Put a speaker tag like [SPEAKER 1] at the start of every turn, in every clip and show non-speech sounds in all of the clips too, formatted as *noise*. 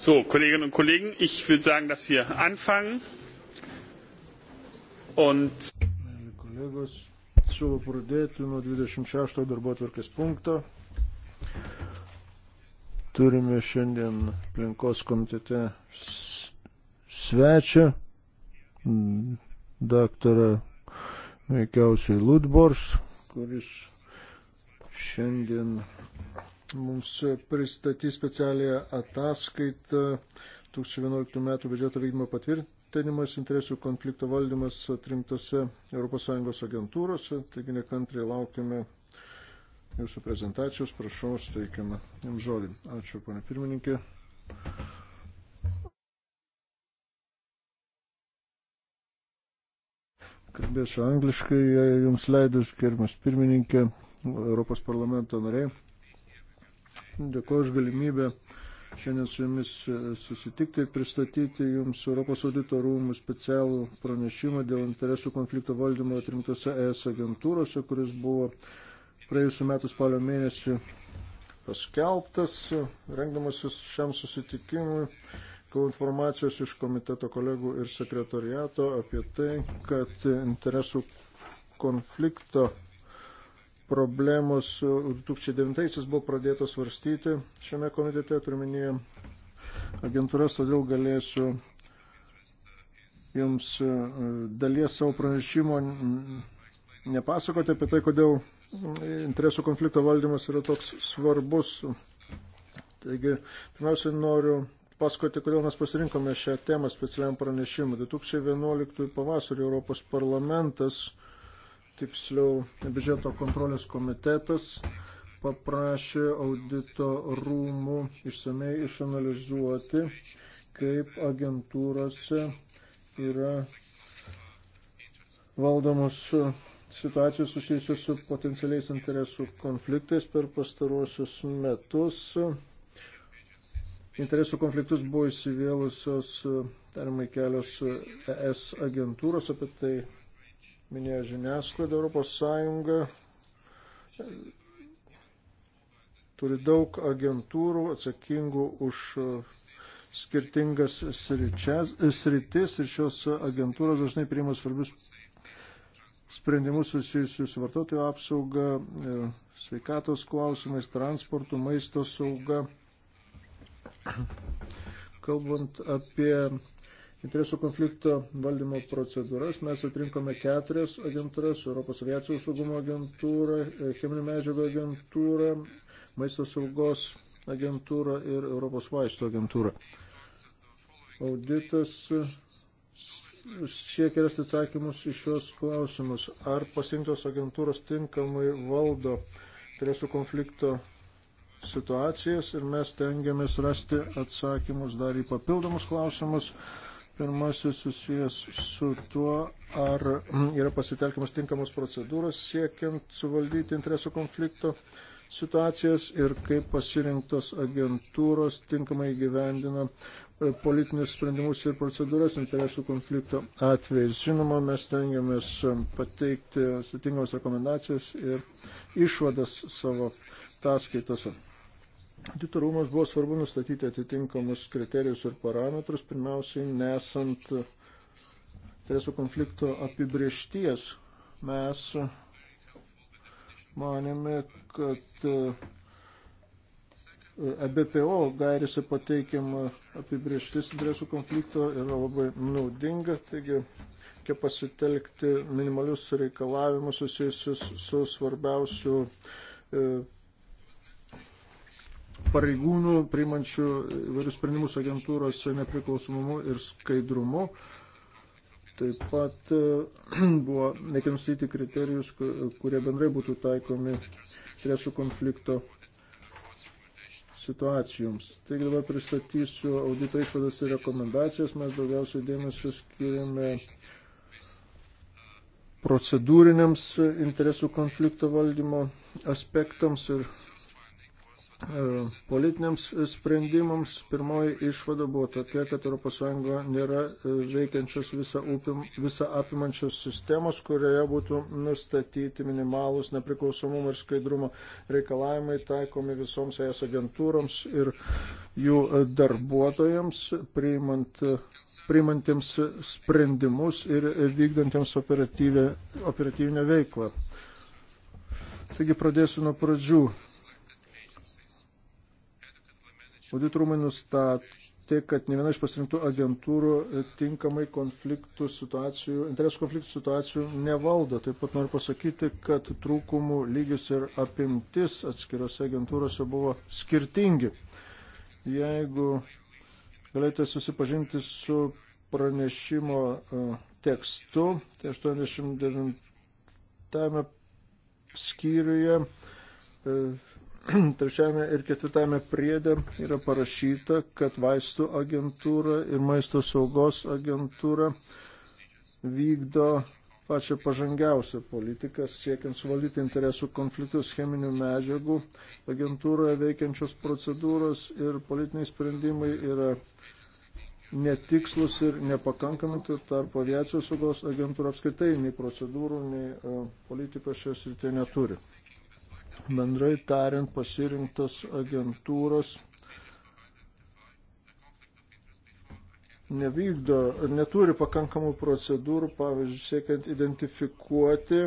[SPEAKER 1] So, Kolleginnen und Kollegen, ich würde sagen, dass wir anfangen. Und
[SPEAKER 2] kolegos, siūlau pradėti nuo 26 darbo atvarkės punkto. Turime šiandien aplinkos komitete svečią, daktarą veikiausiai Ludbors, kuris šiandien mums pristatys specialią ataskaitą 2011 metų biudžeto vykdymo patvirtinimas, interesų konflikto valdymas atrinktose ES agentūrose. Taigi nekantriai laukiame jūsų prezentacijos. Prašau, steikiame jums žodį. Ačiū, ponė pirmininkė. Kalbėsiu angliškai, jei jums leidus, gerbimas pirmininkė, Europos parlamento nariai. Dėkuoju už galimybę šiandien su jumis e, susitikti ir pristatyti jums Europos audito rūmų specialų pranešimą dėl interesų konflikto valdymo atrinktose ES agentūrose, kuris buvo praėjusiu metu spalio mėnesį paskelbtas, rengdamasis šiam susitikimui. Kau informacijos iš komiteto kolegų ir sekretoriato apie tai, kad interesų konflikto problemos 2009-aisiais e, buvo pradėtos svarstyti šiame komitete, turiminėje agentūras, todėl galėsiu jums e, dalies savo pranešimo nepasakoti apie tai, kodėl interesų konflikto valdymas yra toks svarbus. Taigi, pirmiausia, noriu pasakoti, kodėl mes pasirinkome šią temą specialiam pranešimui. 2011 pavasarį Europos parlamentas tiksliau biudžeto kontrolės komitetas paprašė audito rūmų išsamei išanalizuoti, kaip agentūrose yra valdomos situacijos susijusios su potencialiais interesų konfliktais per pastaruosius metus. Interesų konfliktus buvo įsivėlusios, tariamai, kelios ES agentūros, apie tai minėjo žiniasklaida, Europos Sąjunga turi daug agentūrų atsakingų už skirtingas sričias, sritis ir šios agentūros dažnai priima svarbius sprendimus susijusius su vartotojų apsauga, e, sveikatos klausimais, transportu, maisto sauga. Kalbant apie interesų konflikto valdymo procedūras. Mes atrinkome keturias agentūras - Europos aviacijos saugumo agentūrą, e, cheminių medžiagų agentūrą, maisto saugos agentūrą ir Europos vaisto agentūrą. Auditas siekia rasti atsakymus į šios klausimus. Ar pasirinktos agentūros tinkamai valdo interesų konflikto situacijas ir mes tengiamės rasti atsakymus dar į papildomus klausimus Pirmasis susijęs su tuo, ar yra pasitelkiamas tinkamos procedūros siekiant suvaldyti interesų konflikto situacijas ir kaip pasirinktos agentūros tinkamai gyvendina e, politinius sprendimus ir procedūras interesų konflikto atvejais. Žinoma, mes tengiamės e, pateikti sutingamos rekomendacijas ir išvadas savo taskaitose. Auditorumas buvo svarbu nustatyti atitinkamus kriterijus ir parametrus, pirmiausiai nesant interesų konflikto apibriešties. Mes manėme, kad EBPO e gairėse pateikiama apibrieštis interesų konflikto yra labai naudinga, taigi reikia pasitelkti minimalius reikalavimus susijusius su svarbiausiu e, pareigūnų, priimančių įvairius sprendimus agentūrose nepriklausomumu ir skaidrumu. Taip pat eh, *clears throat* buvo reikia nusityti kriterijus, kurie bendrai būtų taikomi interesų konflikto situacijoms. Taigi dabar pristatysiu audito išvadas ir rekomendacijas. Mes daugiausiai dėmesio skiriame procedūriniams interesų konflikto valdymo aspektams ir politiniams sprendimams. Pirmoji išvada buvo tokia, kad ES nėra e, veikiančios visą, upim, visą apimančios sistemos, kurioje būtų nustatyti minimalus nepriklausomumo ir skaidrumo reikalavimai taikomi visoms ES agentūroms ir jų darbuotojams, priimant priimantiems sprendimus ir vykdantiems operatyvinę veiklą. Taigi pradėsiu nuo pradžių. Auditrumai nustatė, kad ne viena iš pasirinktų agentūrų tinkamai konfliktų situacijų, interesų konfliktų situacijų nevaldo. Taip pat noriu pasakyti, kad trūkumų lygis ir apimtis atskirose agentūrose buvo skirtingi. Jeigu galite susipažinti su pranešimo e, tekstu, tai 89 skyriuje e, *clears throat* trečiame ir ketvirtame priedė yra parašyta, kad vaistų agentūra ir maisto saugos agentūra vykdo pačią pažangiausią politiką, siekiant suvaldyti interesų konfliktus cheminių medžiagų. Agentūroje veikiančios procedūros ir politiniai sprendimai yra netikslus ir nepakankami, tai tarp aviacijos saugos agentūra apskaitai nei procedūrų, nei e, politikos šios rytė neturi. Bendrai tariant, pasirinktos agentūros nevykdo, neturi pakankamų procedūrų, pavyzdžiui, siekiant identifikuoti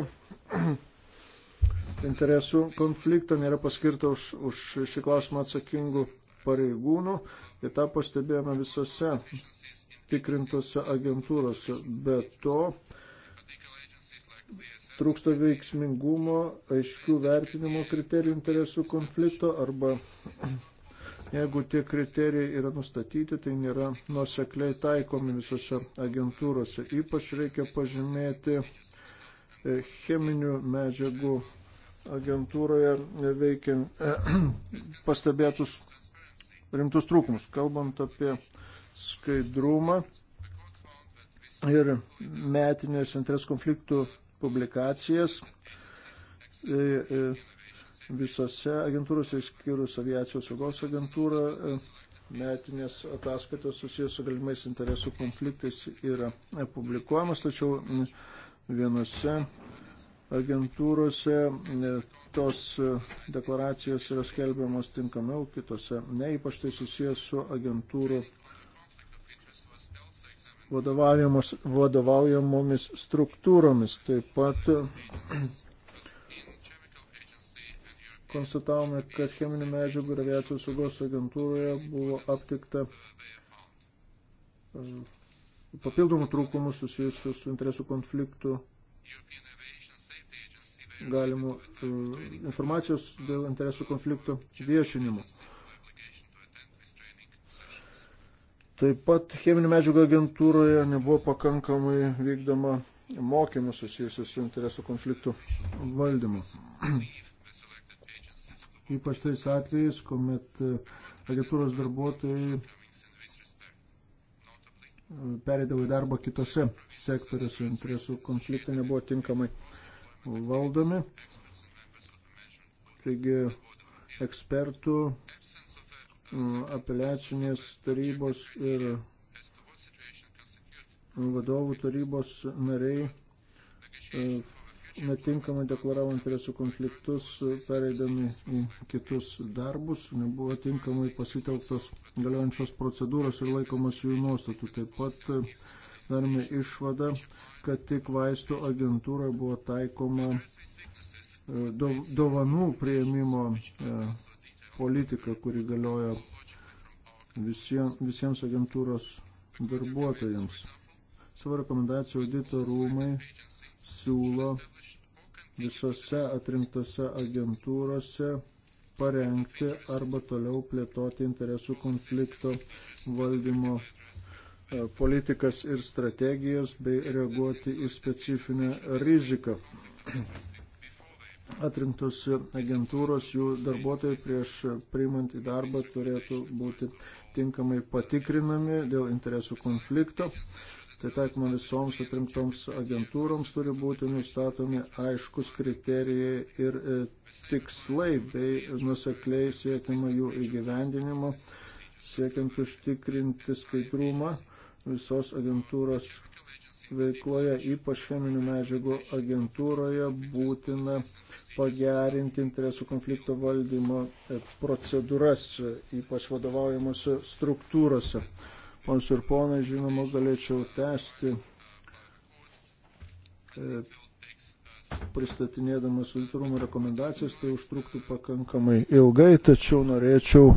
[SPEAKER 2] *clears throat* interesų konfliktą, nėra paskirta už, už šį klausimą atsakingų pareigūnų ir tą pastebėjome visose tikrintose agentūrose. Be to, trūksta veiksmingumo, aiškių vertinimo kriterijų interesų konflikto arba *clears throat* jeigu tie kriterijai yra nustatyti, tai nėra nusekliai taikomi visose agentūrose. Ypač reikia pažymėti e, cheminių medžiagų agentūroje e, veikiant *clears throat* pastebėtus rimtus trūkumus. Kalbant apie skaidrumą ir metinės interes konfliktų publikacijas e, e, visose agentūrose, išskyrus aviacijos saugos agentūrą, e, metinės ataskaitos susijęs su galimais interesų konfliktais yra publikuojamas, tačiau vienose agentūrose tos deklaracijos yra skelbiamos tinkamiau, kitose ne, ypač tai susijęs su agentūrų vadovaujamomis struktūromis. Taip pat konstatavome, kad cheminių medžiagų ir aviacijos saugos agentūroje buvo aptikta e, papildomų trūkumų susijusių su interesų konfliktų galimų e, informacijos dėl interesų konfliktų viešinimu. Taip pat cheminių medžiagų agentūroje nebuvo pakankamai vykdoma mokymų susijusių su interesų konfliktų valdymas. *clears throat* Ypač tais atvejais, kuomet e, agentūros darbuotojai e, perėdavo į darbą kitose sektoriuose, interesų konfliktai nebuvo tinkamai valdomi. Taigi ekspertų Mm, apeliacinės tarybos ir vadovų tarybos nariai e, netinkamai deklaravo interesų konfliktus, pereidami į kitus darbus, nebuvo tinkamai pasitelktos galiojančios procedūros ir laikomas jų nuostatų. Taip pat e, darome išvadą, kad tik vaistų agentūra buvo taikoma e, dovanų prieimimo politiką, kuri galioja visie, visiems agentūros darbuotojams. Savo rekomendacijų audito rūmai siūlo visose atrinktose agentūrose parengti arba toliau plėtoti interesų konflikto valdymo e, politikas ir strategijas bei reaguoti į specifinę riziką atrinktos agentūros, jų darbuotojai prieš priimant į darbą turėtų būti tinkamai patikrinami dėl interesų konflikto. Tai taikoma visoms atrinktoms agentūroms turi būti nustatomi aiškus kriterijai ir e, tikslai bei nusekliai siekiama jų įgyvendinimo, siekiant užtikrinti skaidrumą visos agentūros veikloje, ypač cheminių medžiagų agentūroje, būtina pagerinti interesų konflikto valdymo e, procedūras, ypač vadovaujamosi struktūrose. Pons ir ponai, žinoma, galėčiau tęsti e, pristatinėdamas auditorumo rekomendacijas, tai užtruktų pakankamai ilgai, tačiau norėčiau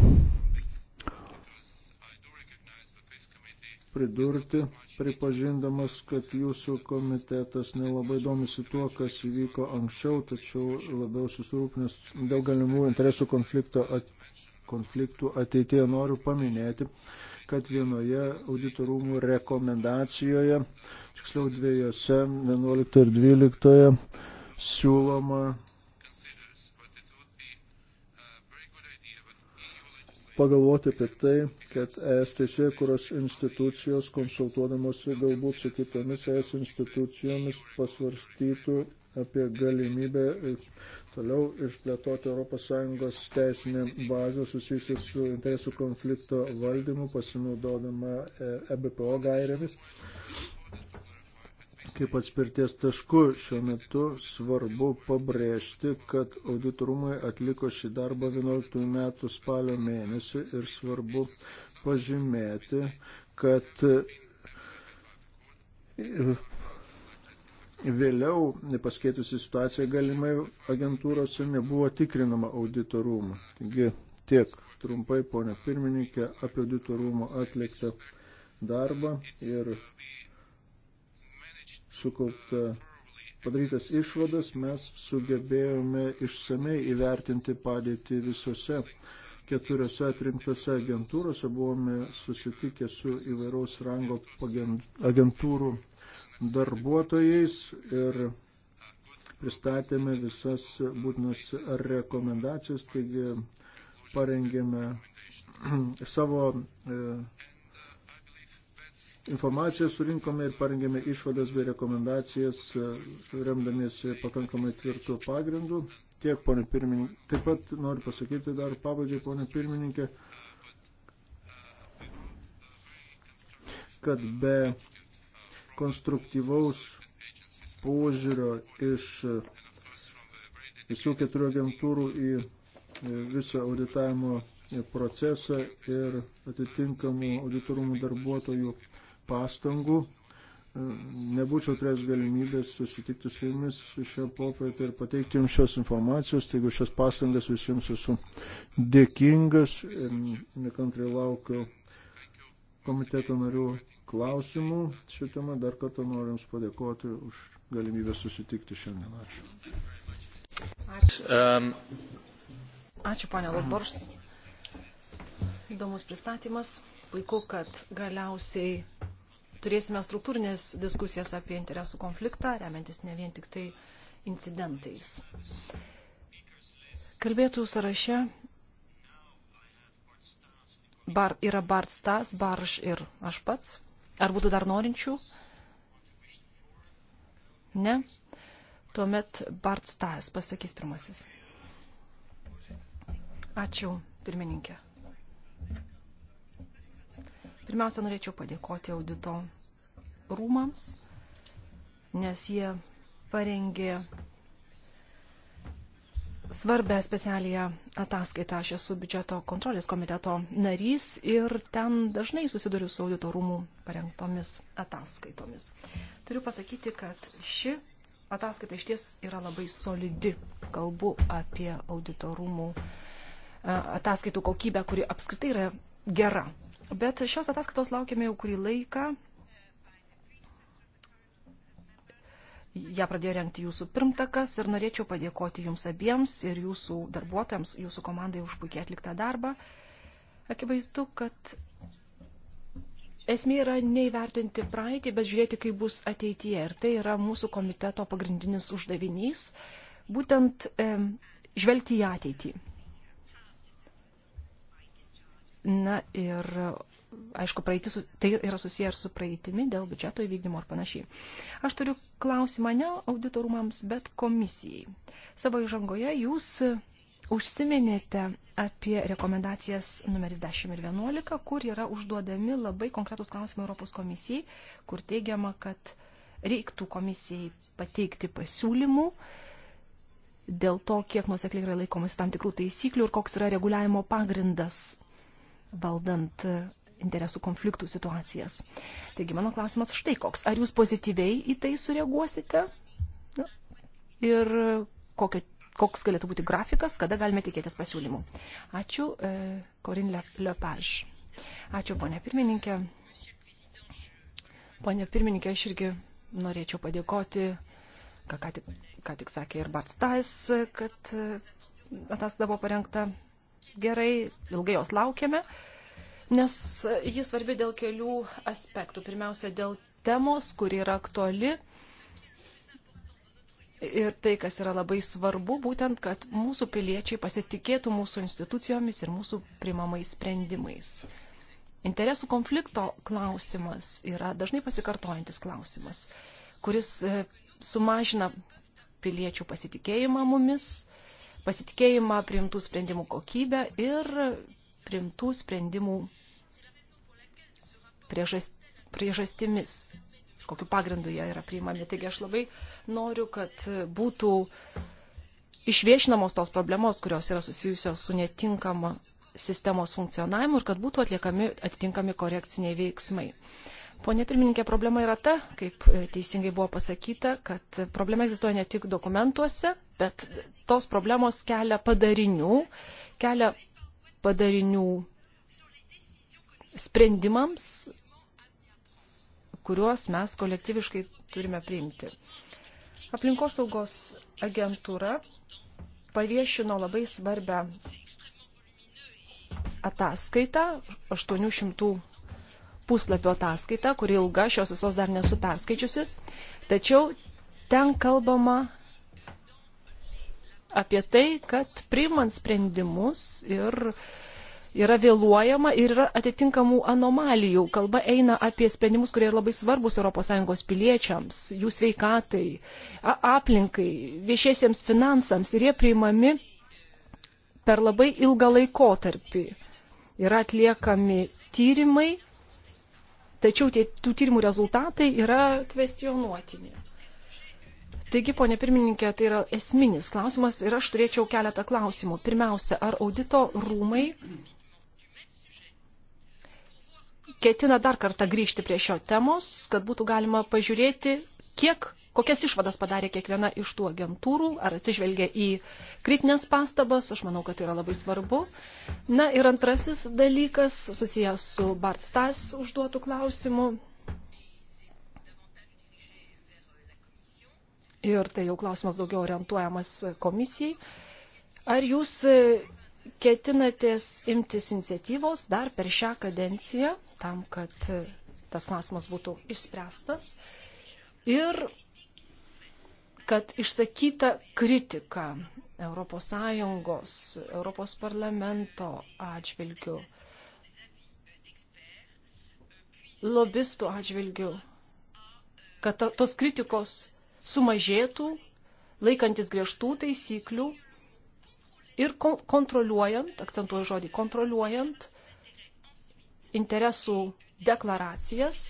[SPEAKER 2] pridurti, pripažindamas, kad jūsų komitetas nelabai domisi tuo, kas įvyko anksčiau, tačiau labiau susirūpinęs dėl galimų interesų konflikto at, konfliktų ateityje noriu paminėti, kad vienoje auditorumų rekomendacijoje, tiksliau dviejose, 11 ir 12, siūloma pagalvoti apie tai, kad ES teisėkuros institucijos konsultuodamosi galbūt su kitomis ES institucijomis pasvarstytų apie galimybę e, toliau išplėtoti ES teisinę bazę susijusią su interesų konflikto valdymu pasinaudodama EBPO e gairėmis kaip atspirties tašku. Šiuo metu svarbu pabrėžti, kad auditorumai atliko šį darbą 11 metų spalio mėnesį ir svarbu pažymėti, kad vėliau, paskeitusi situacija, galimai agentūrose nebuvo tikrinama auditorumų. Taigi tiek trumpai, ponia pirmininkė, apie auditorumo atliktą darbą ir sukauptą padarytas išvadas, mes sugebėjome išsamei įvertinti padėtį visose keturiose atrinktose agentūrose. Buvome susitikę su įvairaus rango agentūrų darbuotojais ir pristatėme visas būtinas rekomendacijas, taigi parengėme *clears throat* savo e, Informaciją surinkome ir parengėme išvadas bei rekomendacijas, e, remdamiesi pakankamai tvirtų pagrindų. Tiek, ponė pirmininkė. Taip pat noriu pasakyti dar pabaigai, ponė pirmininkė, kad be konstruktyvaus požiūrio iš visų keturių agentūrų į e, visą auditavimo procesą ir atitinkamų auditorumų darbuotojų pastangų. Nebūčiau turėjęs galimybės susitikti su jumis šią popietę ir pateikti jums šios informacijos, taigi šios pastangas visiems esu dėkingas ir nekantrai laukiu komiteto narių klausimų šią temą. Dar kartą noriu jums padėkoti už galimybę susitikti šiandien. Ačiū.
[SPEAKER 1] Ačiū, um, Ačiū ponia Lobors.
[SPEAKER 3] Įdomus pristatymas puiku, kad galiausiai turėsime struktūrinės diskusijas apie interesų konfliktą, remiantis ne vien tik tai incidentais. Kalbėtų sąraše bar, yra Bart Stas, Barš ir aš pats. Ar būtų dar norinčių? Ne. Tuomet Bart Stas pasakys pirmasis. Ačiū, pirmininkė. Pirmiausia, norėčiau padėkoti audito rūmams, nes jie parengė svarbę specialią ataskaitą. Aš esu biudžeto kontrolės komiteto narys ir ten dažnai susiduriu su audito rūmų parengtomis ataskaitomis. Turiu pasakyti, kad ši ataskaita iš ties yra labai solidi. Kalbu apie audito rūmų e, ataskaitų kokybę, kuri apskritai yra gera. Bet šios ataskaitos laukiame jau kurį laiką. ją pradėjo renkti jūsų pirmtakas ir norėčiau padėkoti jums abiems ir jūsų darbuotojams, jūsų komandai už puikiai atliktą darbą. Akivaizdu, kad esmė yra neįvertinti praeitį, bet žiūrėti, kaip bus ateityje. Ir tai yra mūsų komiteto pagrindinis uždavinys - būtent e, žvelgti į ateitį. Na ir, aišku, praeitis, tai yra susiję ir su praeitimi dėl biudžeto įvykdymo ir panašiai. Aš turiu klausimą ne auditorumams, bet komisijai. Savo įžangoje jūs užsiminėte apie rekomendacijas numeris 10 ir 11, kur yra užduodami labai konkretus klausimai Europos komisijai, kur teigiama, kad reiktų komisijai pateikti pasiūlymų dėl to, kiek nuosekliai yra laikomasi tam tikrų taisyklių ir koks yra reguliavimo pagrindas valdant interesų konfliktų situacijas. Taigi mano klausimas štai koks. Ar jūs pozityviai į tai sureaguosite? Na, ir kokio, koks galėtų būti grafikas, kada galime tikėtis pasiūlymų? Ačiū, Korin e, Lepage. Ačiū, ponė pirmininkė. Ponė pirmininkė, aš irgi norėčiau padėkoti, ką, ką, tik, ką tik sakė ir Batstais, kad e, ataskaita buvo parengta gerai, ilgai jos laukiame, nes jis svarbi dėl kelių aspektų. Pirmiausia, dėl temos, kuri yra aktuali ir tai, kas yra labai svarbu, būtent, kad mūsų piliečiai pasitikėtų mūsų institucijomis ir mūsų primamais sprendimais. Interesų konflikto klausimas yra dažnai pasikartojantis klausimas, kuris e, sumažina piliečių pasitikėjimą mumis, pasitikėjimą, priimtų sprendimų kokybę ir priimtų sprendimų priežast, priežastimis, kokiu pagrindu jie yra priimami. Taigi aš labai noriu, kad būtų išviešinamos tos problemos, kurios yra susijusios su netinkama sistemos funkcionavimu ir kad būtų atliekami atitinkami korekciniai veiksmai. Uh, Pone pirmininkė, problema yra ta, kaip e, teisingai buvo pasakyta, kad problema egzistuoja ne tik dokumentuose, bet tos problemos kelia padarinių, kelia padarinių sprendimams, kuriuos mes kolektyviškai turime priimti. Aplinkosaugos agentūra paviešino labai svarbę ataskaitą, 800 puslapio ataskaitą, kuri ilga, šios visos dar nesu perskaičiusi, tačiau ten kalbama apie tai, kad priimant sprendimus ir yra vėluojama ir yra atitinkamų anomalijų. Kalba eina apie sprendimus, kurie yra labai svarbus ES piliečiams, jų sveikatai, aplinkai, viešiesiems finansams ir jie priimami per labai ilgą laikotarpį. Yra atliekami tyrimai Tačiau tie, tų tyrimų rezultatai yra kvestionuotini. Taigi, ponė pirmininkė, tai yra esminis klausimas ir aš turėčiau keletą klausimų. Pirmiausia, ar audito rūmai ketina dar kartą grįžti prie šio temos, kad būtų galima pažiūrėti, kiek kokias išvadas padarė kiekviena iš tų agentūrų, ar atsižvelgia į kritinės pastabas, aš manau, kad tai yra labai svarbu. Na ir antrasis dalykas susijęs su Bart Stas užduotų klausimų. Ir tai jau klausimas daugiau orientuojamas komisijai. Ar jūs ketinatės imtis iniciatyvos dar per šią kadenciją, tam, kad tas klausimas būtų išspręstas? Ir kad išsakyta kritika ES, ES parlamento atžvilgių, lobistų atžvilgių, kad to, tos kritikos sumažėtų, laikantis griežtų taisyklių ir kontroliuojant, akcentuoju žodį, kontroliuojant interesų deklaracijas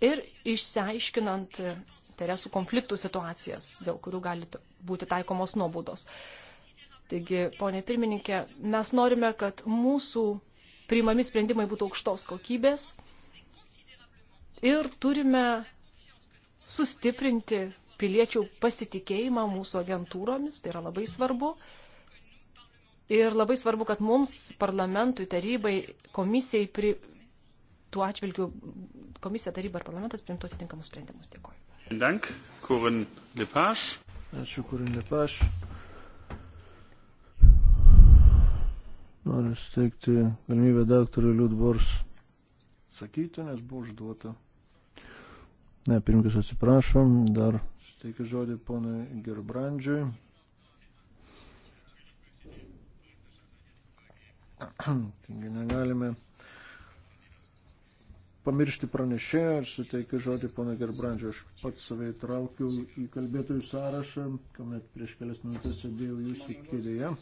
[SPEAKER 3] ir išsiaiškinant interesų konfliktų situacijas, dėl kurių gali būti taikomos nuobaudos. Taigi, ponė pirmininkė, mes norime, kad mūsų priimami sprendimai būtų aukštos kokybės ir turime sustiprinti piliečių pasitikėjimą mūsų agentūromis, tai yra labai svarbu. Ir labai svarbu, kad mums, parlamentui, tarybai, komisijai pri, tuo atžvilgiu komisija, taryba ir parlamentas priimtų atitinkamus
[SPEAKER 1] sprendimus. Dėkuoju. Dank, Kurin Lipaš. Ačiū, Kurin Lipaš.
[SPEAKER 2] Noriu steigti galimybę daktarui Liudbors sakyti, nes buvo užduota. Ne, pirmininkas atsiprašom, dar suteikiu žodį ponui Gerbrandžiui. *clears throat* Taigi negalime pamiršti pranešėją ir suteikiu žodį pono Gerbrandžio. Aš pats save įtraukiau į kalbėtojų sąrašą, kuomet prieš kelias minutės sėdėjau jūsų kėdėje.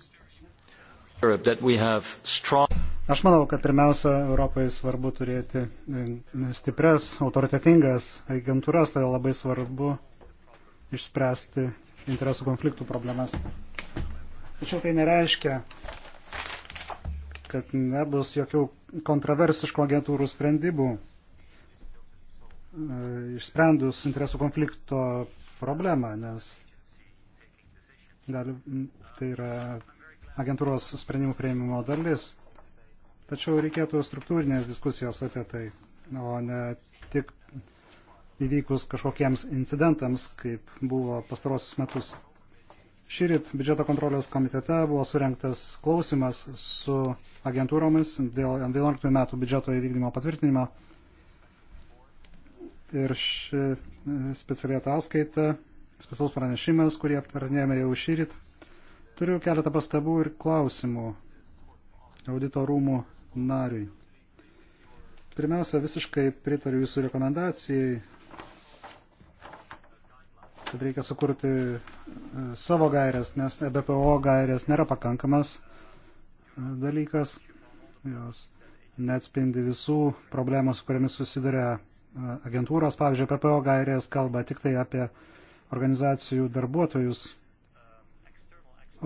[SPEAKER 4] Aš manau, kad pirmiausia, Europai svarbu turėti e, stipres, autoritetingas agentūras, todėl labai svarbu išspręsti interesų konfliktų problemas. Tačiau tai nereiškia, kad nebus jokių kontroversiškų agentūrų sprendimų, e, išsprendus interesų konflikto problemą, nes gali, tai yra agentūros sprendimų prieimimo dalis. Tačiau reikėtų struktūrinės diskusijos apie tai, o ne tik įvykus kažkokiems incidentams, kaip buvo pastarosius metus. Šįryt biudžeto kontrolės komitete buvo surinktas klausimas su agentūromis dėl 11 metų biudžeto įvykdymo patvirtinimo. Ir ši e, specialiai ataskaita, specialus pranešimas, kurį aptarinėjome jau šįryt, turiu keletą pastabų ir klausimų audito rūmų nariui. Pirmiausia, visiškai pritariu jūsų rekomendacijai kad reikia sukurti e, savo gairias, nes e BPO gairias nėra pakankamas e, dalykas, jos neatspindi visų problemų, su kuriamis susiduria agentūros, pavyzdžiui, PPO gairės kalba tik tai apie organizacijų darbuotojus,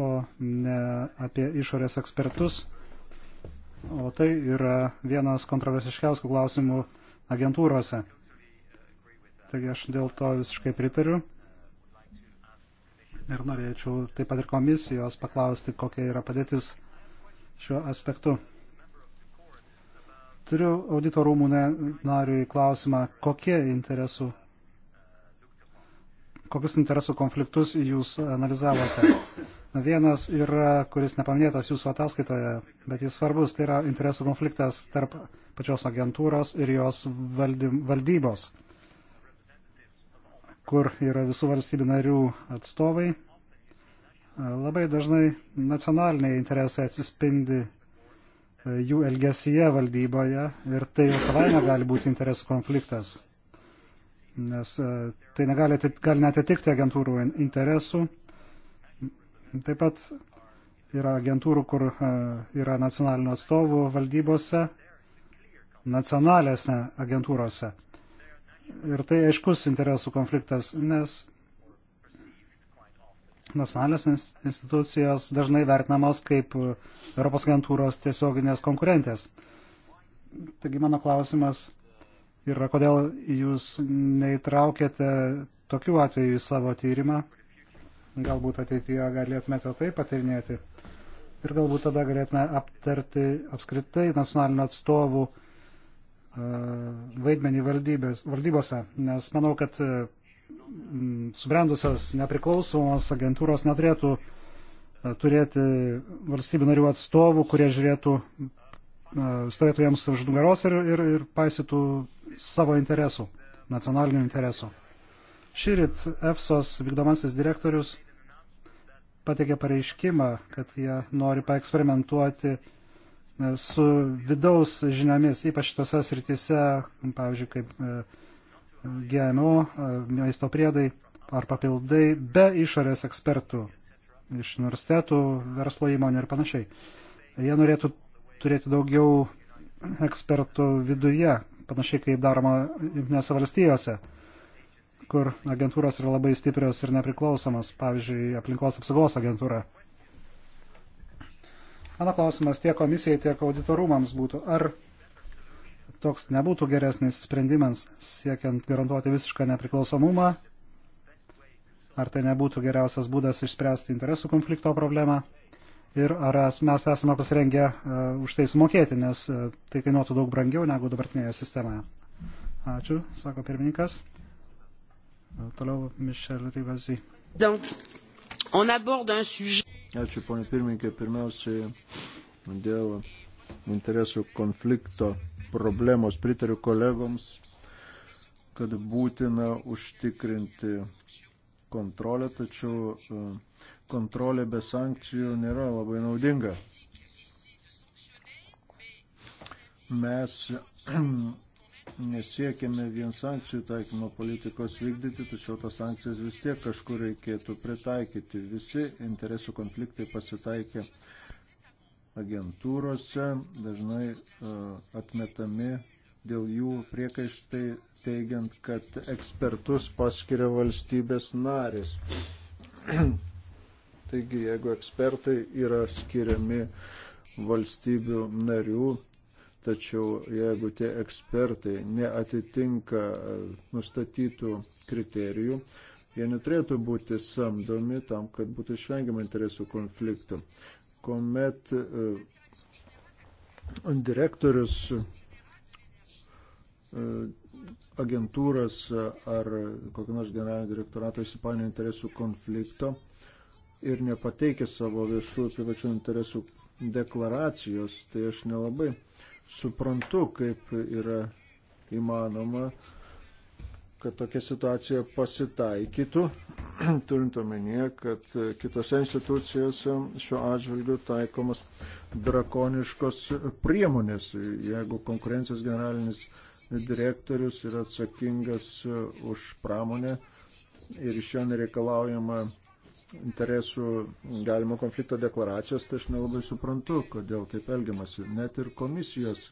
[SPEAKER 4] o ne apie išorės ekspertus. O tai yra vienas kontroversiškiausių klausimų agentūrose. Taigi aš dėl to visiškai pritariu ir norėčiau taip pat ir komisijos paklausti, kokia yra padėtis šiuo aspektu. Turiu auditorumų nariui klausimą, kokie interesų, kokius interesų konfliktus jūs analizavote. Vienas yra, kuris nepaminėtas jūsų ataskaitoje, bet jis svarbus, tai yra interesų konfliktas tarp pačios agentūros ir jos valdym, valdybos kur yra visų valstybių narių atstovai, labai dažnai nacionaliniai interesai atsispindi e, jų elgesyje valdyboje ir tai jau savaime gali būti interesų konfliktas, nes e, tai negali, gali netitikti agentūrų interesų. Taip pat yra agentūrų, kur e, yra nacionalinių atstovų valdybose, nacionalėse agentūrose. Ir tai aiškus interesų konfliktas, nes nacionalinės institucijos dažnai vertinamos kaip uh, Europos agentūros tiesioginės konkurentės. Taigi mano klausimas yra, kodėl jūs neįtraukėte tokių atvejų į savo tyrimą. Galbūt ateityje galėtumėte tai patirinėti. Ir galbūt tada galėtume aptarti apskritai nacionalinio atstovų vaidmenį valdybės, valdybose, nes manau, kad e, subrendusios nepriklausomos agentūros neturėtų e, turėti valstybių narių atstovų, kurie žiūrėtų, e, stovėtų jiems už nugaros ir, ir, ir paisytų savo interesų, nacionalinių interesų. Šįryt EFSOS vykdomasis direktorius pateikė pareiškimą, kad jie nori paeksperimentuoti su vidaus žiniomis, ypač tose srityse, pavyzdžiui, kaip e, GMO, e, maisto priedai ar papildai, be išorės ekspertų iš universitetų, verslo įmonių ir panašiai. Jie norėtų turėti daugiau ekspertų viduje, panašiai kaip daroma Junktinėse valstijose, kur agentūros yra labai stiprios ir nepriklausomos, pavyzdžiui, aplinkos apsaugos agentūra Mano klausimas tiek komisijai, tiek auditorumams būtų, ar toks nebūtų geresnis sprendimas siekiant garantuoti visišką nepriklausomumą, ar tai nebūtų geriausias būdas išspręsti interesų konflikto problemą ir ar mes esame pasirengę uh, už tai sumokėti, nes uh, tai kainuotų daug brangiau negu dabartinėje sistemoje. Ačiū, sako pirmininkas. E, toliau Mišel Rivazy.
[SPEAKER 1] Donc, on aborde un sujet.
[SPEAKER 2] Ačiū, ponė pirmininkė. Pirmiausiai dėl interesų konflikto problemos pritariu kolegoms, kad būtina užtikrinti kontrolę, tačiau e, kontrolė be sankcijų nėra labai naudinga. Mes nesiekime vien sankcijų taikymo politikos vykdyti, tačiau tas sankcijas vis tiek kažkur reikėtų pritaikyti. Visi interesų konfliktai pasitaikė agentūrose, dažnai e, atmetami dėl jų priekaištai teigiant, kad ekspertus paskiria valstybės narės. *clears throat* Taigi, jeigu ekspertai yra skiriami valstybių narių, Tačiau jeigu tie ekspertai neatitinka e, nustatytų kriterijų, jie neturėtų būti samdomi tam, kad būtų išvengiama interesų konfliktų. Komet e, direktorius e, agentūros ar kokio nors generalinio direktorato įsipainio interesų konflikto ir nepateikia savo viešų privačių interesų deklaracijos, tai aš nelabai suprantu, kaip yra įmanoma, kad tokia situacija pasitaikytų, *clears throat* turint omenyje, kad kitose institucijose šiuo atžvilgiu taikomas drakoniškos priemonės. Jeigu konkurencijos generalinis direktorius yra atsakingas už pramonę ir iš jo nereikalaujama interesų galimo konflikto deklaracijos, tai aš nelabai suprantu, kodėl taip elgiamasi. Net ir komisijos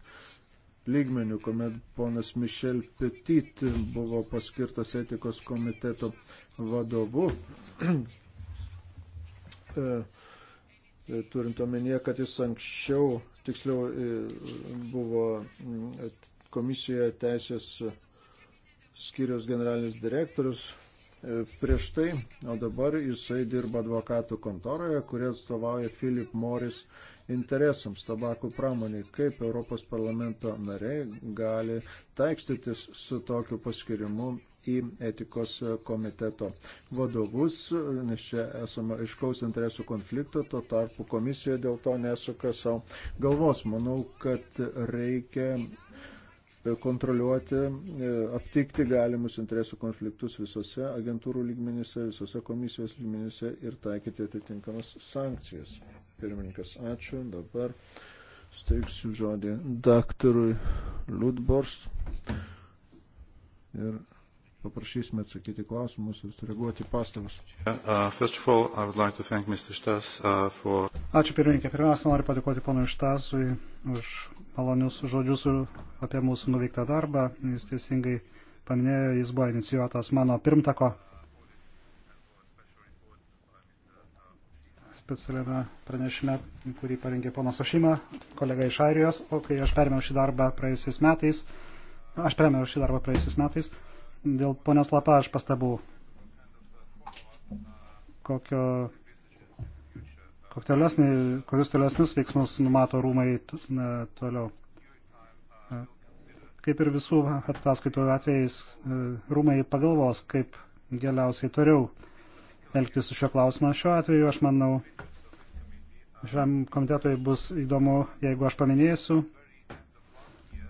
[SPEAKER 2] lygmenių, kuomet ponas Mišel Petit buvo paskirtas etikos komiteto vadovu, *clears throat* e, e, turint omenyje, kad jis anksčiau, tiksliau, e, buvo komisijoje teisės skyrius generalinis direktorius, E, prieš tai, o dabar jisai dirba advokatų kontoroje, kurie atstovauja Philip Morris interesams tabakų pramoniai. Kaip Europos parlamento nariai gali taikstytis su tokiu paskirimu į etikos komiteto vadovus, nes čia esame aiškaus interesų konflikto, tuo tarpu komisija dėl to nesuka savo galvos. Manau, kad reikia E, kontroliuoti, e, aptikti galimus interesų konfliktus visose agentūrų lygmenyse, visose komisijos lygmenyse ir taikyti atitinkamas sankcijas. Pirmininkas, ačiū. Dabar steiksiu žodį daktarui Ludbors ir paprašysime
[SPEAKER 4] atsakyti klausimus ir sureaguoti pastabas. Uh, all, like Stas, uh, for... Ačiū pirmininkė. Pirmiausia, noriu padėkoti ponui Štasui už malonius žodžius apie mūsų nuveiktą darbą. Jis teisingai paminėjo, jis buvo inicijuotas mano pirmtako specialiame pranešime, kurį parengė ponas Ošyma, kolega iš Airijos, o kai aš perėmiau šį darbą praėjusiais metais, aš perėmiau šį darbą praėjusiais metais, dėl ponios Lapa aš pastabų kokio kokius tolesnius veiksmus numato rūmai e, toliau. E, kaip ir visų ataskaitų atvejais, e, rūmai pagalvos, kaip galiausiai toliau elgtis su šiuo klausimu. Šiuo atveju, aš manau, šiam komitetui bus įdomu, jeigu aš paminėsiu,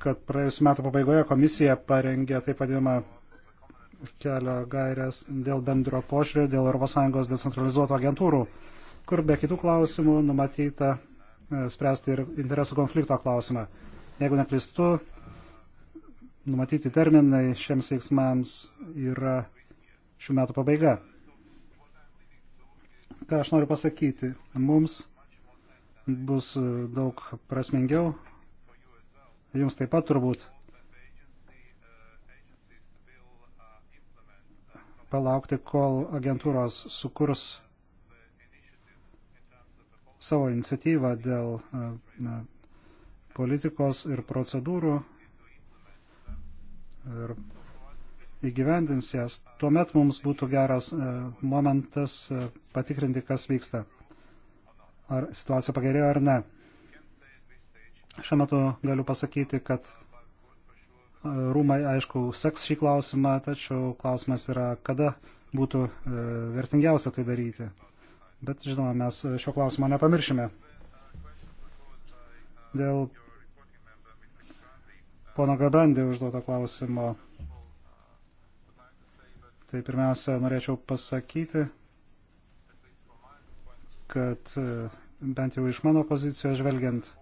[SPEAKER 4] kad praėjusiu metu pabaigoje komisija parengė taip vadinamą kelio gairias dėl bendro požiūrio, dėl ES decentralizuotų agentūrų kur be kitų klausimų numatyta e, spręsti ir interesų konflikto klausimą. Jeigu neklistu, numatyti terminai šiems veiksmams yra šių metų pabaiga. Ką aš noriu pasakyti? Mums bus daug prasmingiau, jums taip pat turbūt palaukti, kol agentūros sukurs savo iniciatyvą dėl e, na, politikos ir procedūrų ir įgyvendins jas, tuomet mums būtų geras e, momentas e, patikrinti, kas vyksta. Ar situacija pagerėjo ar ne. Šiuo metu galiu pasakyti, kad rūmai, aišku, seks šį klausimą, tačiau klausimas yra, kada būtų vertingiausia tai daryti. Bet, žinoma, mes šio klausimo nepamiršime. Dėl pono Gabrandį užduoto klausimo. Tai pirmiausia, norėčiau pasakyti, kad e, bent jau iš mano pozicijos žvelgiant,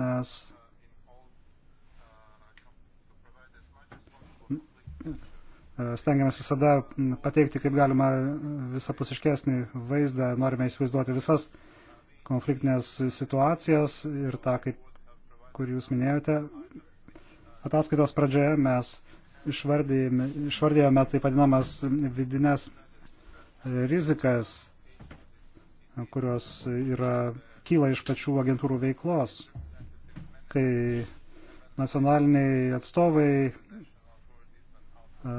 [SPEAKER 4] mes stengiamės visada pateikti kaip galima visapusiškesnį vaizdą, norime įsivaizduoti visas konfliktinės situacijas ir tą, kaip, kur jūs minėjote. Ataskaitos pradžioje mes išvardėjome, išvardėjome taip vadinamas vidinės rizikas, kurios yra, kyla iš pačių agentūrų veiklos, kai nacionaliniai atstovai E,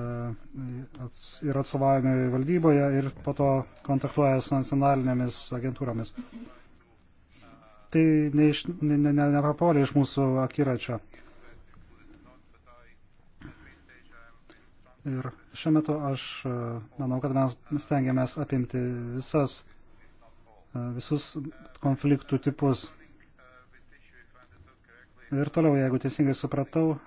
[SPEAKER 4] ir atsovavime valdyboje ir po to kontaktuoja su nacionalinėmis agentūromis. Tai nepapolė ne, ne, ne iš mūsų akiračio. Ir šiuo metu aš e, manau, kad mes stengiamės apimti visas, e, visus konfliktų tipus. Ir toliau, jeigu teisingai supratau,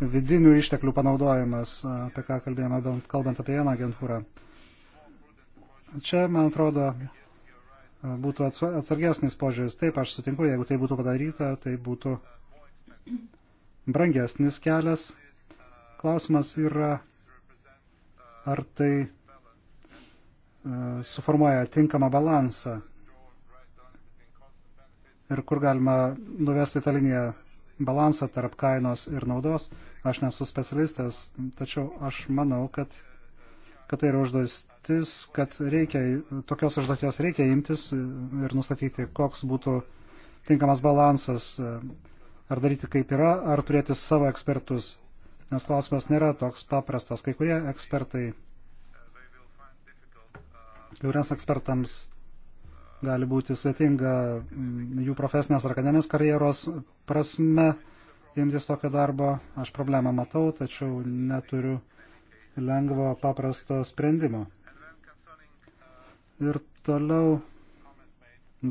[SPEAKER 4] vidinių išteklių panaudojimas, apie ką kalbėjome, kalbant apie vieną agentūrą. Čia, man atrodo, būtų atsargesnis požiūris. Taip, aš sutinku, jeigu tai būtų padaryta, tai būtų brangesnis kelias. Klausimas yra, ar tai e, suformuoja tinkamą balansą ir kur galima nuvesti tą liniją balansą tarp kainos ir naudos. Aš nesu specialistas, tačiau aš manau, kad, kad tai yra užduotis, kad reikia, tokios užduoties reikia imtis ir nustatyti, koks būtų tinkamas balansas, ar daryti kaip yra, ar turėti savo ekspertus. Nes klausimas nėra toks paprastas. Kai kurie ekspertai, kai kuriems ekspertams gali būti sudėtinga mm, jų profesinės ar akademinės karjeros prasme imtis tokio darbo. Aš problemą matau, tačiau neturiu lengvo, paprasto sprendimo. Ir toliau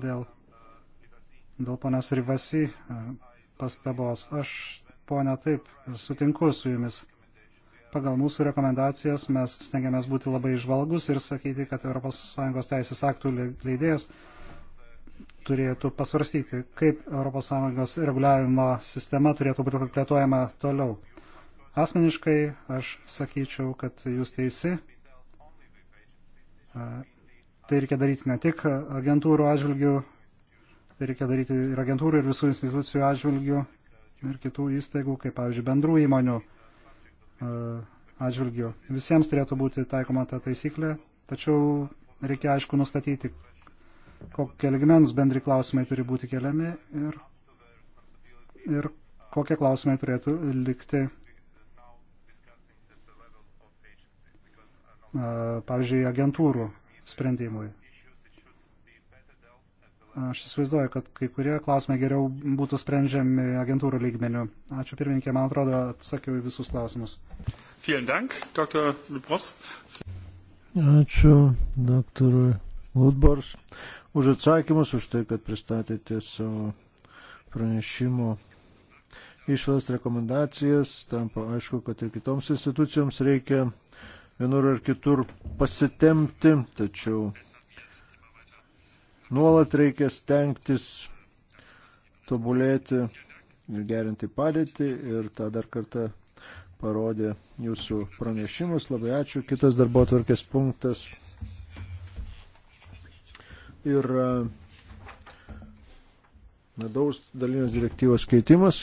[SPEAKER 4] dėl, dėl ponios Rivasi e, pastabos. Aš, ponia, taip sutinku su jumis pagal mūsų rekomendacijas mes stengiamės būti labai išvalgus ir sakyti, kad ES teisės aktų leidėjas turėtų pasvarstyti, kaip ES reguliavimo sistema turėtų būti plėtojama toliau. Asmeniškai aš sakyčiau, kad jūs teisi. Tai reikia daryti ne tik agentūrų atžvilgių, tai reikia daryti ir agentūrų, ir visų institucijų atžvilgių, ir kitų įstaigų, kaip pavyzdžiui bendrų įmonių E, atžvilgių. Visiems turėtų būti taikoma ta taisyklė, tačiau reikia aišku nustatyti, kokie ligmens bendri klausimai turi būti keliami ir, ir kokie klausimai turėtų likti. E, pavyzdžiui, agentūrų sprendimui. Aš įsivaizduoju, kad kai kurie klausimai geriau būtų sprendžiami agentūrų lygmenių. Ačiū pirmininkė, man atrodo, atsakiau į visus klausimus.
[SPEAKER 1] Dank, Dr.
[SPEAKER 2] Ačiū daktarui Ludbors
[SPEAKER 4] už atsakymus, už
[SPEAKER 2] tai, kad pristatėte savo pranešimo išvadas rekomendacijas. Tampa aišku, kad ir kitoms institucijoms reikia vienur ar kitur pasitemti, tačiau Nuolat reikia stengtis tobulėti ir gerinti padėtį ir tą dar kartą parodė jūsų pranešimus. Labai ačiū. Kitas darbo tvarkės punktas yra medaus dalinės direktyvos keitimas.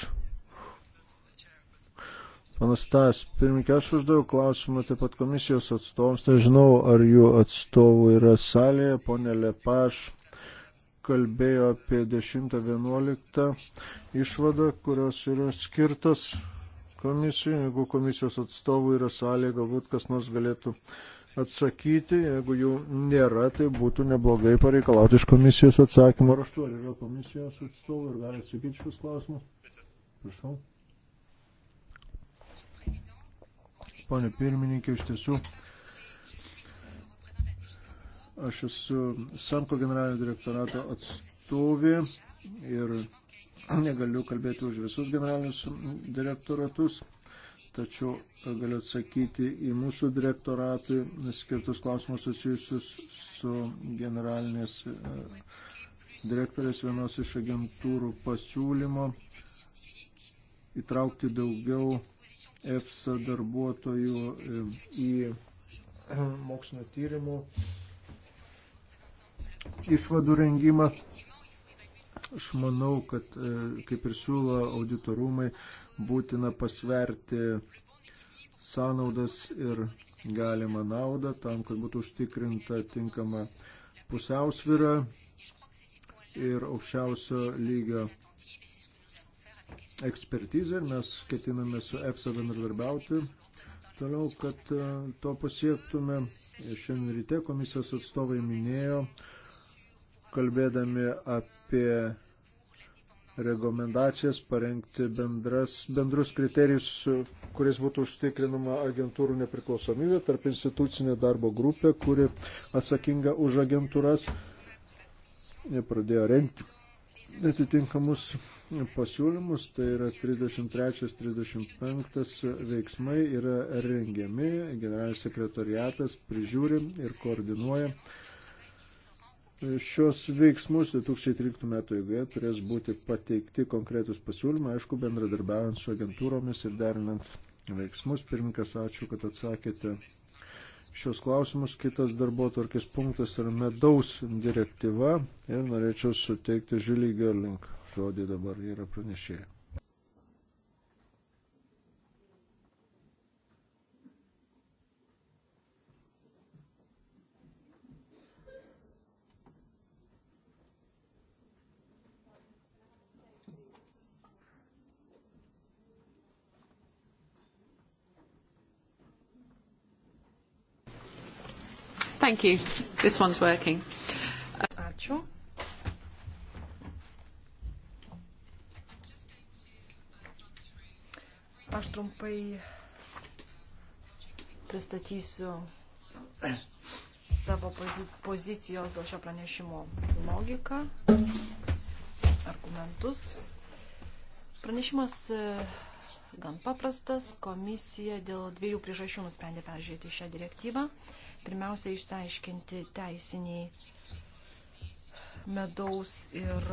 [SPEAKER 2] Panas Tas, pirmininkė, aš uždaviau klausimą taip pat komisijos atstovams, nežinau, tai ar jų atstovų yra salėje, ponė Lepaš kalbėjo apie 10-11 išvadą, kurios yra skirtos komisijai. Jeigu komisijos atstovų yra salė, galbūt kas nors galėtų atsakyti. Jeigu jų nėra, tai būtų neblogai pareikalauti iš komisijos atsakymą raštu. Ar yra komisijos atstovų ir gali atsakyti šios klausimus? Prašau. Pane pirmininkė, iš tiesų. Aš esu Sanko generalinio direktorato atstovė ir negaliu kalbėti už visus generalinius direktoratus, tačiau galiu atsakyti į mūsų direktoratui skirtus klausimus susijusius su generalinės e, direktorės vienos iš agentūrų pasiūlymo įtraukti daugiau EFSA darbuotojų e, į e, mokslinio tyrimų išvadų rengimą. Aš manau, kad e, kaip ir siūlo auditorumai, būtina pasverti sąnaudas ir galimą naudą tam, kad būtų užtikrinta tinkama pusiausvyra ir aukščiausio lygio ekspertizė. Mes ketiname su EFSA bendradarbiauti toliau, kad e, to pasiektume. Šiandien ryte komisijos atstovai minėjo, kalbėdami apie rekomendacijas, parengti bendras, bendrus kriterijus, kuris būtų užtikrinama agentūrų nepriklausomybė, tarp institucinė darbo grupė, kuri atsakinga už agentūras, pradėjo renkti atitinkamus pasiūlymus, tai yra 33-35 veiksmai yra rengiami, generalinis sekretoriatas prižiūri ir koordinuoja šios veiksmus 2013 metų eigoje turės būti pateikti konkretus pasiūlymai, aišku, bendradarbiaujant su agentūromis ir derinant veiksmus. Pirmininkas, ačiū, kad atsakėte šios klausimus. Kitas darbo tvarkės punktas yra medaus direktyva ir norėčiau suteikti Žilį Gerling žodį dabar yra pranešėjai.
[SPEAKER 4] Thank you. This one's working.
[SPEAKER 3] Ačiū. Aš trumpai pristatysiu savo pozicijos dėl šio pranešimo logiką, argumentus. Pranešimas e, gan paprastas. Komisija dėl dviejų priežasčių nusprendė peržiūrėti šią direktyvą pirmiausia išsiaiškinti teisiniai medaus ir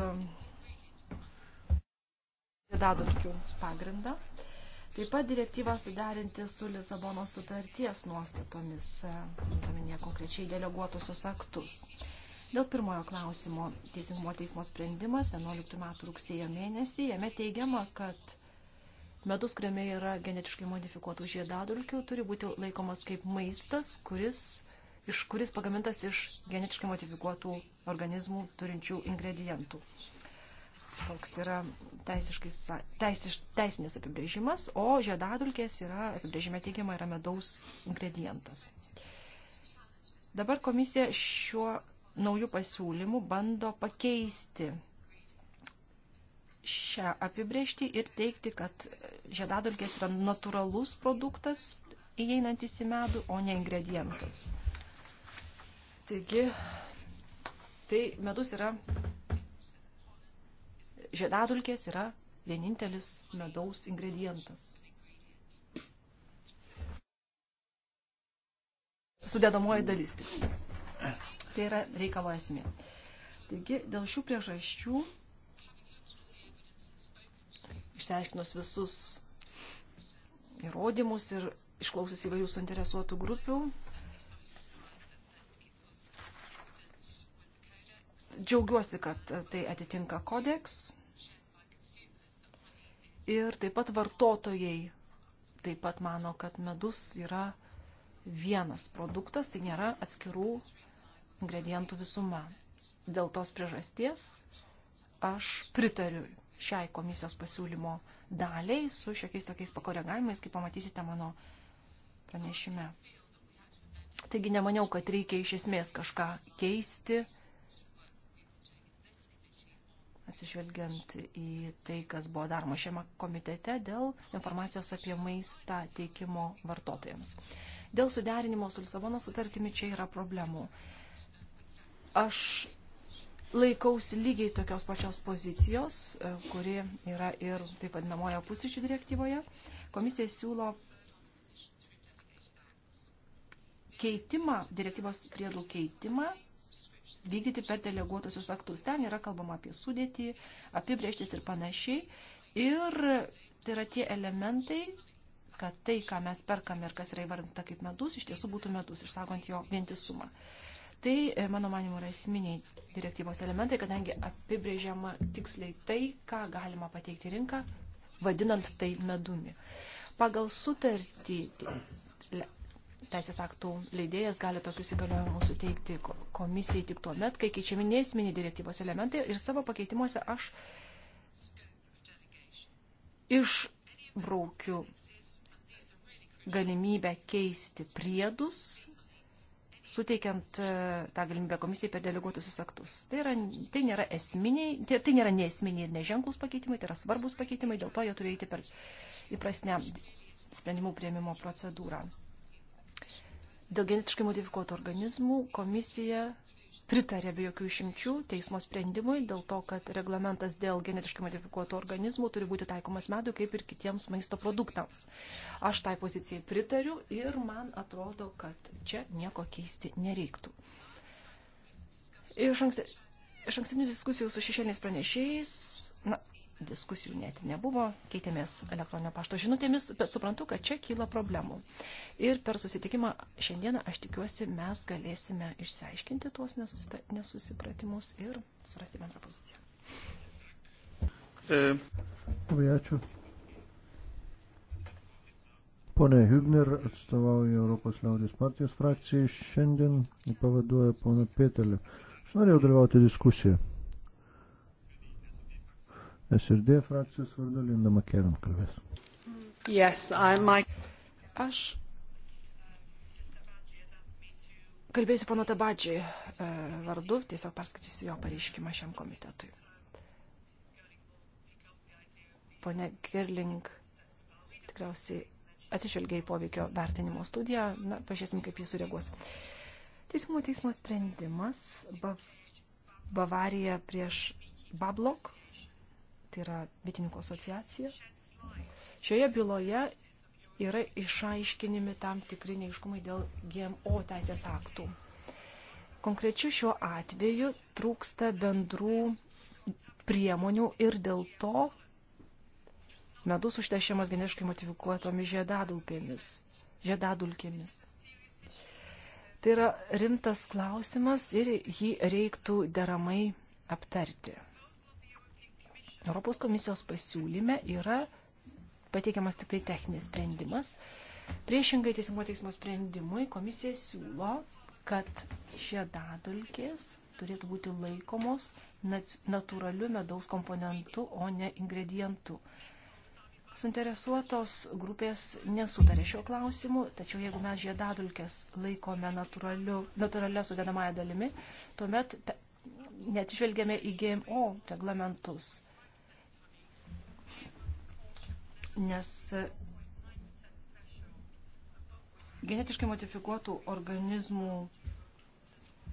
[SPEAKER 3] žiedadulkių pagrindą. Taip pat direktyvą sudarinti su Lisabono sutarties nuostatomis, minėje konkrečiai deleguotusios aktus. Dėl pirmojo klausimo Teisingumo teismo sprendimas 11 metų rugsėjo mėnesį jame teigiama, kad Medus, kuriame yra genetiškai modifikuotų žiedadulkių, turi būti laikomas kaip maistas, kuris, iš, kuris pagamintas iš genetiškai modifikuotų organizmų turinčių ingredientų. Toks yra teisiš, teisinis apibrėžimas, o žiedadulkės yra, apibrėžime teigiama, yra medaus ingredientas. Dabar komisija šiuo naujų pasiūlymų bando pakeisti šią apibrėžtį ir teikti, kad žiedadulkės yra natūralus produktas įeinantis į medų, o ne ingredientas. Taigi, tai medus yra, žiedadulkės yra vienintelis medaus ingredientas. Sudėdamoji dalis. Tai yra reikalo esmė. Taigi, dėl šių priežasčių išsiaiškinus visus įrodymus ir išklausus įvairių suinteresuotų grupių. Džiaugiuosi, kad tai atitinka kodeks. Ir taip pat vartotojai taip pat mano, kad medus yra vienas produktas, tai nėra atskirų ingredientų visuma. Dėl tos priežasties aš pritariu šiai komisijos pasiūlymo daliai su šiokiais tokiais pakoregavimais, kaip pamatysite mano pranešime. Taigi nemaniau, kad reikia iš esmės kažką keisti, atsižvelgiant į tai, kas buvo daroma šiame komitete dėl informacijos apie maistą teikimo vartotojams. Dėl suderinimo su Lisabono sutartimi čia yra problemų. Aš laikausi lygiai tokios pačios pozicijos, e, kuri yra ir taip vadinamojo pusryčių direktyvoje. Komisija siūlo keitimą, direktyvos priedų keitimą vykdyti per deleguotusius aktus. Ten yra kalbama apie sudėtį, apibrieštis ir panašiai. Ir tai yra tie elementai, kad tai, ką mes perkame ir kas yra įvardinta kaip medus, iš tiesų būtų medus, išsakant jo vientisumą. Uh, Tai, e, mano manimo, yra esminiai direktyvos elementai, kadangi apibrėžiama tiksliai tai, ką galima pateikti rinką, vadinant tai medumi. Pagal sutartį teisės aktų leidėjas gali tokius įgaliojimus suteikti komisijai tik tuo met, kai keičiami neesminiai direktyvos elementai ir savo pakeitimuose aš išbraukiu galimybę keisti priedus suteikiant e, tą galimybę komisijai per deleguotusius aktus. Tai, yra, tai nėra esminiai, tai, tai nėra nesminiai ir neženklus pakeitimai, tai yra svarbus pakeitimai, dėl to jie turi eiti per įprasnę sprendimų prieimimo procedūrą. Dėl genetiškai modifikuotų organizmų komisija pritarė be jokių išimčių teismo sprendimui dėl to, kad reglamentas dėl genetiškai modifikuotų organizmų turi būti taikomas medui kaip ir kitiems maisto produktams. Aš tai pozicijai pritariu ir man atrodo, kad čia nieko keisti nereiktų. Iš, anksti, iš ankstinių diskusijų su šešėliniais pranešėjais, na, diskusijų net nebuvo, keitėmės elektroninio pašto žinutėmis, bet suprantu, kad čia kyla problemų. Ir per susitikimą šiandieną, aš tikiuosi, mes galėsime išsiaiškinti tuos nesusipratimus ir surasti bendrą poziciją.
[SPEAKER 1] Labai
[SPEAKER 2] e. ačiū. Pone Hübner atstovauja Europos liaudės partijos frakcijai šiandien pavaduoja poną Pėtelį. Aš norėjau dalyvauti diskusiją. SRD frakcijos vardu Linda Makevan kalbės.
[SPEAKER 3] Yes, I'm Mike. Aš kalbėsiu pono Tabadžiai e, vardu, tiesiog perskaitysiu jo pareiškimą šiam komitetui. Pone Gerling tikriausiai atsižvelgia į poveikio vertinimo studiją, na, pažiūrėsim, kaip jis sureaguos. Teismo teismo sprendimas Bav Bavarija prieš Bablok tai yra bitininkų asociacija. Šioje byloje yra išaiškinimi tam tikri neiškumai dėl GMO teisės aktų. Konkrečiu šiuo atveju trūksta bendrų priemonių ir dėl to medus užtešiamas geniškai modifikuotomis žiedadulkėmis. žiedadulkėmis. Tai yra rimtas klausimas ir jį reiktų deramai aptarti. Europos komisijos pasiūlyme yra pateikiamas tik tai techninis sprendimas. Priešingai teisingumo teismo sprendimui komisija siūlo, kad šie dadulkės turėtų būti laikomos natūraliu medaus komponentu, o ne ingredientu. Suinteresuotos grupės nesutarė šiuo klausimu, tačiau jeigu mes žiedadulkės laikome natūralia sudedamąją dalimi, tuomet neatsižvelgiame į GMO reglamentus. nes genetiškai modifikuotų organizmų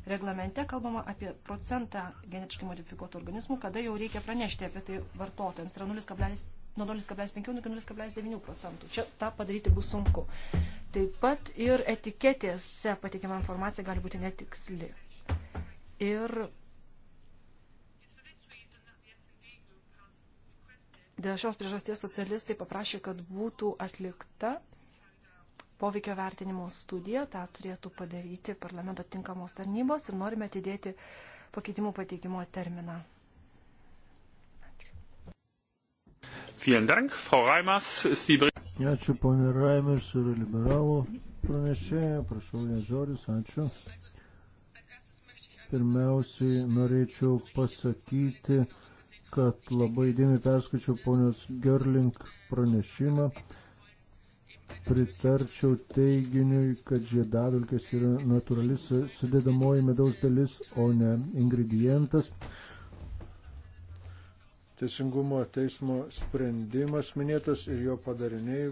[SPEAKER 3] reglamente kalbama apie procentą genetiškai modifikuotų organizmų, kada jau reikia pranešti apie tai vartotojams. Yra 0, nuo 0,5 iki 0,9 procentų. Čia tą padaryti bus sunku. Taip pat ir etiketėse pateikiama informacija gali būti netiksli. Ir Dėl šios priežasties socialistai paprašė, kad būtų atlikta poveikio vertinimo studija, tą turėtų padaryti parlamento tinkamos tarnybos ir norime atidėti pakeitimų pateikimo terminą.
[SPEAKER 1] Vielen Dank, Frau Reimers. Ist die...
[SPEAKER 2] Ačiū, ponė Raimers ir liberalų pranešėja. Prašau, jie žodis. Ačiū. Pirmiausiai norėčiau pasakyti, kad labai dėmiai perskaičiau ponios Gerling pranešimą. Pritarčiau teiginiui, kad žiedadulkės yra natūralis sudėdamoji medaus dalis, o ne ingredientas. Teisingumo teismo sprendimas minėtas ir jo padariniai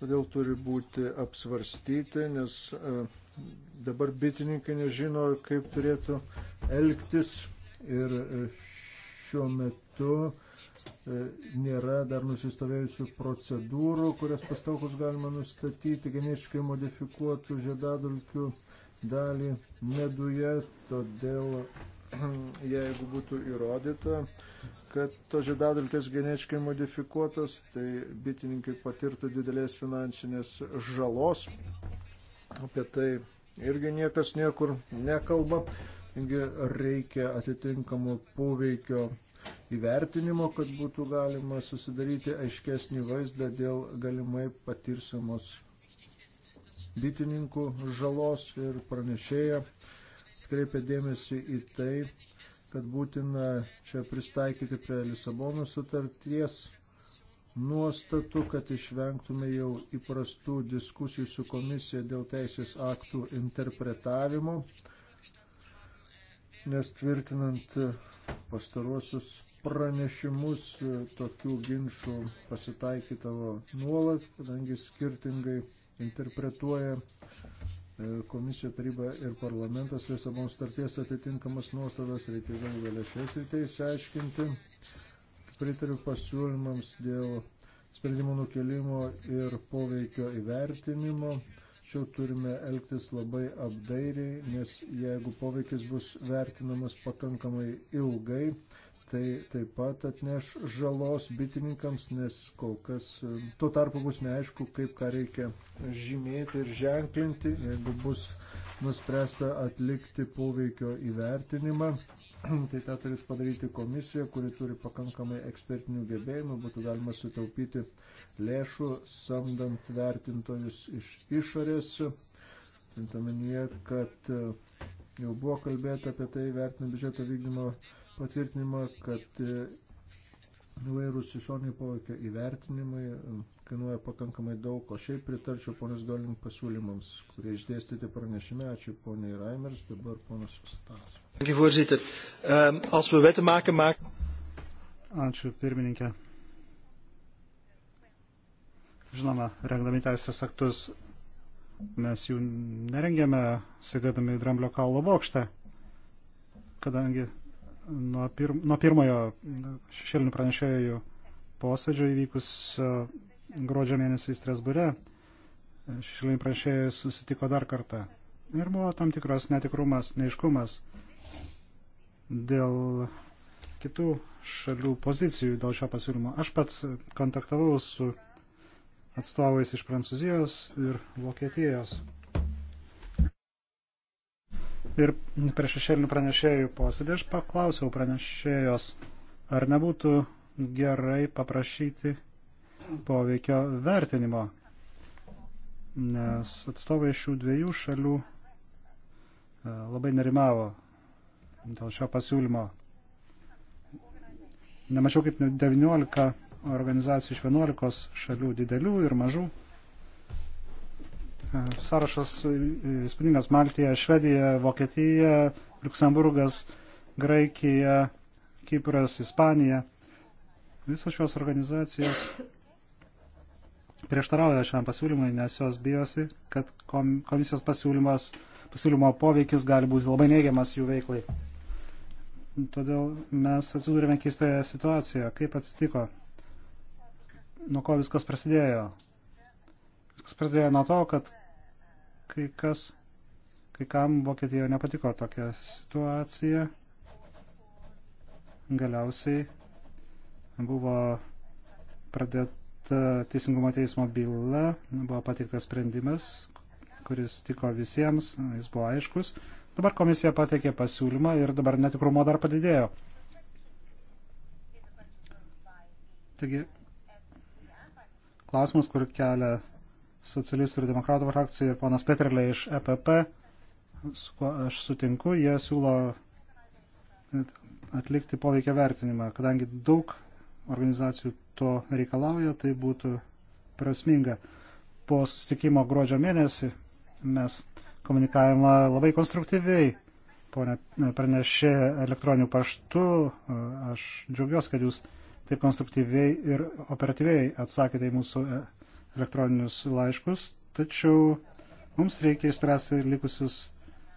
[SPEAKER 2] todėl turi būti apsvarstyti, nes e, dabar bitininkai nežino, kaip turėtų elgtis ir e, šiuo metu e, nėra dar nusistovėjusių procedūrų, kurias pastaukus galima nustatyti genetiškai modifikuotų žiedadulkių dalį meduje, todėl *clears throat* jeigu būtų įrodyta, kad to žiedadulkės genetiškai modifikuotos, tai bitininkai patirtų didelės finansinės žalos. Apie tai irgi niekas niekur nekalba. Taigi reikia atitinkamo poveikio įvertinimo, kad būtų galima susidaryti aiškesnį vaizdą dėl galimai patirsimos bitininkų žalos ir pranešėja kreipia dėmesį į tai, kad būtina čia pristaikyti prie Lisabono sutarties nuostatų, kad išvengtume jau įprastų diskusijų su komisija dėl teisės aktų interpretavimo nes tvirtinant pastaruosius pranešimus tokių ginčių pasitaikydavo nuolat, kadangi skirtingai interpretuoja e, komisija, taryba ir parlamentas Lisabon starties atitinkamas nuostatas, reikia gal vėlė šias rytais aiškinti. Pritariu pasiūlymams dėl sprendimų nukelimo ir poveikio įvertinimo tačiau turime elgtis labai apdairiai, nes jeigu poveikis bus vertinamas pakankamai ilgai, tai taip pat atneš žalos bitininkams, nes kol kas e, tuo tarpu bus neaišku, kaip ką reikia žymėti ir ženklinti, jeigu bus nuspręsta atlikti poveikio įvertinimą. *clears throat* Tai tą turėtų padaryti komisija, kuri turi pakankamai ekspertinių gebėjimų, būtų galima sutaupyti lėšų, samdant vertintojus iš išorės. Tintamenyje, kad e, jau buvo kalbėta apie tai, vertinant biudžeto vykdymo patvirtinimą, kad e, įvairūs išoriniai poveikio įvertinimai e, kainuoja pakankamai daug, o šiaip pritarčiau ponios Golink pasiūlymams, kurie išdėstyti pranešime. Ačiū poniai Raimers, dabar ponas Stas. Ehm,
[SPEAKER 4] Ačiū pirmininkė. Žinoma, rengdami teisės aktus mes jų nerengėme, sėdėdami dramblio kaulo bokštą, kadangi nuo, pir, nuo pirmojo šešėlinių pranešėjų posėdžio įvykus gruodžio mėnesį Strasbūre šešėlinių pranešėjai susitiko dar kartą. Ir buvo tam tikras netikrumas, neiškumas dėl kitų šalių pozicijų dėl šio pasiūlymo. Aš pats kontaktavau su atstovais iš Prancūzijos ir Vokietijos. Ir per šešėlinių pranešėjų posėdį aš paklausiau pranešėjos, ar nebūtų gerai paprašyti poveikio vertinimo, nes atstovai šių dviejų šalių e, labai nerimavo dėl šio pasiūlymo. Nemačiau kaip 19 organizacijų iš 11 šalių didelių ir mažų. E, sąrašas e, įspūdingas Maltija, Švedija, Vokietija, Luksemburgas, Graikija, Kipras, Ispanija. Visos šios organizacijos prieštarauja šiam pasiūlymui, nes jos bijosi, kad komisijos pasiūlymas, pasiūlymo poveikis gali būti labai neigiamas jų veiklai. Todėl mes atsidūrėme keistoje situacijoje. Kaip atsitiko? nuo ko viskas prasidėjo. Viskas prasidėjo nuo to, kad kai kas, kai kam Vokietijoje nepatiko tokia situacija. Galiausiai buvo pradėta teisingumo teismo byla, buvo pateiktas sprendimas, kuris tiko visiems, jis buvo aiškus. Dabar komisija pateikė pasiūlymą ir dabar netikrumo dar padidėjo. Taigi klausimas, kur kelia socialistų ir demokratų frakcija ir ponas Petrelė iš EPP, su kuo aš sutinku, jie siūlo atlikti poveikia vertinimą. Kadangi daug organizacijų to reikalauja, tai būtų prasminga. Po sustikimo gruodžio mėnesį mes komunikavimą labai konstruktyviai ponė, pranešė elektroniniu paštu. Aš džiaugiuosi, kad jūs taip konstruktyviai ir operatyviai atsakėte į mūsų e, elektroninius laiškus, tačiau mums reikia išspręsti likusius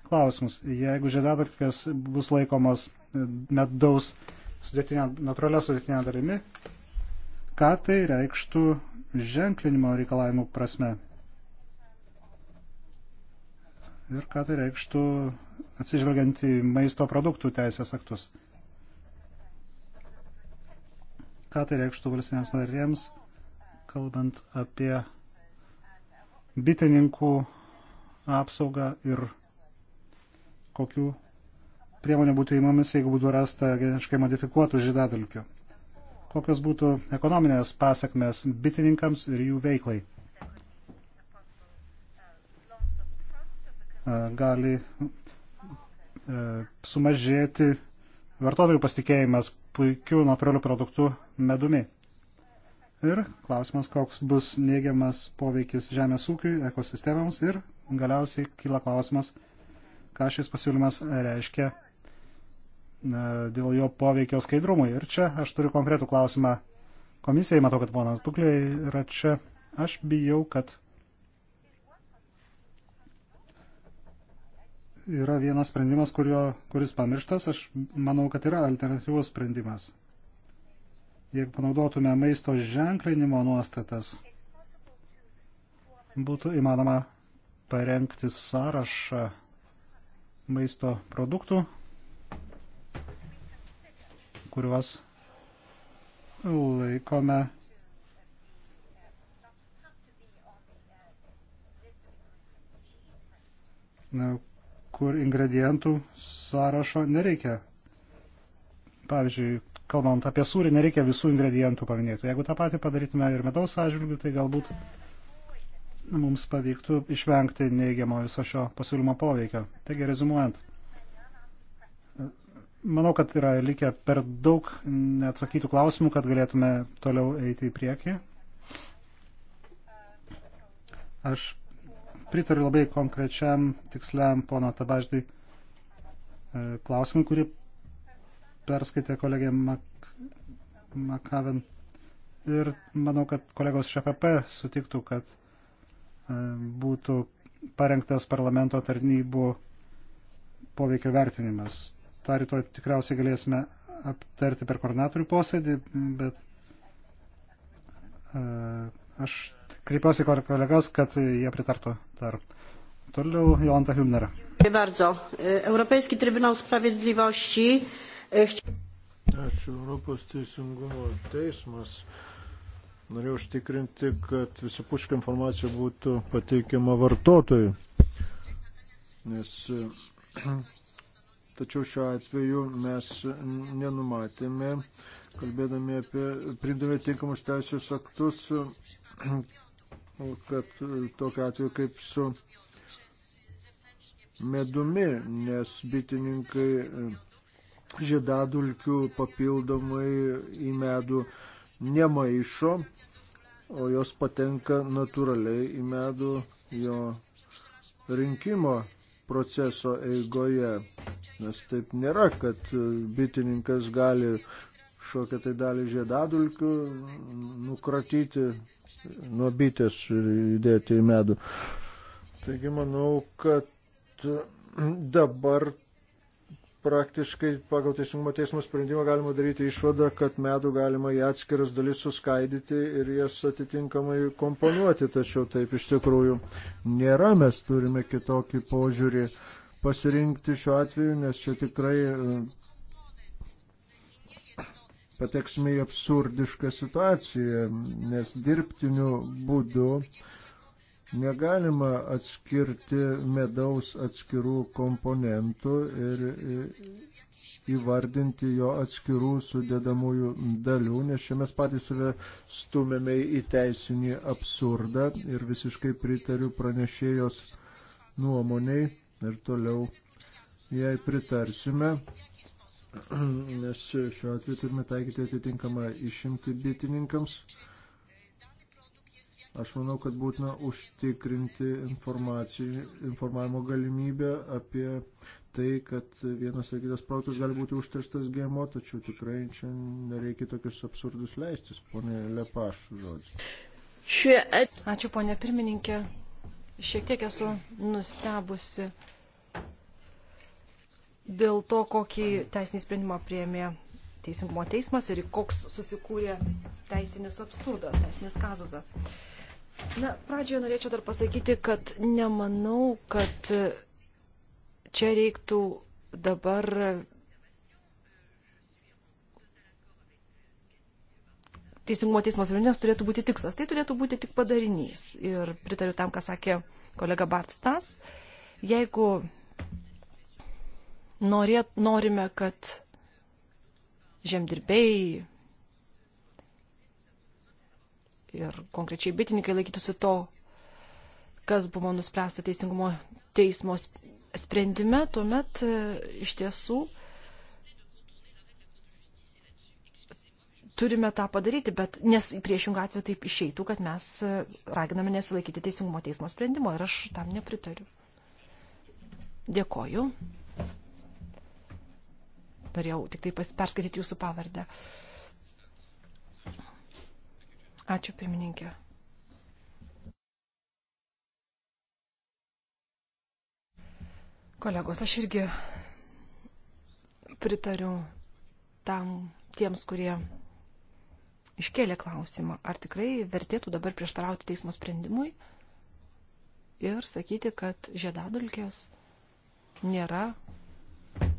[SPEAKER 4] klausimus. Jeigu žiedadarkas bus laikomas e, medaus sudėtinė, natūralia sudėtinė darimi, ką tai reikštų ženklinimo reikalavimų prasme? Ir ką tai reikštų atsižvelgiant į maisto produktų teisės aktus? ką tai reikštų valstybėms narėms, kalbant apie bitininkų apsaugą ir kokių priemonių būtų įmamis, jeigu būtų rasta genetiškai modifikuotų žydadulkių. Kokios būtų ekonominės pasakmes bitininkams ir jų veiklai. Gali e, sumažėti vartotojų pasitikėjimas puikių natūralių produktų medumi. Ir klausimas, koks bus neigiamas poveikis žemės ūkiui, ekosistemams ir galiausiai kyla klausimas, ką šis pasiūlymas reiškia e, dėl jo poveikio skaidrumui. Ir čia aš turiu konkretų klausimą komisijai, matau, kad ponas Puklė yra čia. Aš bijau, kad yra vienas sprendimas, kurio, kuris pamirštas. Aš manau, kad yra alternatyvus sprendimas. Jeigu panaudotume maisto ženklinimo nuostatas, būtų įmanoma parengti sąrašą maisto produktų, kuriuos laikome kur ingredientų sąrašo nereikia. Pavyzdžiui, kalbant apie sūrį, nereikia visų ingredientų paminėti. Jeigu tą patį padarytume ir medaus atžvilgių, tai galbūt mums pavyktų išvengti neigiamo viso šio pasiūlymo poveikio. Taigi, rezumuojant, manau, kad yra likę per daug neatsakytų klausimų, kad galėtume toliau eiti į priekį. Aš pritariu labai konkrečiam tiksliam pono Tabaždai e, klausimui, kurį perskaitė kolegė Mak Makaven. Ir manau, kad kolegos iš APP sutiktų, kad e, būtų parengtas parlamento tarnybų poveikio vertinimas. Ta rytoj tikriausiai galėsime aptarti per koordinatorių posėdį, bet e, Aš kreipiuosi kolegas, kad jie pritartų dar. Toliau Jolanta Hübner.
[SPEAKER 3] E, Europejski Trybunał Sprawiedliwości. E,
[SPEAKER 2] Ačiū, Europos teisingumo teismas. Norėjau užtikrinti, kad visapuška informacija būtų pateikiama vartotojui. Nes e, *clears throat* Tačiau šiuo atveju mes nenumatėme, kalbėdami apie, priimdami tinkamus teisės aktus, kad tokia atveju kaip su medumi, nes bitininkai e, žiedadulkių papildomai į medų nemaišo, o jos patenka natūraliai į medų jo rinkimo proceso eigoje. Nes taip nėra, kad bitininkas gali šokią tai dalį žiedadulkių, nukratyti nuo bitės ir įdėti į medų. Taigi manau, kad dabar praktiškai pagal teisingumo teismo sprendimą galima daryti išvadą, kad medų galima į atskiras dalis suskaidyti ir jas atitinkamai komponuoti, tačiau taip iš tikrųjų nėra, mes turime kitokį požiūrį pasirinkti šiuo atveju, nes čia tikrai pateksime į absurdišką situaciją, nes dirbtiniu būdu negalima atskirti medaus atskirų komponentų ir įvardinti jo atskirų sudėdamųjų dalių, nes čia mes patys save stumėme į teisinį absurdą ir visiškai pritariu pranešėjos nuomoniai ir toliau jai pritarsime. *clears throat* nes šiuo atveju turime taikyti atitinkamą išimti bitininkams. Aš manau, kad būtina užtikrinti informavimo galimybę apie tai, kad vienas ar kitas produktas gali būti užterštas GMO, tačiau tikrai čia nereikia tokius absurdus leistis, ponė Lepaš, žodžiu.
[SPEAKER 3] Ačiū, ponė pirmininkė. Šiek tiek esu nustebusi dėl to, kokį teisinį sprendimą prieėmė Teisingumo teismas ir koks susikūrė teisinis absurdas, teisinis kazusas. Na, pradžioje norėčiau dar pasakyti, kad nemanau, kad čia reiktų dabar Teisingumo teismas Vilnius turėtų būti tikslas. Tai turėtų būti tik padarinys. Ir pritariu tam, ką sakė kolega Bartstas. Jeigu norėt, norime, kad žemdirbėjai ir konkrečiai bitininkai laikytųsi to, kas buvo nuspręsta teisingumo teismo sprendime, tuomet e, iš tiesų turime tą padaryti, bet nes priešingą atveju taip išeitų, kad mes e, raginame nesilaikyti teisingumo teismo sprendimo ir aš tam nepritariu. Dėkoju norėjau tik tai perskaityti jūsų pavardę. Ačiū, pirmininkė. Kolegos, aš irgi pritariu tam tiems, kurie iškėlė klausimą, ar tikrai vertėtų dabar prieštarauti teismo sprendimui ir sakyti, kad žiedadulkės nėra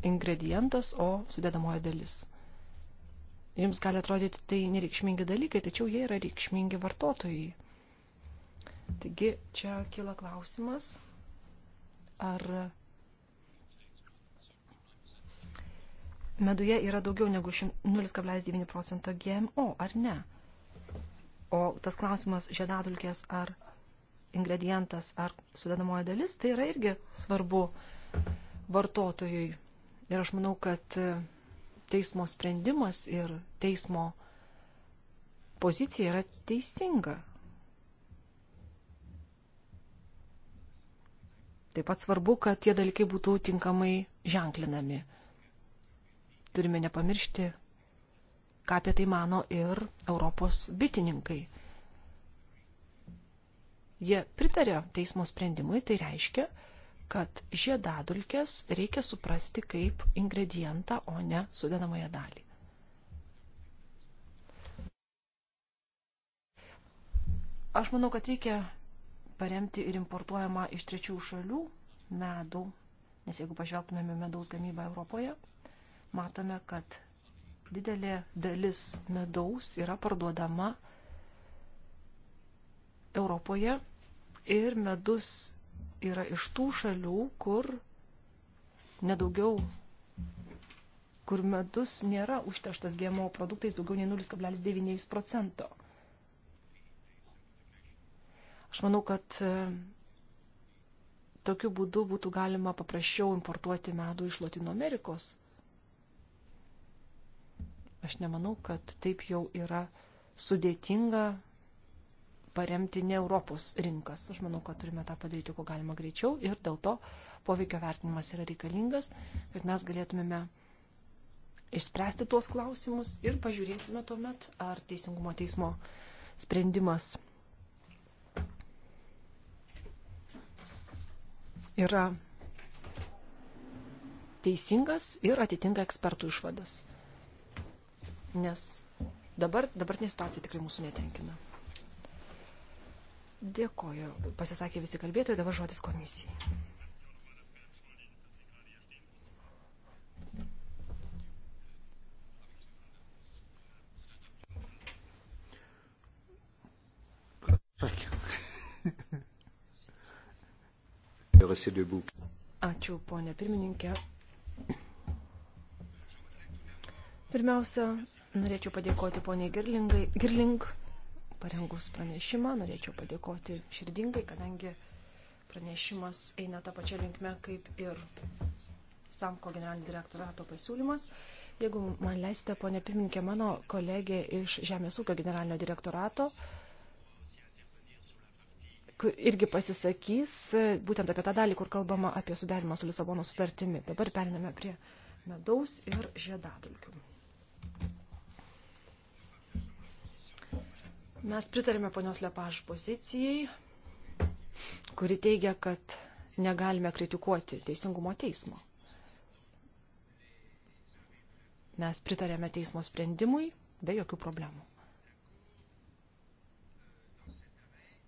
[SPEAKER 3] ingredientas, o sudėdamoji dalis. Jums gali atrodyti tai nereikšmingi dalykai, tačiau jie yra reikšmingi vartotojai. Taigi čia kyla klausimas, ar meduje yra daugiau negu 0,9 procento GMO, ar ne? O tas klausimas žiedadulkės ar ingredientas ar sudedamoji dalis, tai yra irgi svarbu vartotojui. Ir aš manau, kad e, teismo sprendimas ir teismo pozicija yra teisinga. Taip pat svarbu, kad tie dalykai būtų tinkamai ženklinami. Turime nepamiršti, ką apie tai mano ir Europos bitininkai. Jie pritarė teismo sprendimui, tai reiškia, kad žiedadulkės reikia suprasti kaip ingredientą, o ne sudedamąją dalį. Aš manau, kad reikia paremti ir importuojamą iš trečių šalių medų, nes jeigu pažvelgtumėme medaus gamybą Europoje, matome, kad didelė dalis medaus yra parduodama Europoje ir medus yra iš tų šalių, kur nedaugiau, kur medus nėra užteštas GMO produktais daugiau nei 0,9 procento. Aš manau, kad e, tokiu būdu būtų galima paprasčiau importuoti medų iš Latino Amerikos. Aš nemanau, kad taip jau yra sudėtinga paremti ne Europos rinkas. Aš manau, kad turime tą padaryti kuo galima greičiau ir dėl to poveikio vertinimas yra reikalingas, kad mes galėtumėme išspręsti tuos klausimus ir pažiūrėsime tuomet, ar Teisingumo teismo sprendimas yra teisingas ir atitinka ekspertų išvadas. Nes dabar, dabartinė situacija tikrai mūsų netenkina. Dėkoju. Pasisakė visi kalbėtojai, dabar žodis komisijai. Ačiū, ponė pirmininkė. Pirmiausia, norėčiau padėkoti poniai Girling parengus pranešimą. Norėčiau padėkoti širdingai, kadangi pranešimas eina tą pačią linkmę kaip ir Samko generalinio direktorato pasiūlymas. Jeigu man leisite, ponė pirminkė, mano kolegė iš Žemės ūkio generalinio direktorato irgi pasisakys e, būtent apie tą dalį, kur kalbama apie sudarimą su Lisabono sutartimi. Dabar periname prie medaus ir žiedadulkių. Mes pritarėme ponios Lepaž pozicijai, kuri teigia, kad negalime kritikuoti teisingumo teismo. Mes pritarėme teismo sprendimui be jokių problemų.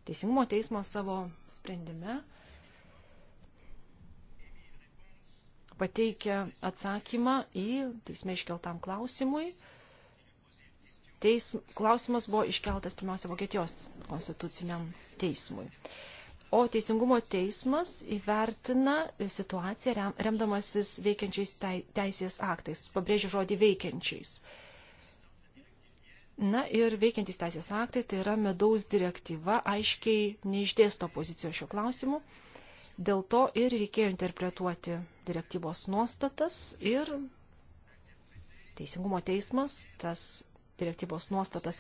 [SPEAKER 3] Teisingumo teismas savo sprendime pateikia atsakymą į teisme iškeltam klausimui teis, klausimas buvo iškeltas pirmiausia Vokietijos konstituciniam teismui. O Teisingumo teismas įvertina situaciją rem, remdamasis veikiančiais teisės aktais, pabrėžiu žodį veikiančiais. Na ir veikiantys teisės aktai, tai yra medaus direktyva, aiškiai neišdėsto pozicijos šiuo klausimu. Dėl to ir reikėjo interpretuoti direktyvos nuostatas ir Teisingumo teismas tas direktyvos nuostatas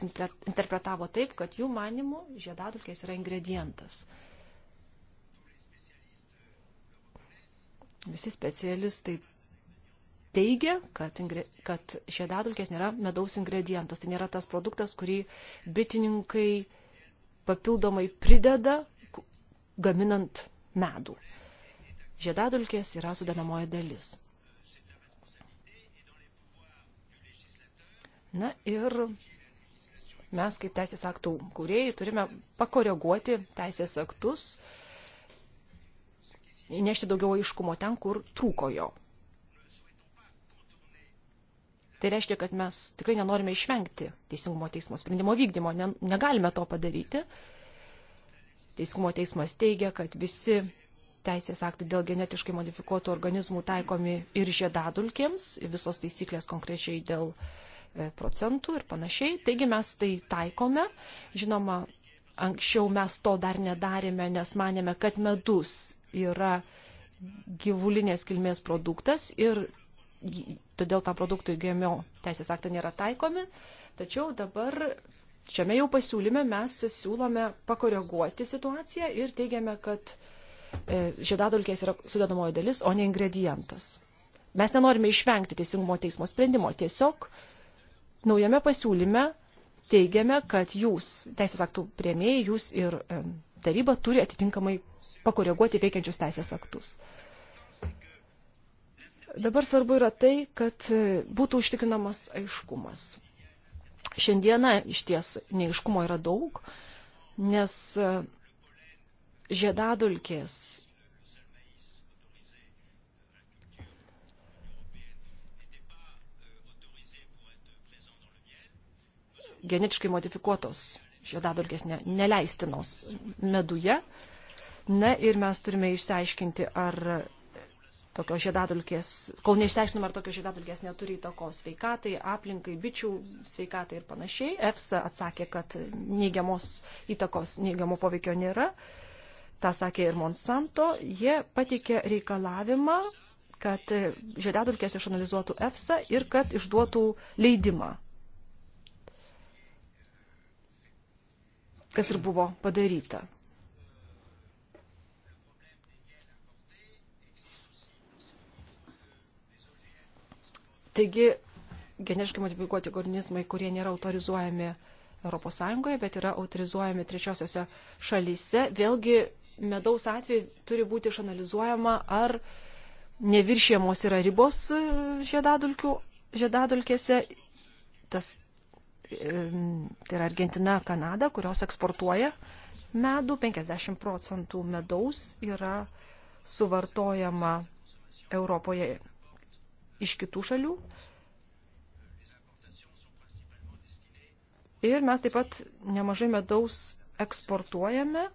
[SPEAKER 3] interpretavo taip, kad jų manimų žiedadulkės yra ingredientas. Visi specialistai teigia, kad, ingre, kad žiedadulkės nėra medaus ingredientas. Tai nėra tas produktas, kurį bitininkai papildomai prideda, gaminant medų. Žiedadulkės yra sudedamoji dalis. Na ir mes kaip teisės aktų kūrėjai turime pakoreguoti teisės aktus, įnešti daugiau aiškumo ten, kur trūko jo. Tai reiškia, kad mes tikrai nenorime išvengti Teisingumo teismo sprendimo vykdymo, ne, negalime to padaryti. Teisingumo teismas teigia, kad visi teisės aktai dėl genetiškai modifikuotų organizmų taikomi ir žiedadulkėms, visos taisyklės konkrečiai dėl uh, E, procentų ir panašiai. Taigi mes tai taikome. Žinoma, anksčiau mes to dar nedarėme, nes manėme, kad medus yra gyvulinės kilmės produktas ir todėl tam produktui GMO teisės aktai nėra taikomi. Tačiau dabar šiame jau pasiūlyme mes siūlome pakoreguoti situaciją ir teigiame, kad e, žiedadulkės yra sudedamoji dalis, o ne ingredientas. Mes nenorime išvengti teisingumo teismo sprendimo, tiesiog naujame pasiūlyme teigiame, kad jūs, teisės aktų prieimėjai, jūs ir taryba turi atitinkamai pakoreguoti veikiančius teisės aktus. Dabar svarbu yra tai, kad e, būtų užtikrinamas aiškumas. Šiandieną iš ties neiškumo yra daug, nes e, žiedadulkės genetiškai modifikuotos žiedadulkės ne, neleistinos meduje. Na ir mes turime išsiaiškinti, ar tokios žiedadulkės, kol neišsiaiškinome, ar tokios žiedadulkės neturi įtakos sveikatai, aplinkai, bičių sveikatai ir panašiai. EFSA atsakė, kad neigiamos įtakos, neigiamo poveikio nėra. Ta sakė ir Monsanto. Jie pateikė reikalavimą, kad žiedadulkės išanalizuotų EFSA ir kad išduotų leidimą kas ir buvo padaryta. Taigi, geniškai modifikuoti organizmai, kurie nėra autorizuojami ES, bet yra autorizuojami trečiosiose šalyse, vėlgi medaus atveju turi būti išanalizuojama, ar neviršėmos yra ribos e, žiedadulkėse, tas tai yra Argentina, Kanada, kurios eksportuoja medų, 50 procentų medaus yra suvartojama Europoje iš kitų šalių. Ir mes taip pat nemažai medaus eksportuojame.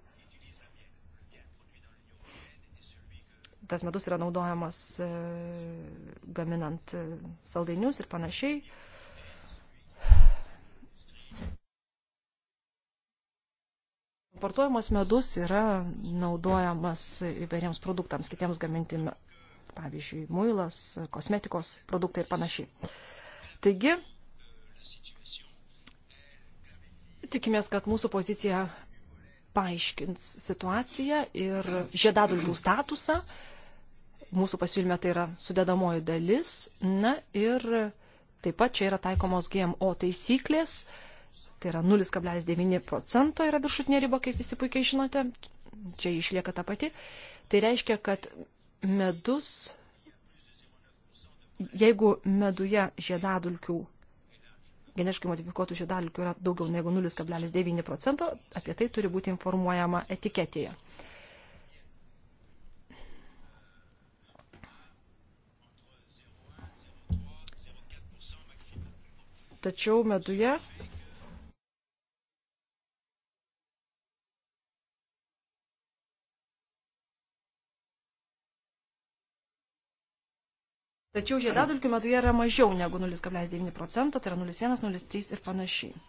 [SPEAKER 3] Tas medus yra naudojamas e, gaminant e, saldainius ir panašiai. Importuojamas medus yra naudojamas įvairiems produktams, kitiems gaminti, pavyzdžiui, muilas, kosmetikos produktai ir panašiai. Taigi, tikimės, kad mūsų pozicija paaiškins situaciją ir žiedadulkių statusą. Mūsų pasiūlyme tai yra sudėdamoji dalis. Na ir taip pat čia yra taikomos GMO taisyklės. Uh, tai yra 0,9 procento yra viršutinė riba, kaip visi puikiai žinote, čia išlieka ta pati. Tai reiškia, kad medus, jeigu meduje žiedadulkių, geniškai modifikuotų žiedadulkių yra daugiau negu 0,9 procento, apie tai turi būti informuojama etiketėje. Tačiau meduje Tačiau žiedadulkių meduje yra mažiau negu 0,9 procento, tai yra 0,1, 0,3 ir panašiai.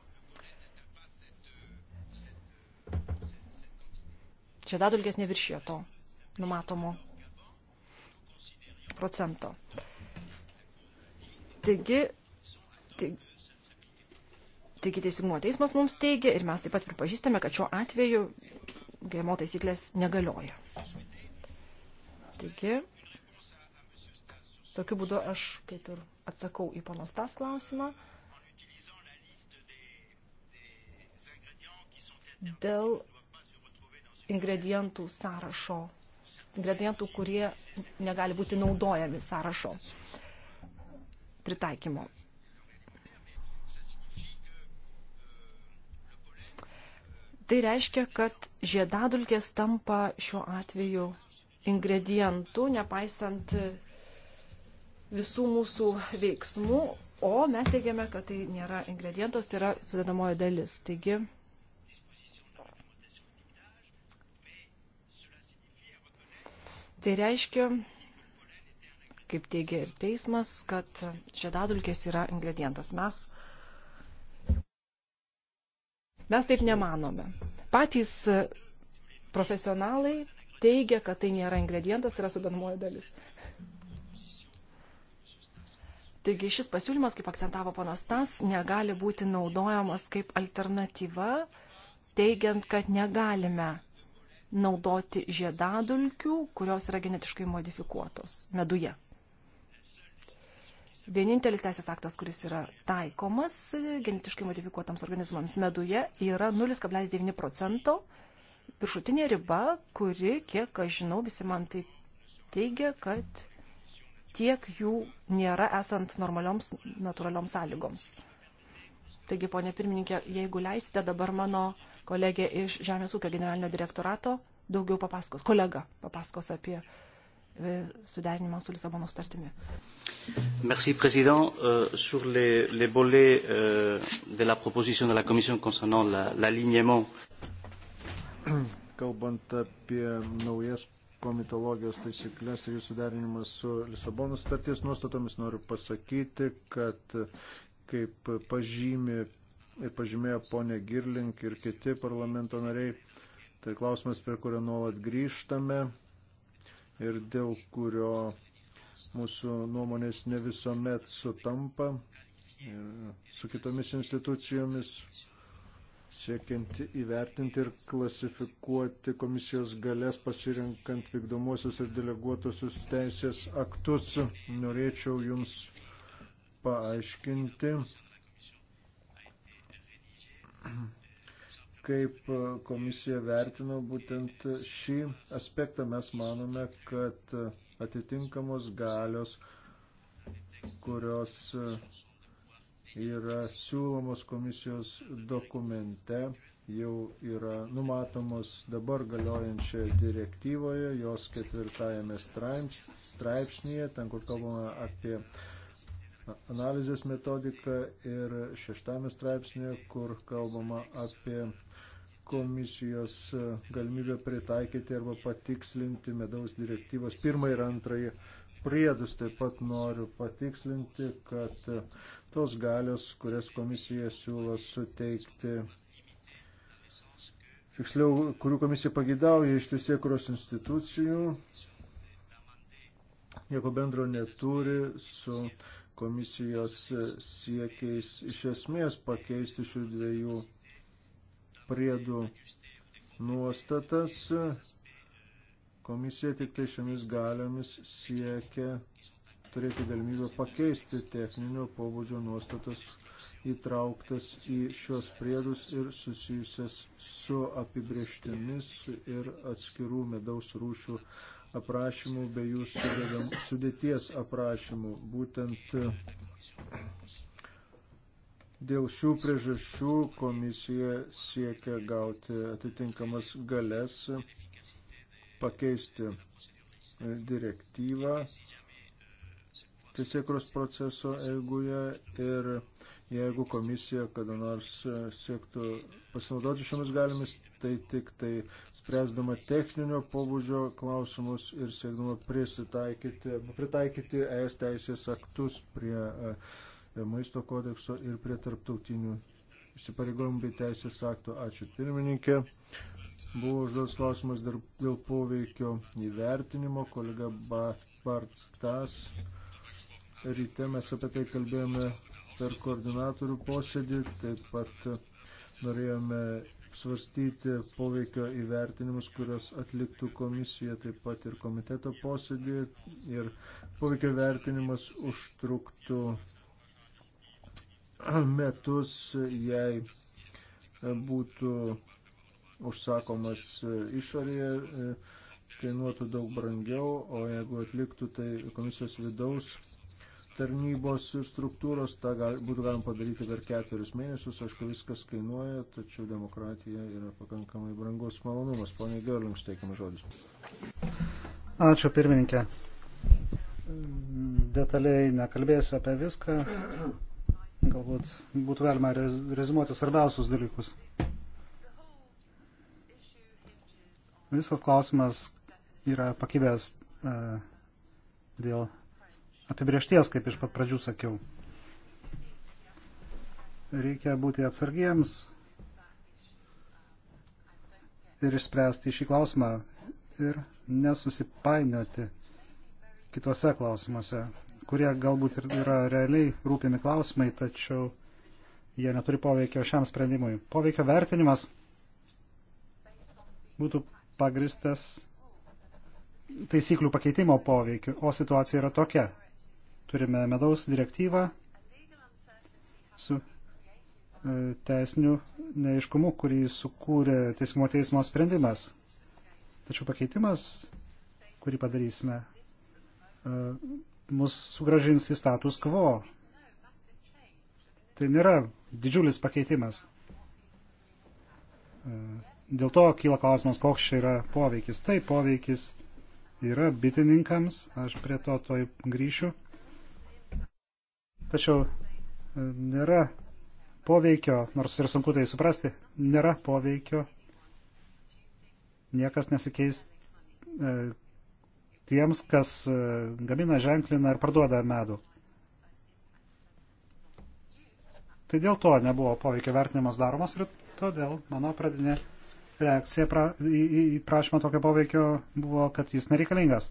[SPEAKER 3] Žiedadulkės neviršijo to numatomo procento. Taigi, tai, taigi teisingumo teismas mums teigia ir mes taip pat pripažįstame, kad šiuo atveju GMO taisyklės negalioja. Taigi, tokiu būdu aš kaip ir atsakau į panos tas klausimą. Dėl ingredientų sąrašo, ingredientų, kurie negali būti naudojami sąrašo pritaikymo. Tai reiškia, kad žiedadulkės tampa šiuo atveju ingredientų, nepaisant visų mūsų veiksmų, o mes teigiame, kad tai nėra ingredientas, tai yra sudedamoji dalis. Taigi, tai reiškia, kaip teigia ir teismas, kad žiedadulkės yra ingredientas. Mes, mes taip nemanome. Patys profesionalai teigia, kad tai nėra ingredientas, tai yra sudedamoji dalis. Taigi šis pasiūlymas, kaip akcentavo ponas Tas, negali būti naudojamas kaip alternatyva, teigiant, kad negalime naudoti žiedadulkių, kurios yra genetiškai modifikuotos meduje. Vienintelis teisės aktas, kuris yra taikomas genetiškai modifikuotams organizmams meduje, yra 0,9 procento viršutinė riba, kuri, kiek aš žinau, visi man tai teigia, kad tiek jų nėra esant normalioms, natūralioms sąlygoms. Taigi, ponė pirmininkė, jeigu leisite, dabar mano kolegė iš Žemės ūkio generalinio direktorato daugiau papasakos, kolega papasakos apie e, suderinimą su Lisabono startimi.
[SPEAKER 4] Merci, Président. Euh, sur les, les volets euh, de la proposition de la Commission concernant l'alignement.
[SPEAKER 2] La, Kalbant apie naujas komitologijos taisyklės ir jų suderinimas su Lisabonos starties nuostatomis, noriu pasakyti, kad kaip pažymė ir pažymėjo ponė Girlink ir kiti parlamento nariai, tai klausimas, prie kurio nuolat grįžtame ir dėl kurio mūsų nuomonės ne visuomet sutampa e, su kitomis institucijomis siekiant įvertinti ir klasifikuoti komisijos galės pasirinkant vykdomuosius ir deleguotusius teisės aktus. Norėčiau Jums paaiškinti, kaip komisija vertino būtent šį aspektą. Mes manome, kad atitinkamos galios, kurios yra siūlomos komisijos dokumente, jau yra numatomos dabar galiojančioje direktyvoje, jos ketvirtajame straipsnėje, ten kur kalbama apie analizės metodiką ir šeštame straipsnėje, kur kalbama apie komisijos galimybę pritaikyti arba patikslinti medaus direktyvos pirmąjį ir antrąjį priedus. Taip pat noriu patikslinti, kad tos galios, kurias komisija siūlo suteikti, tiksliau, kurių komisija pagidauja iš tiesiekuros institucijų, nieko bendro neturi su komisijos siekiais iš esmės pakeisti šių dviejų priedų nuostatas Komisija tik tai šiomis galiomis siekia turėti galimybę pakeisti techninio pobūdžio nuostatas įtrauktas į šios priedus ir susijusias su apibrieštimis ir atskirų medaus rūšių aprašymų bei jų sudėties aprašymų. Būtent e, Dėl šių priežasčių komisija siekia gauti atitinkamas galės pakeisti e, direktyvą teisėkros proceso eigoje ir jeigu komisija kada nors e, siektų pasinaudoti šiomis galimis, tai tik tai spręsdama techninio pobūdžio klausimus ir siekdama pritaikyti ES teisės aktus prie e, maisto kodekso ir prie tarptautinių įsipareigojimų bei teisės aktų. Ačiū pirmininkė. Buvo užduotas klausimas dėl poveikio įvertinimo. Kolega Bart Stas. Ryte mes apie tai kalbėjome per koordinatorių posėdį. Taip pat norėjome svarstyti poveikio įvertinimus, kurios atliktų komisija, taip pat ir komiteto posėdį. Ir poveikio įvertinimas užtruktų metus, jei būtų užsakomas e, išorėje, e, kainuotų daug brangiau, o jeigu atliktų tai komisijos vidaus tarnybos ir struktūros, tą gal, būtų galima padaryti per ketverius mėnesius, aišku, viskas kainuoja, tačiau demokratija yra pakankamai brangus
[SPEAKER 4] malonumas. Pone Gerlings, teikiamas žodis. Ačiū, pirmininkė. Detaliai nekalbėsiu apie viską. Galbūt būtų galima rezimuoti svarbiausius dalykus. Visas klausimas yra pakibęs uh, dėl apibriešties, kaip iš pat pradžių sakiau. Reikia būti atsargiems ir išspręsti šį klausimą ir nesusipainioti kitose klausimuose, kurie galbūt ir yra realiai rūpimi klausimai, tačiau jie neturi poveikio šiam sprendimui. Poveikio vertinimas būtų pagristas taisyklių pakeitimo poveikiu, o situacija yra tokia. Turime medaus direktyvą su e, teisiniu neiškumu, kurį sukūrė teismo teismo sprendimas. Tačiau pakeitimas, kurį padarysime, e, mus sugražins į status quo. Tai nėra didžiulis pakeitimas. E, Dėl to kyla klausimas, koks čia yra poveikis. Tai poveikis yra bitininkams, aš prie to toj grįšiu. Tačiau e, nėra poveikio, nors ir sunku tai suprasti, nėra poveikio, niekas nesikeis e, tiems, kas e, gamina, ženklina ir parduoda medų. Tai dėl to nebuvo poveikio vertinimas daromas ir todėl mano pradinė reakcija pra, į, į prašymą tokio poveikio buvo, kad jis nereikalingas.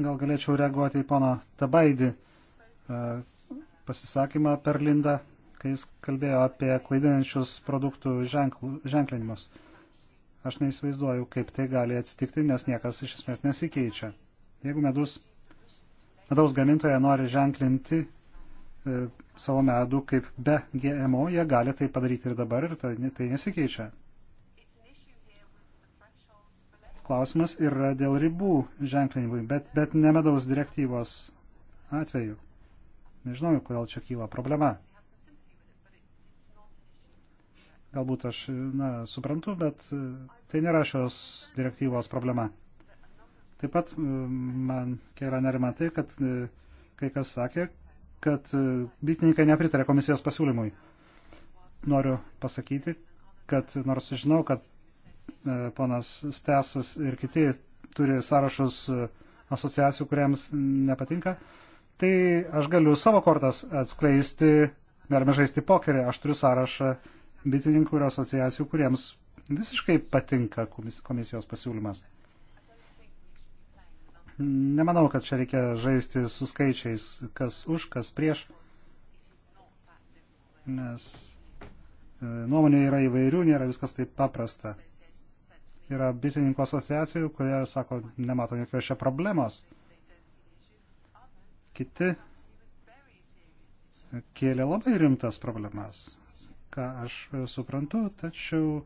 [SPEAKER 4] Gal galėčiau reaguoti į pono Tabaidį e, pasisakymą per Lindą, kai jis kalbėjo apie klaidinančius produktų ženkl, ženklinimus. Aš neįsivaizduoju, kaip tai gali atsitikti, nes niekas iš esmės nesikeičia. Jeigu medus, medaus gamintoje nori ženklinti e, savo medų kaip be GMO, jie gali tai padaryti ir dabar ir tai, tai nesikeičia. Klausimas yra dėl ribų ženklinimui, bet, bet ne medaus direktyvos atveju. Nežinau, kodėl čia kyla problema. Galbūt aš na, suprantu, bet e, tai nėra šios direktyvos problema. Taip pat e, man kelia nerima tai, kad e, kai kas sakė, kad e, bitininkai nepritarė komisijos pasiūlymui. Noriu pasakyti, kad nors žinau, kad e, ponas Stesas ir kiti turi sąrašus e, asociacijų, kuriems nepatinka, tai aš galiu savo kortas atskleisti, galime žaisti pokerį, aš turiu sąrašą bitininkų ir asociacijų, kuriems visiškai patinka komisijos pasiūlymas. Nemanau, kad čia reikia žaisti su skaičiais, kas už, kas prieš, nes e, nuomonė yra įvairių, nėra viskas taip paprasta. Yra bitininkų asociacijų, kurie sako, nemato jokios čia problemos. Kiti kėlė labai rimtas problemas, ką aš suprantu, tačiau e,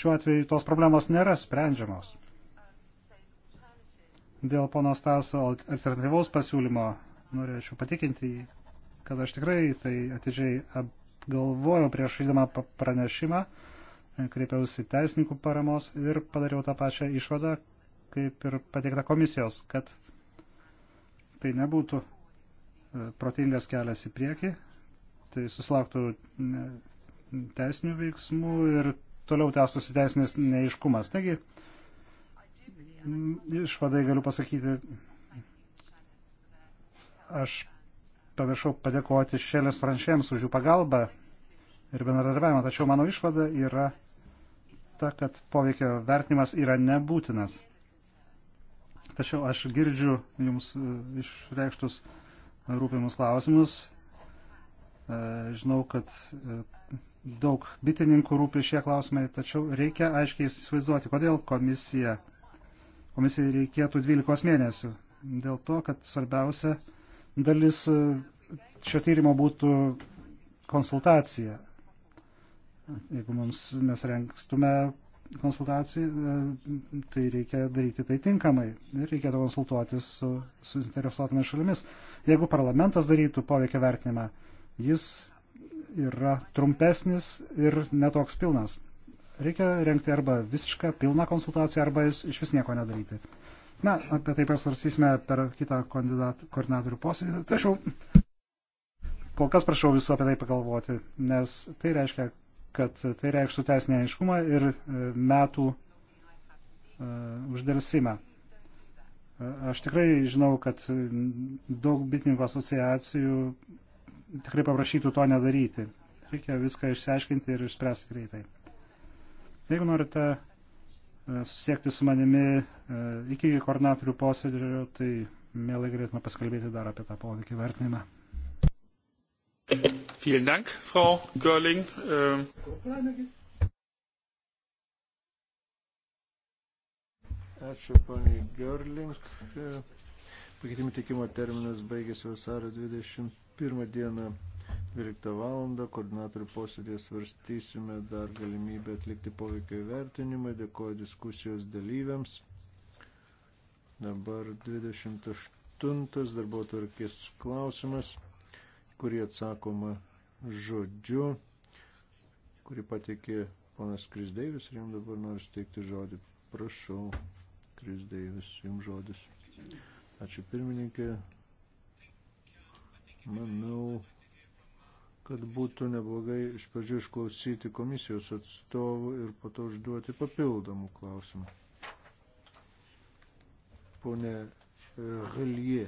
[SPEAKER 4] šiuo atveju tos problemos nėra sprendžiamos. Dėl pono Staso alternatyvaus pasiūlymo norėčiau patikinti jį, kad aš tikrai tai atidžiai apgalvojau prieš įdamą pranešimą, kreipiausi teisininkų paramos ir padariau tą pačią išvadą, kaip ir pateikta komisijos, kad tai nebūtų e, protingas kelias į priekį, tai susilauktų teisinių veiksmų ir toliau tęstųsi teisinės neiškumas. Taigi, Mm, išvadai galiu pasakyti, aš pamiršau padėkoti šėlės franšėms už jų pagalbą ir bendradarbiavimą, tačiau mano išvada yra ta, kad poveikio vertinimas yra nebūtinas. Tačiau aš girdžiu jums e, išreikštus rūpimus klausimus. E, žinau, kad e, daug bitininkų rūpi šie klausimai, tačiau reikia aiškiai įsivaizduoti, kodėl komisija komisijai reikėtų 12 mėnesių. Dėl to, kad svarbiausia dalis e, šio tyrimo būtų konsultacija. Jeigu mums mes rengstume konsultacijų, e, tai reikia daryti tai tinkamai ir reikėtų konsultuotis su suinteresuotomis šalimis. Jeigu parlamentas darytų poveikia vertinimą, jis yra trumpesnis ir netoks pilnas. Reikia renkti arba visišką pilną konsultaciją, arba iš vis nieko nedaryti. Na, apie tai pasvarsysime per kitą koordinatorių posėdį. Tačiau kol kas prašau visų apie tai pagalvoti, nes tai reiškia, kad tai reikštų teisinę aiškumą ir e, metų uh, e, uždėlsimą. E, aš tikrai žinau, kad daug bitininkų asociacijų tikrai paprašytų to nedaryti. Reikia viską išsiaiškinti ir išspręsti greitai. Jeigu norite e, susiekti su manimi e, iki koordinatorių posėdžio, tai mielai galėtume paskalbėti dar apie tą
[SPEAKER 1] poveikį vertinimą. Vielen Dank, Frau Görling. Ähm,
[SPEAKER 2] Ačiū, poniai Görling. E, Pakeitimų teikimo terminas baigėsi vasario 21 dieną 12 val. koordinatorių posėdėje svarstysime dar galimybę atlikti poveikio įvertinimą. Dėkuoju diskusijos dalyviams. Dabar 28 darbo tvarkės klausimas, kurį atsakoma žodžiu, kurį patikė ponas Krisdeivis ir jums dabar noriu steikti žodį. Prašau, Krisdeivis, jums žodis. Ačiū pirmininkė. Manau, kad būtų neblogai iš pradžių išklausyti komisijos atstovų ir po to užduoti papildomų klausimų. Pone Relie.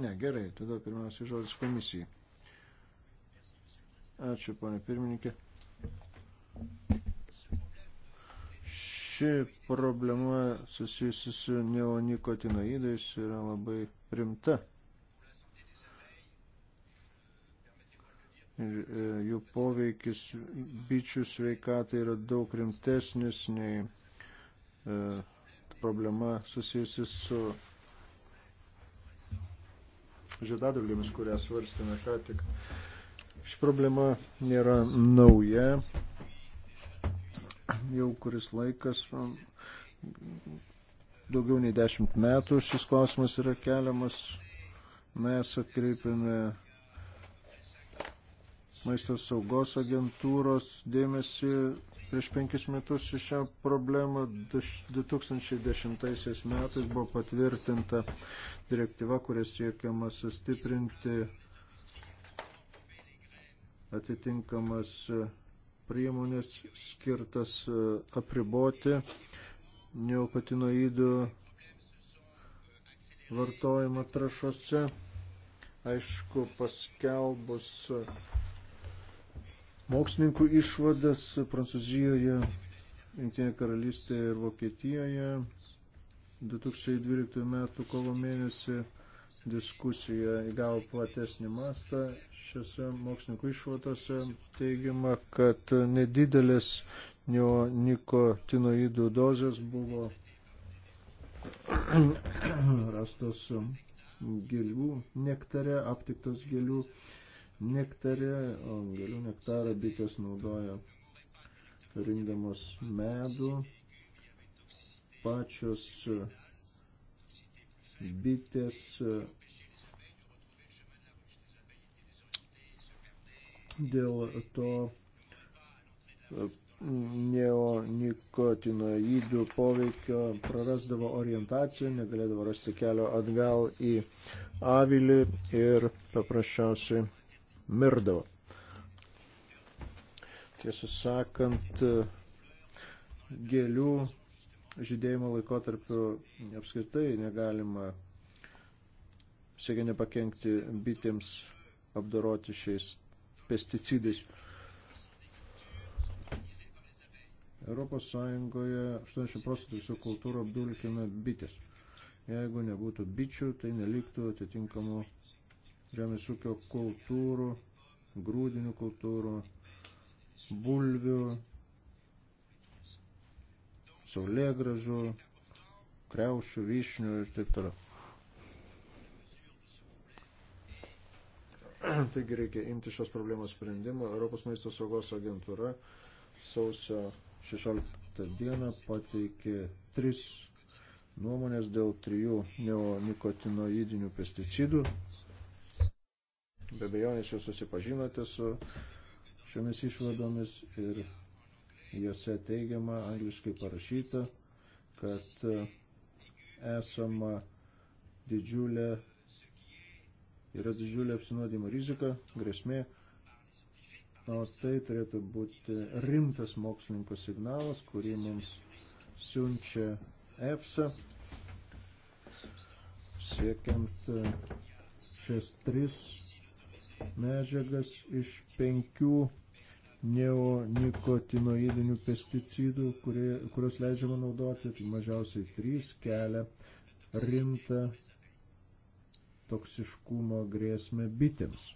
[SPEAKER 2] Ne, gerai, tada pirmiausia žodis komisijai. Ačiū, ponė pirmininkė. Ši problema susijusi su neonikotinoidais yra labai rimta E, jų poveikis bičių sveikatai yra daug rimtesnis nei e, problema susijusi su žiedadulgėmis, kurią svarstėme ką tik. Ši problema nėra nauja. Jau kuris laikas, daugiau nei dešimt metų šis klausimas yra keliamas. Mes atkreipiame maisto saugos agentūros dėmesį prieš penkis metus į šią problemą. 2010 metais buvo patvirtinta direktyva, kuria siekiama sustiprinti atitinkamas priemonės skirtas apriboti neokotinoidų vartojimą trašose. Aišku, paskelbus mokslininkų išvadas Prancūzijoje, Junktinėje karalystėje ir Vokietijoje 2012 m. kovo mėnesį diskusija įgavo platesnį mastą. Šiuose mokslininkų išvadose teigiama, kad nedidelės neonikotinoidų dozės buvo *clears throat* rastos gėlių nektare, aptiktos gėlių nektare, o gėlių nektarą bitės naudoja rinkdamos medų. Pačios bitės dėl to e, neonikotinoidų poveikio prarasdavo orientaciją, negalėdavo rasti kelio atgal į avilį ir paprasčiausiai mirdavo. Tiesą sakant, gėlių žydėjimo laikotarpiu apskritai negalima siekia nepakengti bitėms apdoroti šiais pesticidais. Europos Sąjungoje 80 procentų visų kultūrų apdulkina bitės. Jeigu nebūtų bičių, tai neliktų atitinkamų žemės ūkio kultūrų, grūdinių kultūrų, bulvių, saulėgražų, kreušių, vyšnių ir taip toliau. *clears throat* Taigi reikia imti šios problemos sprendimo. Europos maisto saugos agentūra sausio 16 dieną pateikė tris nuomonės dėl trijų neonikotinoidinių pesticidų Be bejonės jūs susipažinote su šiomis išvadomis ir jose teigiama, angliškai parašyta, kad e, esama didžiulė, yra didžiulė apsinuodimo rizika, grėsmė, o tai turėtų būti rimtas mokslininko signalas, kurį mums siunčia EFSA, siekiant e, šias tris medžiagas iš penkių neonikotinoidinių pesticidų, kurie, kurios leidžiama naudoti, tai mažiausiai trys kelia rimtą toksiškumo grėsmę bitėms.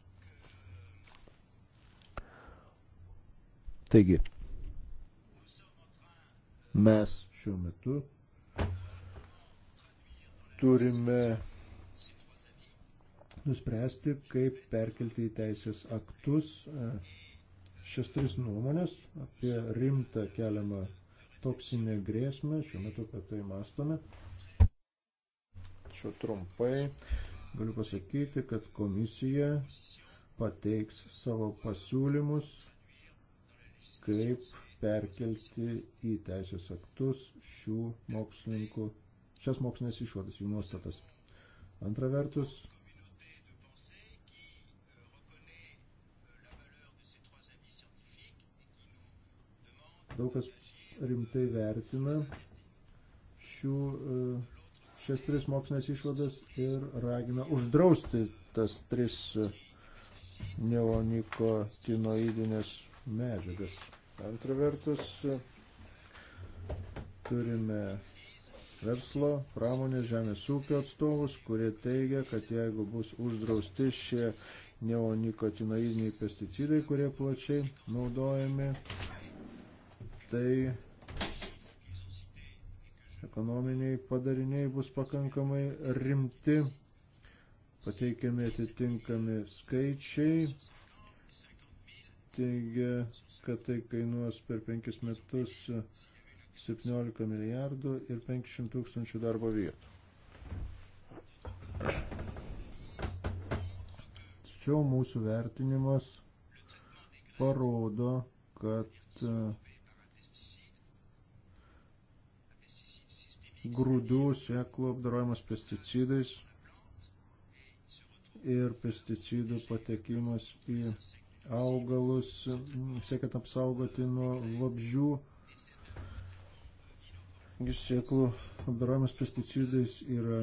[SPEAKER 2] Taigi, mes šiuo metu turime nuspręsti, kaip perkelti į teisės aktus e, šias tris nuomonės apie rimtą keliamą toksinę grėsmę. Šiuo metu apie tai mastome. Čia trumpai galiu pasakyti, kad komisija pateiks savo pasiūlymus, kaip perkelti į teisės aktus šių mokslininkų, šias mokslinės išvadas, jų nuostatas. Antra vertus, daug kas rimtai vertina šių, e, šias tris mokslinės išvadas ir ragina uždrausti tas tris e, neonikotinoidinės medžiagas. Antra vertus, e, turime verslo, pramonės, žemės ūkio atstovus, kurie teigia, kad jeigu bus uždrausti šie neonikotinoidiniai pesticidai, kurie plačiai naudojami, tai ekonominiai padariniai bus pakankamai rimti, pateikiami atitinkami skaičiai. Teigia, kad tai kainuos per penkis metus 17 milijardų ir 500 tūkstančių darbo vietų. Tačiau mūsų vertinimas parodo, kad uh, grūdų, sėklų apdarojimas pesticidais ir pesticidų patekimas į augalus, siekiant apsaugoti nuo vabžių. Sėklų apdarojimas pesticidais yra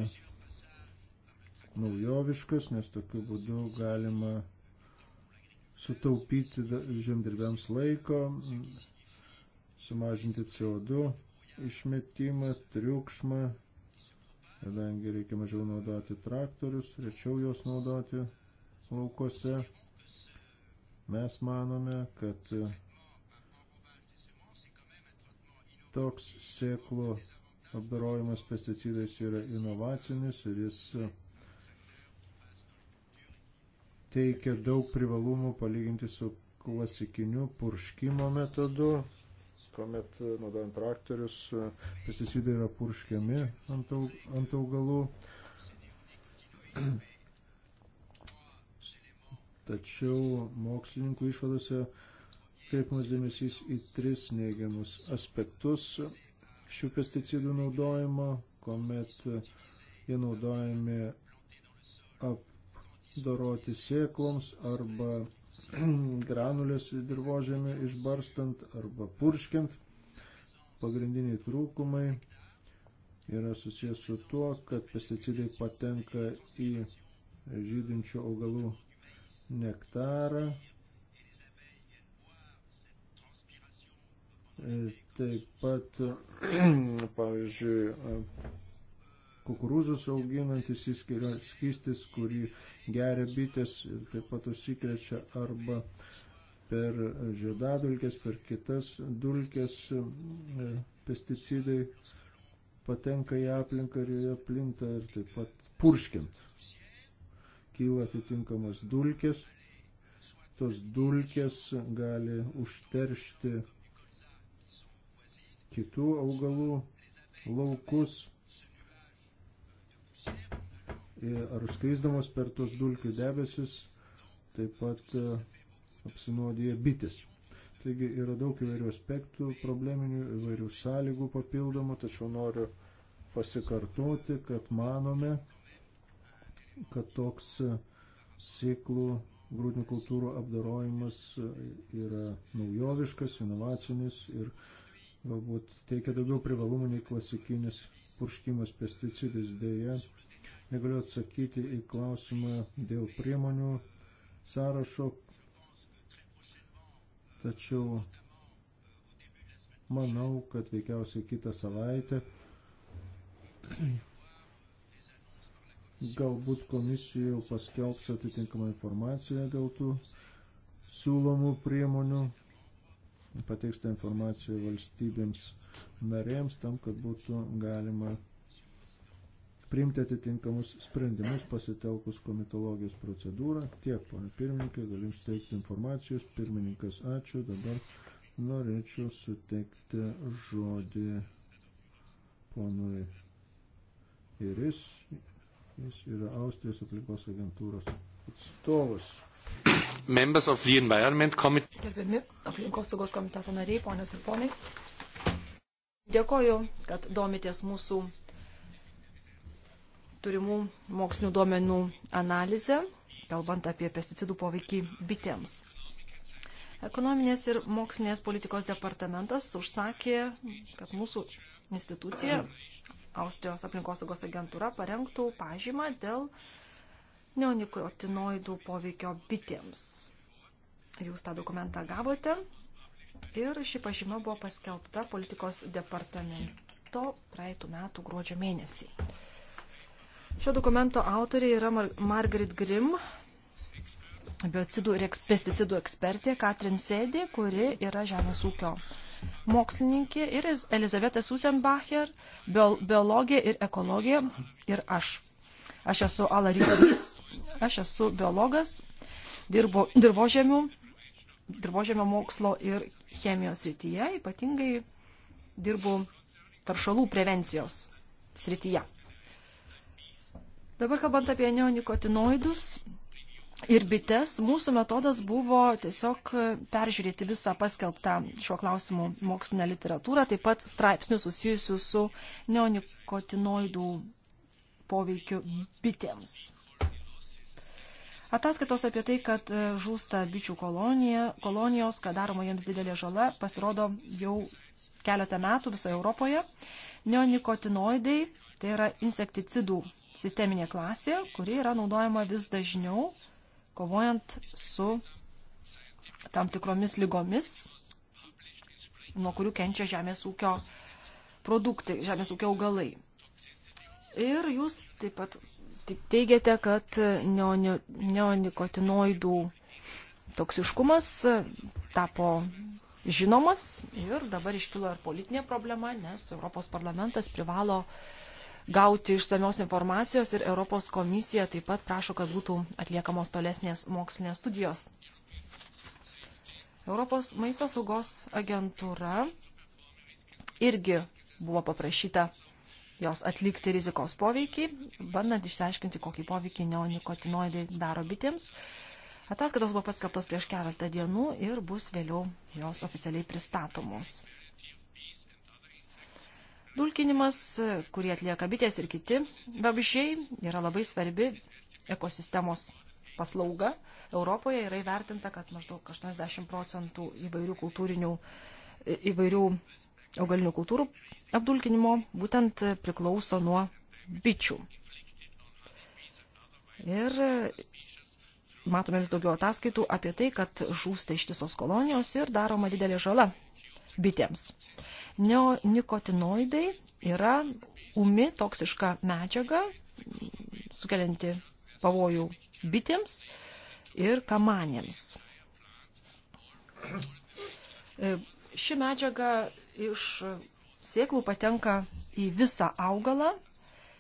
[SPEAKER 2] naujoviškas, nes tokiu būdu galima sutaupyti žemdirbiams laiko, sumažinti CO2 išmetimą, triukšmą, kadangi reikia mažiau naudoti traktorius, rečiau juos naudoti laukose. Mes manome, kad toks sėklo apdarojimas pesticidais yra inovacinis ir jis teikia daug privalumų palyginti su klasikiniu purškimo metodu, kuomet e, naudojant traktorius e, pesticidai yra purškiami ant, aug, ant augalų. *clears throat* Tačiau mokslininkų išvadose kreipimas dėmesys į tris neigiamus aspektus šių pesticidų naudojimo, kuomet e, jie naudojami apdoroti sėkloms arba *clears throat* granulės į dirbožėmį išbarstant arba purškiant. Pagrindiniai trūkumai yra susijęs su tuo, kad pesticidai patenka į žydinčių augalų nektarą. E, taip pat, *clears throat* pavyzdžiui, kukurūzus auginantis įskiria skystis, kurį geria bitės ir taip pat užsikrečia arba per žiedadulkės, per kitas dulkės e, pesticidai patenka į aplinką ir joje plinta ir taip pat purškiant. Kyla atitinkamas dulkės, tos dulkės gali užteršti kitų augalų laukus ar skrisdamos per tos dulkių debesis taip pat e, apsinuodija bitis. Taigi yra daug įvairių aspektų probleminių, įvairių sąlygų papildomų, tačiau noriu pasikartoti, kad manome, kad toks e, sėklų grūdinių kultūrų apdarojimas e, yra naujoviškas, inovacinis ir galbūt teikia daugiau privalumų nei klasikinis purškimas pesticidais dėja negaliu atsakyti į klausimą dėl priemonių sąrašo, tačiau manau, kad veikiausiai kitą savaitę galbūt komisija jau paskelbs atitinkamą informaciją dėl tų siūlomų priemonių, pateiks tą informaciją valstybėms narėms tam, kad būtų galima priimti atitinkamus sprendimus pasitelkus komitologijos procedūrą. Tiek, pana pirmininkai, galim suteikti informacijos. Pirmininkas, ačiū. Dabar norėčiau suteikti žodį ponui Iris. Jis yra Austrijos aplinkos agentūros atstovas. Members of the Environment Committee.
[SPEAKER 3] Gerbiami aplinkos saugos komiteto nariai, ponios ir ponai. Dėkoju, kad domitės mūsų turimų mokslinių duomenų analizę, kalbant apie pesticidų poveikį bitėms. Ekonominės ir mokslinės politikos departamentas užsakė, kad mūsų institucija, Austrijos aplinkosaugos agentūra, parengtų pažymą dėl neonikotinoidų poveikio bitėms. Jūs tą dokumentą gavote ir ši pažyma buvo paskelbta politikos departamento praeitų metų gruodžio mėnesį. Šio dokumento autoriai yra Mar Margaret Grimm, biocidų ir pesticidų ekspertė Katrin Sėdė, kuri yra žemės ūkio mokslininkė ir Elizaveta Susenbacher, biologija ir ekologija ir aš. Aš esu Alarytas, aš esu biologas, dirbo, dirbožėmių, dirbožėmio mokslo ir chemijos srityje, ypatingai dirbu taršalų prevencijos srityje. Dabar kalbant apie neonikotinoidus ir bites, mūsų metodas buvo tiesiog e, peržiūrėti visą paskelbtą šiuo klausimu mokslinę literatūrą, taip pat straipsnius susijusius su neonikotinoidų poveikiu bitėms. Ataskaitos apie tai, kad e, žūsta bičių kolonija, kolonijos, kad daroma jiems didelė žala, pasirodo jau keletą metų visoje Europoje. Neonikotinoidai, tai yra insekticidų sisteminė klasė, kuri yra naudojama vis dažniau, kovojant su tam tikromis lygomis, nuo kurių kenčia žemės ūkio produktai, žemės ūkio augalai. Ir jūs taip pat teigiate, kad neonikotinoidų toksiškumas tapo žinomas ir dabar iškilo ir politinė problema, nes Europos parlamentas privalo uh, gauti išsamios informacijos ir Europos komisija taip pat prašo, kad būtų atliekamos tolesnės mokslinės studijos. Europos maisto saugos agentūra irgi buvo paprašyta jos atlikti rizikos poveikį, bandant išsiaiškinti, kokį poveikį neonikotinoidai daro bitėms. Ataskaitos buvo paskaptos prieš keletą dienų ir bus vėliau jos oficialiai pristatomos. Dulkinimas, kurį atlieka bitės ir kiti vabžiai, yra labai svarbi ekosistemos paslauga. Europoje yra įvertinta, kad maždaug 80 procentų įvairių kultūrinių, įvairių augalinių kultūrų apdulkinimo būtent priklauso nuo bičių. Ir matome vis daugiau ataskaitų apie tai, kad žūsta ištisos kolonijos ir daroma didelė žala bitėms. Uh, Neonikotinoidai yra umi toksiška medžiaga, sukelianti pavojų bitėms ir kamanėms. E, ši medžiaga iš sėklų patenka į visą augalą,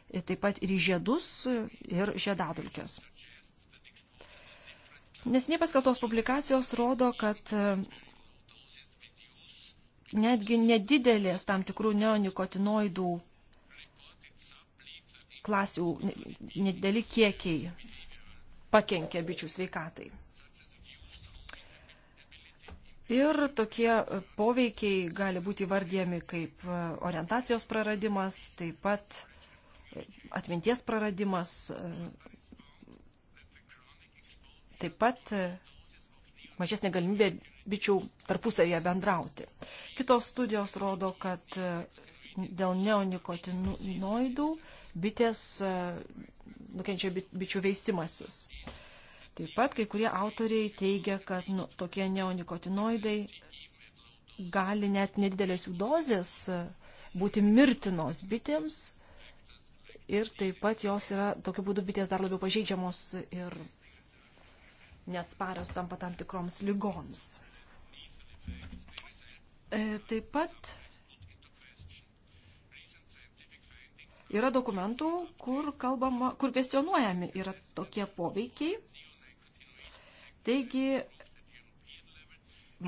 [SPEAKER 3] e, taip pat ir į žiedus ir žiedadulkės. Nesiniai paskeltos publikacijos rodo, kad netgi nedidelės tam tikrų neonikotinoidų klasių nedideli kiekiai pakenkia bičių sveikatai. Ir tokie poveikiai gali būti vardyjami kaip orientacijos praradimas, taip pat atminties praradimas, taip pat mažesnė galimybė bičių tarpusavėje bendrauti. Kitos studijos rodo, kad e, dėl neonikotinoidų bitės e, nukenčia bičių veisimasis. Taip pat kai kurie autoriai teigia, kad nu, tokie neonikotinoidai gali net nedidelės jų dozės e, būti mirtinos bitėms ir taip pat jos yra, tokiu būdu bitės dar labiau pažeidžiamos ir neatsparios tampa tam tikroms lygoms. E, taip pat yra dokumentų, kur, kalbama, kur kvestionuojami yra tokie poveikiai. Taigi,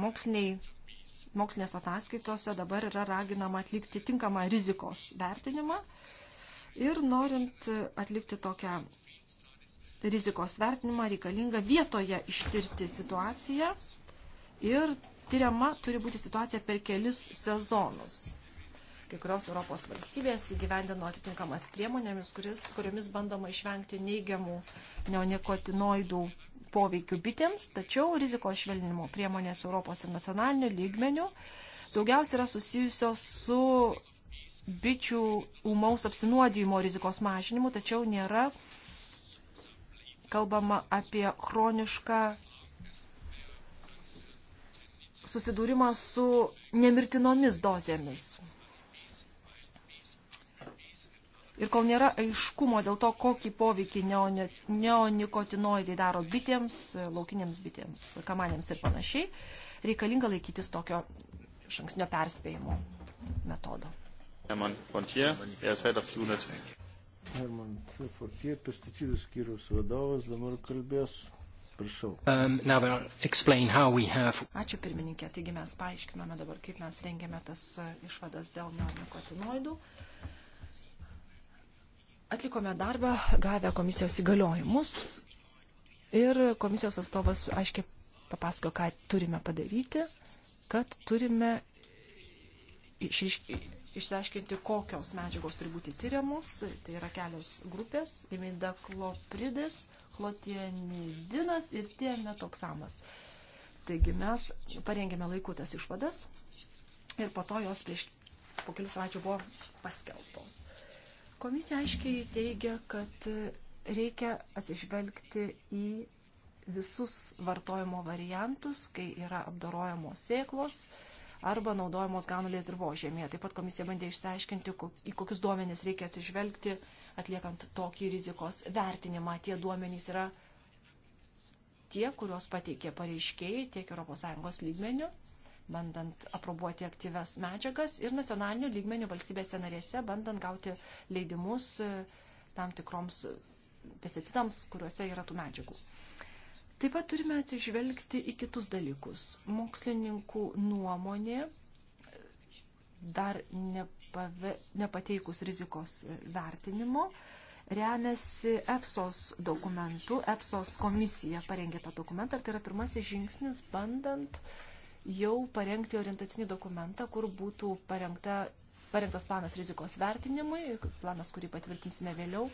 [SPEAKER 3] moksliniai, mokslinės ataskaitose dabar yra raginama atlikti tinkamą rizikos vertinimą. Ir norint atlikti tokią rizikos vertinimą, reikalinga vietoje ištirti situaciją ir tyriama turi būti situacija per kelis sezonus. Kai kurios Europos valstybės įgyvendino atitinkamas priemonėmis, kuris, kuriomis bandoma išvengti neigiamų neonikotinoidų poveikių bitėms, tačiau rizikos švelninimo priemonės Europos ir nacionalinių lygmenių daugiausia yra susijusios su bičių ūmaus apsinuodijimo rizikos mažinimu, tačiau nėra kalbama apie chronišką susidūrimą su nemirtinomis dozėmis. Ir kol nėra aiškumo dėl to, kokį poveikį neonikotinoidai daro bitėms, laukinėms bitėms, kamanėms ir panašiai, reikalinga laikytis tokio šanksnio perspėjimo metodo.
[SPEAKER 1] Herman Fontier, ES Head of Unit.
[SPEAKER 2] Herman Fontier, pesticidų skyrius
[SPEAKER 4] vadovas, dabar kalbės prašau. Um, have...
[SPEAKER 3] Ačiū pirmininkė, taigi mes paaiškiname dabar, kaip mes rengėme tas uh, išvadas dėl neonikotinoidų. Atlikome darbą, gavę komisijos įgaliojimus ir komisijos atstovas aiškiai papasako, ką turime padaryti, kad turime išsiaiškinti, kokios medžiagos turi būti tyriamos. Tai yra kelios grupės - imidaklopridas, klotienidinas ir tienetoksamas. Taigi mes parengėme laiku tas išvadas ir po to jos prieš po kelių savaičių buvo paskeltos. Komisija aiškiai teigia, kad reikia atsižvelgti į visus vartojimo variantus, kai yra apdorojamos sėklos, uh, arba naudojamos ganulės dirbožėmėje. Taip pat komisija bandė išsiaiškinti, į kokius duomenys reikia atsižvelgti, atliekant tokį rizikos vertinimą. Tie duomenys yra tie, kuriuos pateikė pareiškėjai tiek ES lygmenių bandant aprobuoti aktyves medžiagas ir nacionalinių lygmenių valstybėse narėse, bandant gauti leidimus e, tam tikroms pesticidams, kuriuose yra tų medžiagų. Taip pat turime atsižvelgti į kitus dalykus. Mokslininkų nuomonė dar nepave, nepateikus rizikos vertinimo remiasi EPSOS dokumentu. EPSOS komisija parengė tą dokumentą ir tai yra pirmasis žingsnis bandant jau parengti orientacinį dokumentą, kur būtų parengta, parengtas planas rizikos vertinimui, planas, kurį patvirtinsime vėliau.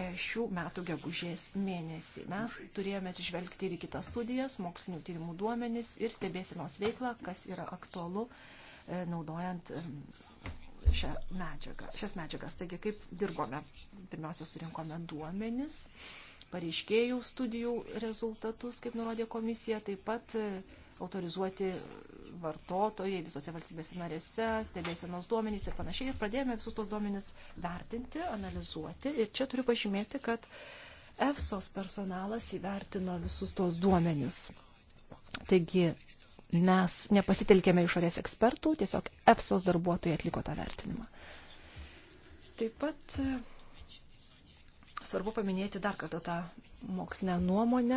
[SPEAKER 3] E, šių metų gegužės mėnesį. Mes turėjome atsižvelgti ir į kitas studijas, mokslinių tyrimų duomenis ir stebėsinos veiklą, kas yra aktualu e, naudojant e, šią medžiagą, šias medžiagas. Taigi, kaip dirbome? Pirmiausia, surinkome duomenis pareiškėjų studijų rezultatus, kaip nurodė komisija, taip pat e, autorizuoti vartotojai visose valstybės narėse, stebėsenos duomenys ir panašiai. Ir pradėjome visus tos duomenys vertinti, analizuoti. Ir čia turiu pažymėti, kad EFSOS personalas įvertino visus tos duomenys. Taigi mes nepasitelkėme išorės ekspertų, tiesiog EFSOS darbuotojai atliko tą vertinimą. Taip pat svarbu paminėti dar kartą tą mokslinę nuomonę,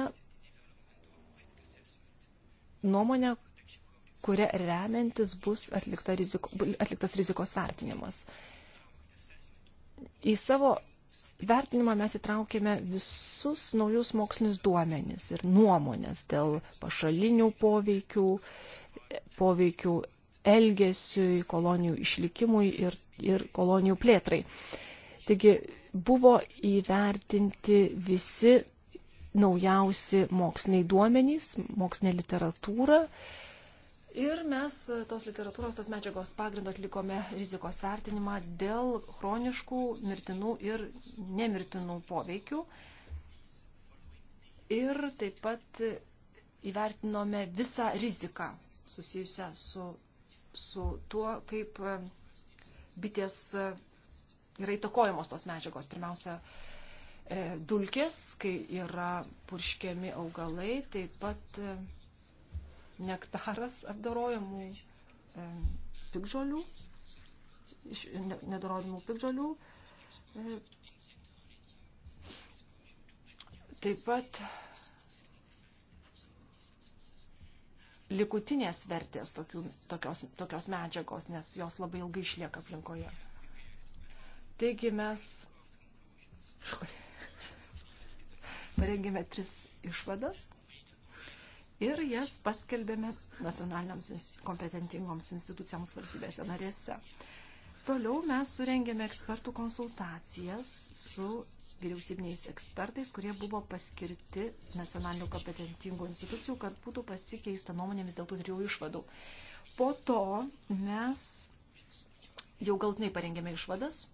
[SPEAKER 3] nuomonę, kuria remiantis bus atlikta riziko, atliktas rizikos vertinimas. Į savo vertinimą mes įtraukėme visus naujus mokslinius duomenis ir nuomonės dėl pašalinių poveikių, poveikių elgesiui, kolonijų išlikimui ir, ir kolonijų plėtrai. Taigi buvo įvertinti visi naujausi moksliniai duomenys, mokslinė literatūra. Ir mes tos literatūros, tos medžiagos pagrindo atlikome rizikos vertinimą dėl chroniškų, mirtinų ir nemirtinų poveikių. Ir taip pat įvertinome visą riziką susijusią su, su tuo, kaip e, bitės e, yra įtakojamos tos medžiagos. Pirmiausia, e, dulkis, kai yra purškiami augalai, taip pat e, nektaras apdarojamų e, pikžolių, nedarojamų pikžolių. Taip pat likutinės vertės tokių, tokios, tokios medžiagos, nes jos labai ilgai išlieka aplinkoje. Taigi mes parengėme tris išvadas ir jas paskelbėme nacionaliniams kompetentingoms institucijoms valstybėse narėse. Toliau mes surengėme ekspertų konsultacijas su vyriausybiniais ekspertais, kurie buvo paskirti nacionalinių kompetentingų institucijų, kad būtų pasikeista nuomonėmis dėl tų trijų išvadų. Po to mes jau galtinai parengėme išvadas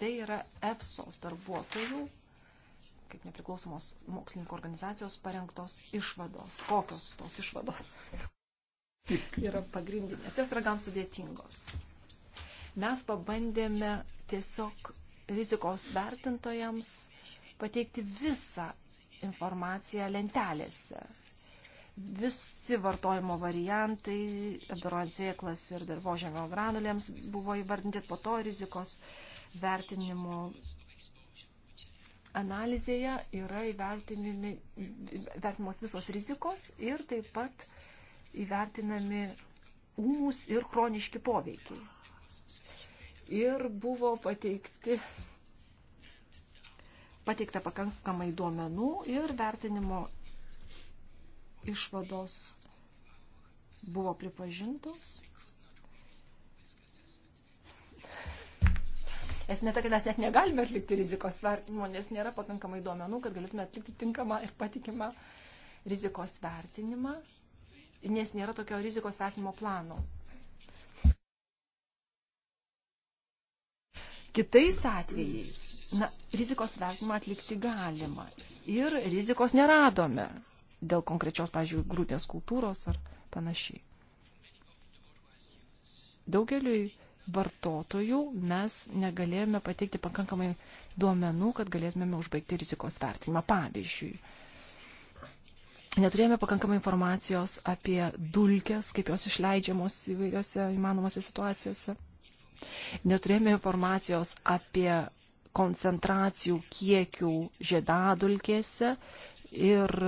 [SPEAKER 3] Tai yra EFSOS darbuotojų, kaip nepriklausomos mokslininkų organizacijos, parengtos išvados. Kokios tos išvados yra pagrindinės? Jos yra gan sudėtingos. Mes pabandėme tiesiog rizikos vertintojams pateikti visą informaciją lentelėse, visi vartojimo variantai, apdorojant sėklas ir dirbožėmio granulėms buvo įvardinti po to rizikos vertinimo analizėje yra įvertinamos visos rizikos ir taip pat įvertinami ūmus ir chroniški poveikiai. Ir buvo pateikti, pateikta pakankamai duomenų ir vertinimo išvados buvo pripažintos. Esmė ta, kad mes net negalime atlikti rizikos vertinimo, nes nėra pakankamai duomenų, kad galėtume atlikti tinkamą ir patikimą rizikos vertinimą, nes nėra tokio rizikos vertinimo plano. Kitais atvejais, na, rizikos vertinimą atlikti galima ir rizikos neradome dėl konkrečios, pavyzdžiui, grūdės kultūros ar panašiai. Daugeliui vartotojų mes negalėjome pateikti pakankamai duomenų, kad galėtumėme užbaigti rizikos vertinimą. Pavyzdžiui, neturėjome pakankamai informacijos apie dulkės, kaip jos išleidžiamos įvairiose įmanomose situacijose. Neturėjome informacijos apie koncentracijų kiekių žiedadulkėse ir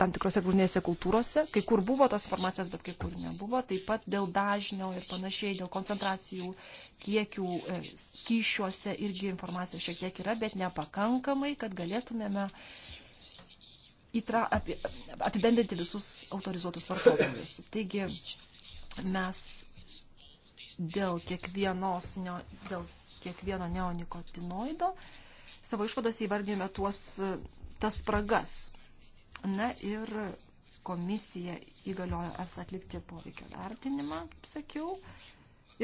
[SPEAKER 3] tam tikrose grūdinėse kultūrose, kai kur buvo tos formacijos, bet kai kur nebuvo, taip pat dėl dažnio ir panašiai, dėl koncentracijų kiekių e, skyšiuose irgi informacijos šiek tiek yra, bet nepakankamai, kad galėtumėme įtra, apie, apibendrinti visus autorizuotus vartotojus. Taigi mes dėl, kiekvienos, dėl kiekvieno neonikotinoido savo išvadose įvardėjome tuos tas spragas Na ir komisija įgaliojo EFSA atlikti poveikio vertinimą, kaip sakiau.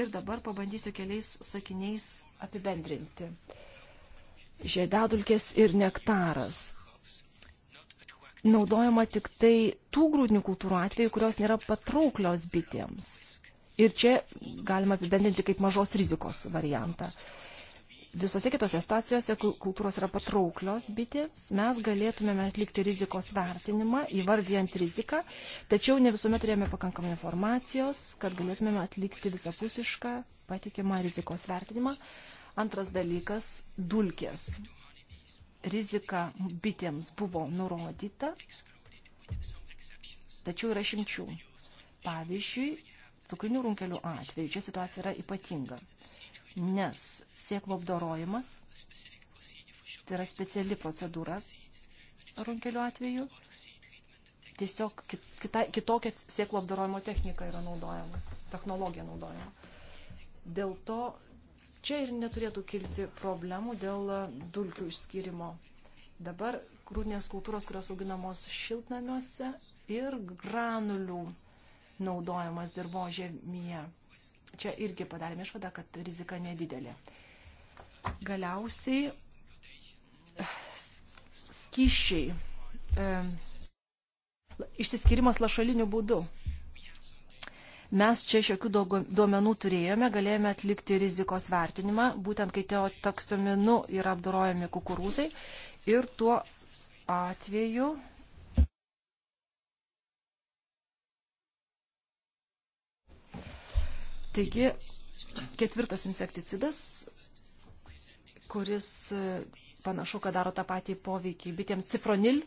[SPEAKER 3] Ir dabar pabandysiu keliais sakiniais apibendrinti. Žiedadulkės ir nektaras. Naudojama tik tai tų grūdinių kultūrų atveju, kurios nėra patrauklios bitėms. Ir čia galima apibendrinti kaip mažos rizikos variantą. Uh, visose kitose situacijose kultūros yra patrauklios bitėms, mes galėtumėme atlikti rizikos vertinimą, įvardijant riziką, tačiau ne visuomet turėjome pakankamai informacijos, kad galėtumėme atlikti visapusišką patikimą rizikos vertinimą. Antras dalykas - dulkės. Rizika bitėms buvo nurodyta, tačiau yra šimčių. Pavyzdžiui, cukrinių runkelių atveju čia situacija yra ypatinga nes sėklų apdorojimas tai yra speciali procedūra runkelių atveju. Tiesiog kita, kitokia sėklų apdorojimo technika yra naudojama, technologija naudojama. Dėl to čia ir neturėtų kilti problemų dėl e, dulkių išskyrimo. Dabar grūdinės kultūros, kurios auginamos šiltnamiuose ir granulių naudojamas dirbožėmyje. Čia irgi padarėme išvadą, kad rizika nedidelė. Galiausiai skyšiai. E, išsiskirimas lašaliniu būdu. Mes čia šiokių duomenų turėjome, galėjome atlikti rizikos vertinimą, būtent kai teo taksominu yra apdorojami kukurūzai ir tuo atveju Taigi, ketvirtas insekticidas, kuris e, panašu, kad daro tą patį poveikį bitėms cipronil.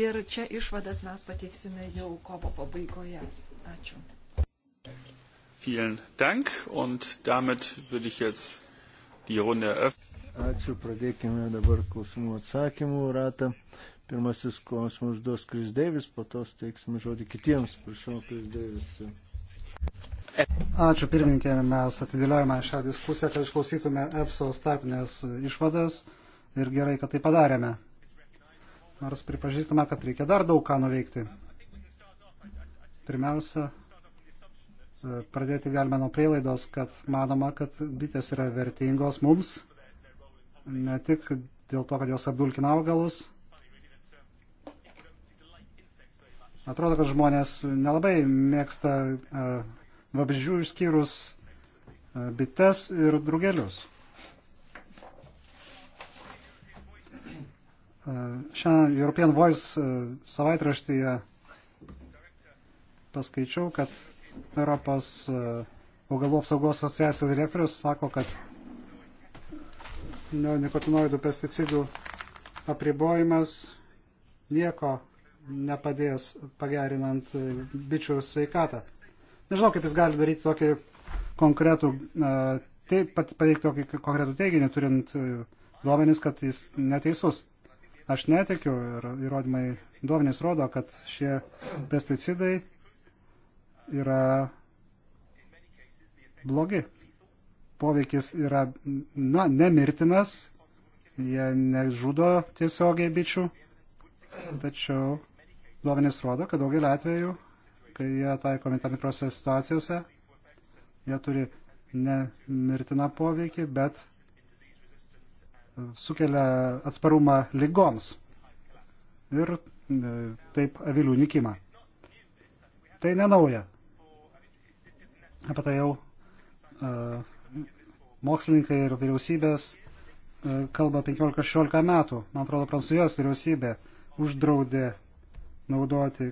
[SPEAKER 3] Ir čia išvadas mes pateiksime jau kovo pabaigoje. Ačiū.
[SPEAKER 1] Vielen Dank und damit würde ich jetzt die Runde eröffnen. Ačiū,
[SPEAKER 2] pradėkime dabar klausimų atsakymų ratą. Pirmasis klausimas duos Kris Deivis, po to steiksime žodį kitiems. Prašau, Kris Deivis.
[SPEAKER 4] Ačiū pirmininkė, mes atidėliojame šią diskusiją, kad išklausytume EFSOS tarpinės išvadas ir gerai, kad tai padarėme. Nors pripažįstame, kad reikia dar daug ką nuveikti. Pirmiausia, pradėti galime nuo prielaidos, kad manoma, kad bitės yra vertingos mums, ne tik dėl to, kad jos apdulkina augalus. Atrodo, kad žmonės nelabai mėgsta uh, vabzdžių išskyrus e, bites ir drugelius. E, šiandien European Voice e, savaitraštyje paskaičiau, kad Europos augalų apsaugos asociacijos direktorius sako, kad neonikotinoidų pesticidų apribojimas nieko nepadės pagerinant bičių sveikatą. Nežinau, kaip jis gali daryti tokį konkretų, te, pateikti tokį konkretų teiginį, turint e, duomenys, kad jis neteisus. Aš netikiu ir įrodymai duomenys rodo, kad šie pesticidai yra blogi. Poveikis yra, na, nemirtinas, jie nežudo tiesiogiai bičių, tačiau duomenys rodo, kad daugelį atvejų kai jie taikomi tam tikrose situacijose, jie turi ne mirtiną poveikį, bet sukelia atsparumą lygoms ir e, taip avilių nikimą. Tai nenauja. Apie tai jau uh, mokslininkai ir vyriausybės uh, kalba 15-16 metų. Man atrodo, Prancūzijos vyriausybė uždraudė naudoti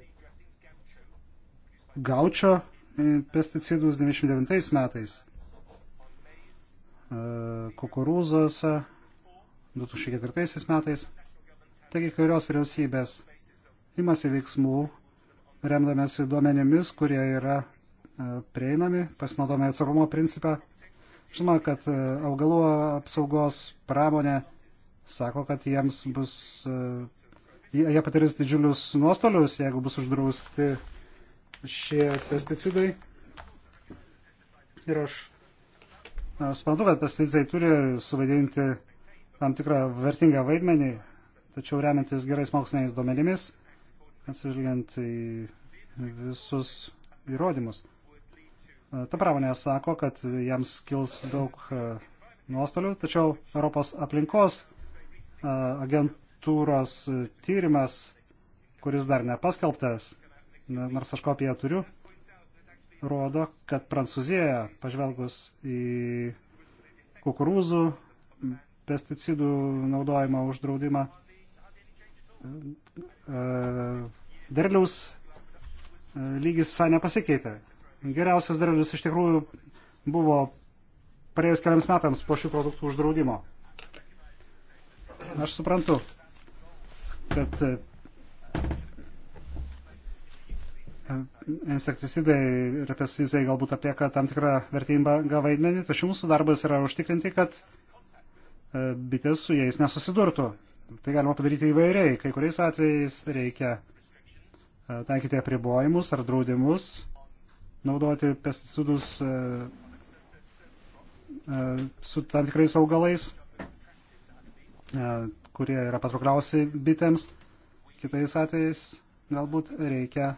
[SPEAKER 4] gaučio e, pesticidus 99 metais, e, kukurūzose 2004 metais. Taigi, kurios vyriausybės imasi veiksmų, remdamėsi duomenėmis, kurie yra e, prieinami, pasinaudome atsargumo principą. Žinoma, kad augalų apsaugos pramonė sako, kad jiems bus, jie patiris didžiulius nuostolius, jeigu bus uždrausti šie pesticidai. Ir aš, aš suprantu, kad pesticidai turi suvaidinti tam tikrą vertingą vaidmenį, tačiau remiantis gerais moksliniais duomenimis, atsižvelgiant į visus įrodymus. Ta pramonė sako, kad jiems kils daug e, nuostolių, tačiau Europos aplinkos e, agentūros e, tyrimas, kuris dar nepaskelbtas, nors aš kopiją turiu, rodo, kad Prancūzijoje, pažvelgus į kukurūzų pesticidų naudojimo uždraudimą, e, derliaus e, lygis visai nepasikeitė. Geriausias derlius iš tikrųjų buvo praėjus keliams metams po šių produktų uždraudimo. Aš suprantu, kad e, insekticidai ir pesticidai galbūt atlieka tam tikrą vertingą vaidmenį, tačiau mūsų darbas yra užtikrinti, kad e, bitės su jais nesusidurtų. Tai galima padaryti įvairiai. Kai kuriais atvejais reikia e, taikyti apribojimus ar draudimus, naudoti pesticidus e, su tam tikrais augalais, kurie yra patraukliausi bitėms. Kitais atvejais galbūt reikia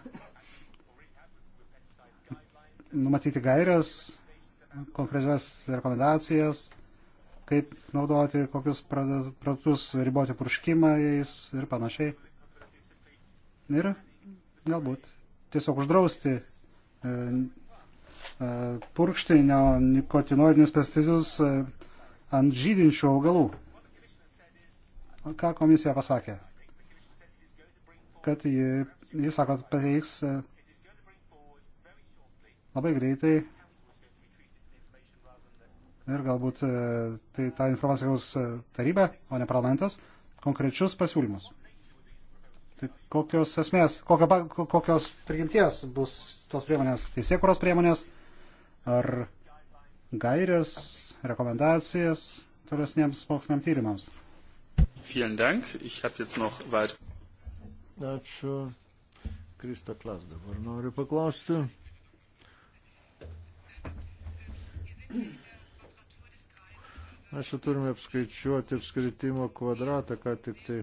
[SPEAKER 4] numatyti gairias, konkrečias rekomendacijas, kaip naudoti kokius produktus, riboti purškimą jais ir panašiai. Ir galbūt tiesiog uždrausti e, e, purkšti neonikotinoidinius pesticidus e, ant žydinčių augalų. Ką komisija pasakė? Kad jis, jis sako, pateiks labai greitai ir galbūt e, tai tą informaciją gaus e, taryba, o ne parlamentas, konkrečius pasiūlymus. Tai kokios esmės, kokio, kokios prigimties bus tos priemonės, teisėkuros priemonės ar gairės, rekomendacijas tolesniems moksliniam tyrimams.
[SPEAKER 1] Vielen Dank. Ich habe jetzt noch weiter.
[SPEAKER 4] Ačiū.
[SPEAKER 2] Krista Klas dabar noriu paklausti. Mes jau turime apskaičiuoti apskritimo kvadratą, ką tik tai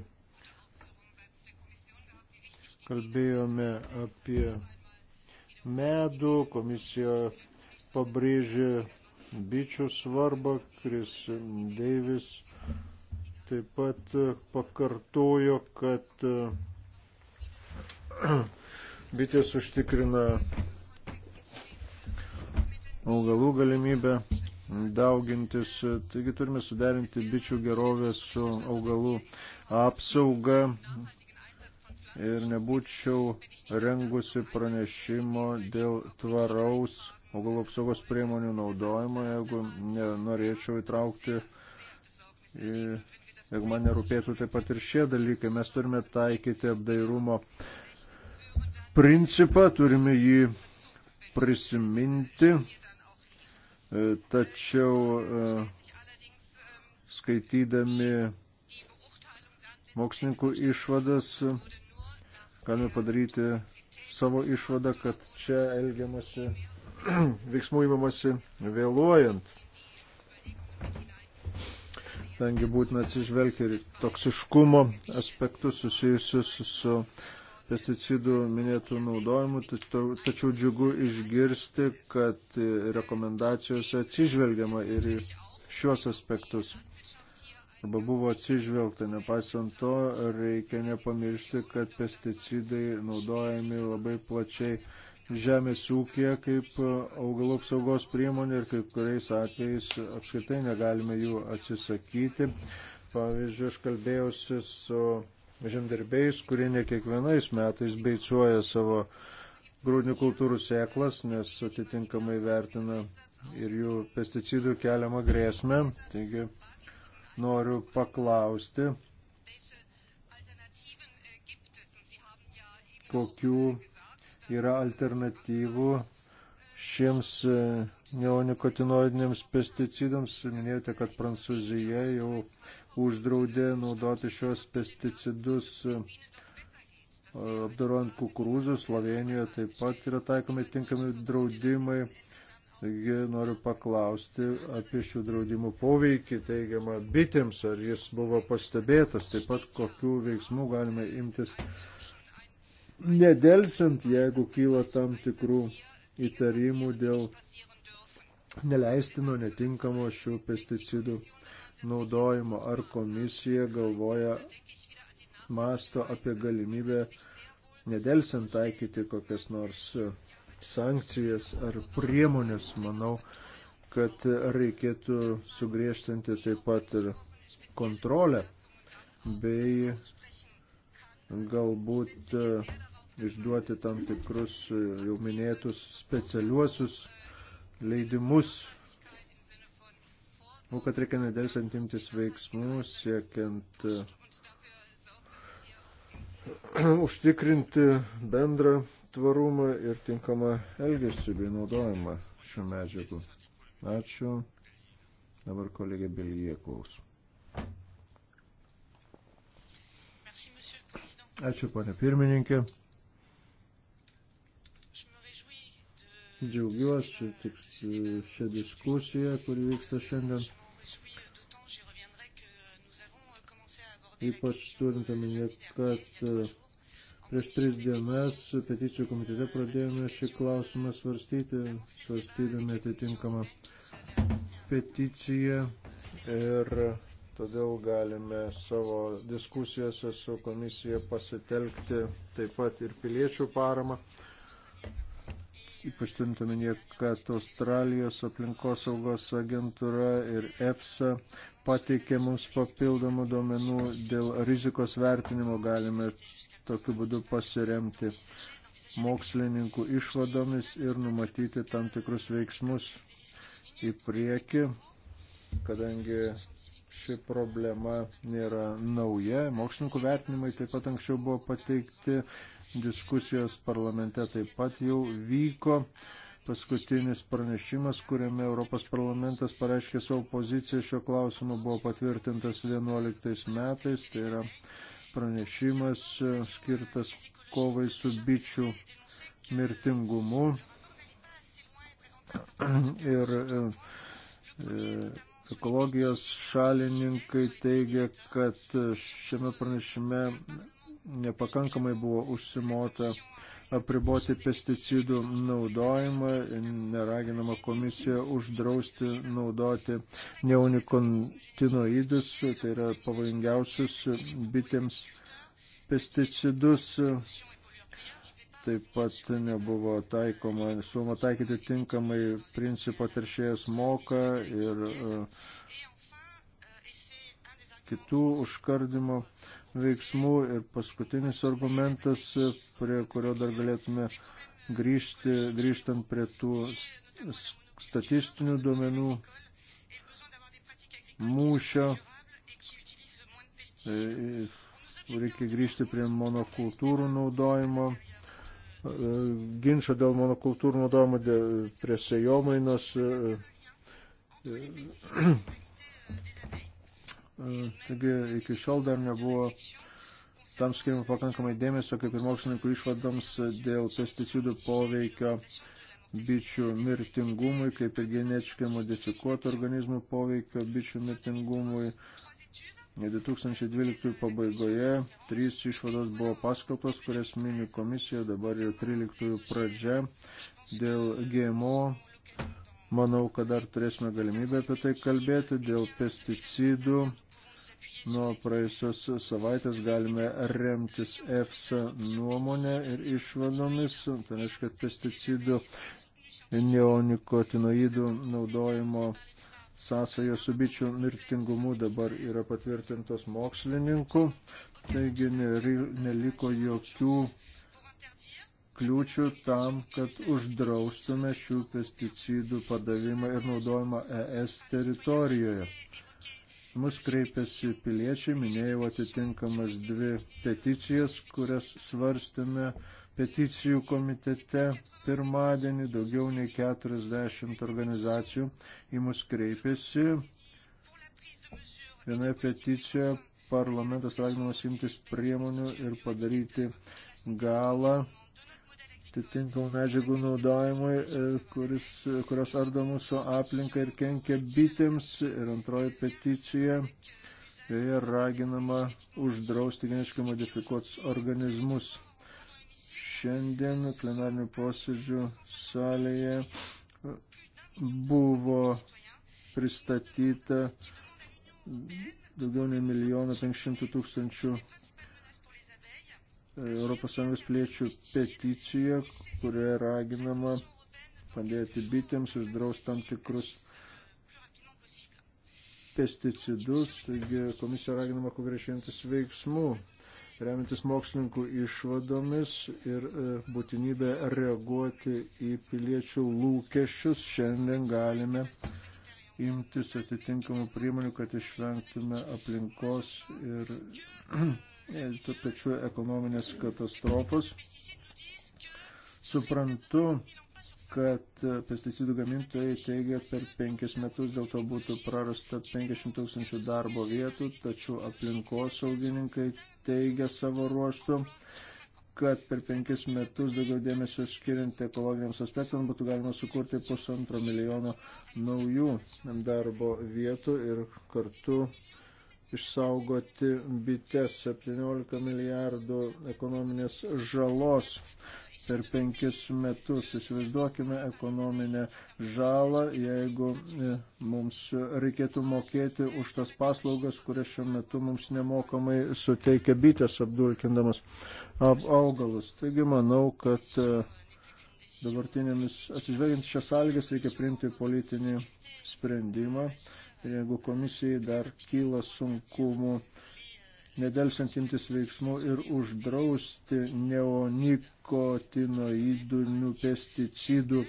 [SPEAKER 2] kalbėjome apie medų, komisija pabrėžė bičių svarbą, Kris Deivis taip pat pakartojo, kad *clears throat* bitės užtikrina augalų galimybę daugintis. Taigi turime suderinti bičių gerovę su augalų apsauga. Ir nebūčiau rengusi pranešimo dėl tvaraus augalų apsaugos priemonių naudojimo, jeigu norėčiau įtraukti, į, jeigu man nerūpėtų taip pat ir šie dalykai. Mes turime taikyti apdairumo principą, turime jį prisiminti E, tačiau e, skaitydami mokslininkų išvadas galime padaryti savo išvadą, kad čia elgiamasi, *clears throat* veiksmų įmamasi vėluojant. Tangi būtina atsižvelgti ir toksiškumo aspektus susijusius su pesticidų minėtų naudojimų, tačiau džiugu išgirsti, kad rekomendacijose atsižvelgiama ir į šios aspektus. Arba buvo atsižvelgta, nepaisant to, reikia nepamiršti, kad pesticidai naudojami labai plačiai žemės ūkija kaip augalų apsaugos priemonė ir kai kuriais atvejais apskritai negalime jų atsisakyti. Pavyzdžiui, aš kalbėjausi su žemdirbiais, kurie ne kiekvienais metais beicuoja savo grūdinių kultūrų sėklas, nes atitinkamai vertina ir jų pesticidų keliamą grėsmę. Taigi noriu paklausti, kokių yra alternatyvų šiems e, neonikotinoidiniams pesticidams. Minėjote, kad Prancūzija jau uždraudė naudoti šios pesticidus e, apdarojant kukurūzus. Slovenijoje taip pat yra taikomi tinkami draudimai. Taigi noriu paklausti apie šių draudimų poveikį teigiamą bitėms, ar jis buvo pastebėtas, taip pat kokių veiksmų galime imtis nedelsiant, jeigu kyla tam tikrų įtarimų dėl neleistino netinkamo šių pesticidų naudojimo, ar komisija galvoja masto apie galimybę nedelsiant taikyti kokias nors sankcijas ar priemonės, manau, kad reikėtų sugriežtinti taip pat ir kontrolę bei galbūt e, išduoti tam tikrus jau minėtus specialiuosius leidimus Manau, kad reikia nedelsant imtis veiksmų, siekiant eh, *clears throat* užtikrinti bendrą tvarumą ir tinkamą elgesį bei naudojimą šių medžiagų. Ačiū. Dabar kolegė Belgija klaus. Ačiū, ponė pirmininkė. Džiaugiuosi tik šią diskusiją, kuri vyksta šiandien. ypač turint omenyje, kad e, prieš tris dienas peticijų komitete pradėjome šį klausimą svarstyti, svarstydami atitinkamą peticiją ir todėl galime savo diskusijose su komisija pasitelkti taip pat ir piliečių paramą. Ypač turint omenyje, kad Australijos aplinkosaugos agentūra ir EFSA pateikė mums papildomų duomenų dėl rizikos vertinimo, galime tokiu būdu pasiremti mokslininkų išvadomis ir numatyti tam tikrus veiksmus į priekį, kadangi ši problema nėra nauja. Mokslininkų vertinimai taip pat anksčiau buvo pateikti, diskusijos parlamente taip pat jau vyko. Paskutinis pranešimas, kuriame Europos parlamentas pareiškė savo poziciją šio klausimu, buvo patvirtintas 11 metais. Tai yra pranešimas e, skirtas kovai su bičių mirtingumu. *clears throat* Ir e, e, ekologijos šalininkai teigia, kad šiame pranešime nepakankamai buvo užsimota apriboti pesticidų naudojimą, neraginama komisija uždrausti naudoti neunikotinoidus, tai yra pavojingiausius bitėms pesticidus. Taip pat nebuvo taikoma, siūloma taikyti tinkamai principo teršėjas moka ir uh, kitų užkardimo uh, veiksmų. Ir paskutinis argumentas, prie kurio dar galėtume grįžti, grįžtant prie tų statistinių duomenų mūšio. E, e, reikia grįžti prie monokultūrų naudojimo, e, ginčio dėl monokultūrų naudojimo dėl, prie sejomainos Mm, taigi iki šiol dar nebuvo tam skirimo pakankamai dėmesio, kaip ir mokslininkų išvadoms dėl pesticidų poveikio bičių mirtingumui, kaip ir genetiškai modifikuotų organizmų poveikio bičių mirtingumui. 2012 pabaigoje trys išvados buvo paskaltos, kurias mini komisija, dabar jau 13 pradžia dėl GMO. Manau, kad dar turėsime galimybę apie tai kalbėti, dėl pesticidų nuo praėjusios savaitės galime remtis EFSA nuomonę ir išvadomis, tai reiškia pesticidų neonikotinoidų naudojimo sąsajos su bičių mirtingumu dabar yra patvirtintos mokslininkų, taigi neliko jokių kliūčių tam, kad uždraustume šių pesticidų padavimą ir naudojimą ES teritorijoje mus kreipėsi piliečiai, minėjau atitinkamas dvi peticijas, kurias svarstėme peticijų komitete pirmadienį, daugiau nei 40 organizacijų į mus kreipėsi. Vienoje peticijoje parlamentas raginamas imtis priemonių ir padaryti galą atitinkamų medžiagų naudojimui, e, kuris, e, kurios ardo mūsų aplinką ir kenkia bitėms. Ir antroji peticija, joje tai raginama uždrausti geniškai modifikuotus organizmus. Šiandien plenarnių posėdžių salėje buvo pristatyta daugiau nei milijoną 500 tūkstančių ES piliečių peticiją, kurioje raginama padėti bitėms uždrausti tam tikrus pesticidus. Taigi komisija raginama konkrečiantis veiksmų, remintis mokslininkų išvadomis ir e, būtinybę reaguoti į piliečių lūkesčius. Šiandien galime imtis atitinkamų priemonių, kad išvengtume aplinkos ir *clears throat* tų pačių ekonominės katastrofos. Suprantu, kad pesticidų gamintojai teigia, per penkis metus dėl to būtų prarasta 50 tūkstančių darbo vietų, tačiau aplinkosaugininkai teigia savo ruoštų, kad per penkis metus daugiau dėmesio skiriant ekologiniams aspektams būtų galima sukurti pusantro milijono naujų darbo vietų ir kartu uh, išsaugoti bites 17 milijardų ekonominės žalos per penkis metus. Įsivaizduokime ekonominę žalą, jeigu e, mums reikėtų mokėti už tas paslaugas, kurias šiuo metu mums nemokamai suteikia bitės apdulkindamas augalus. Taigi manau, kad e, dabartinėmis atsižvelgiant šias sąlygas reikia priimti politinį sprendimą jeigu komisijai dar kyla sunkumų nedelsiant imtis veiksmų ir uždrausti neonikotinoidinių pesticidų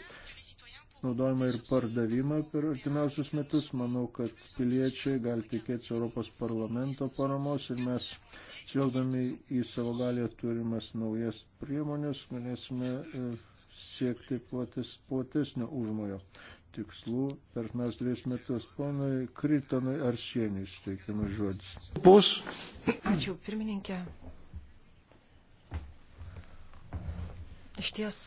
[SPEAKER 2] naudojimą ir pardavimą per artimiausius metus. Manau, kad piliečiai gali tikėtis Europos parlamento paramos ir mes, žvelgdami į savo galę turimas naujas priemonės, galėsime e, siekti plates, platesnio užmojo tikslų per mes dviejus metus. Ponui Krytonui Arsienys teikiamas žodis. Pus.
[SPEAKER 3] Ačiū, pirmininkė. Iš ties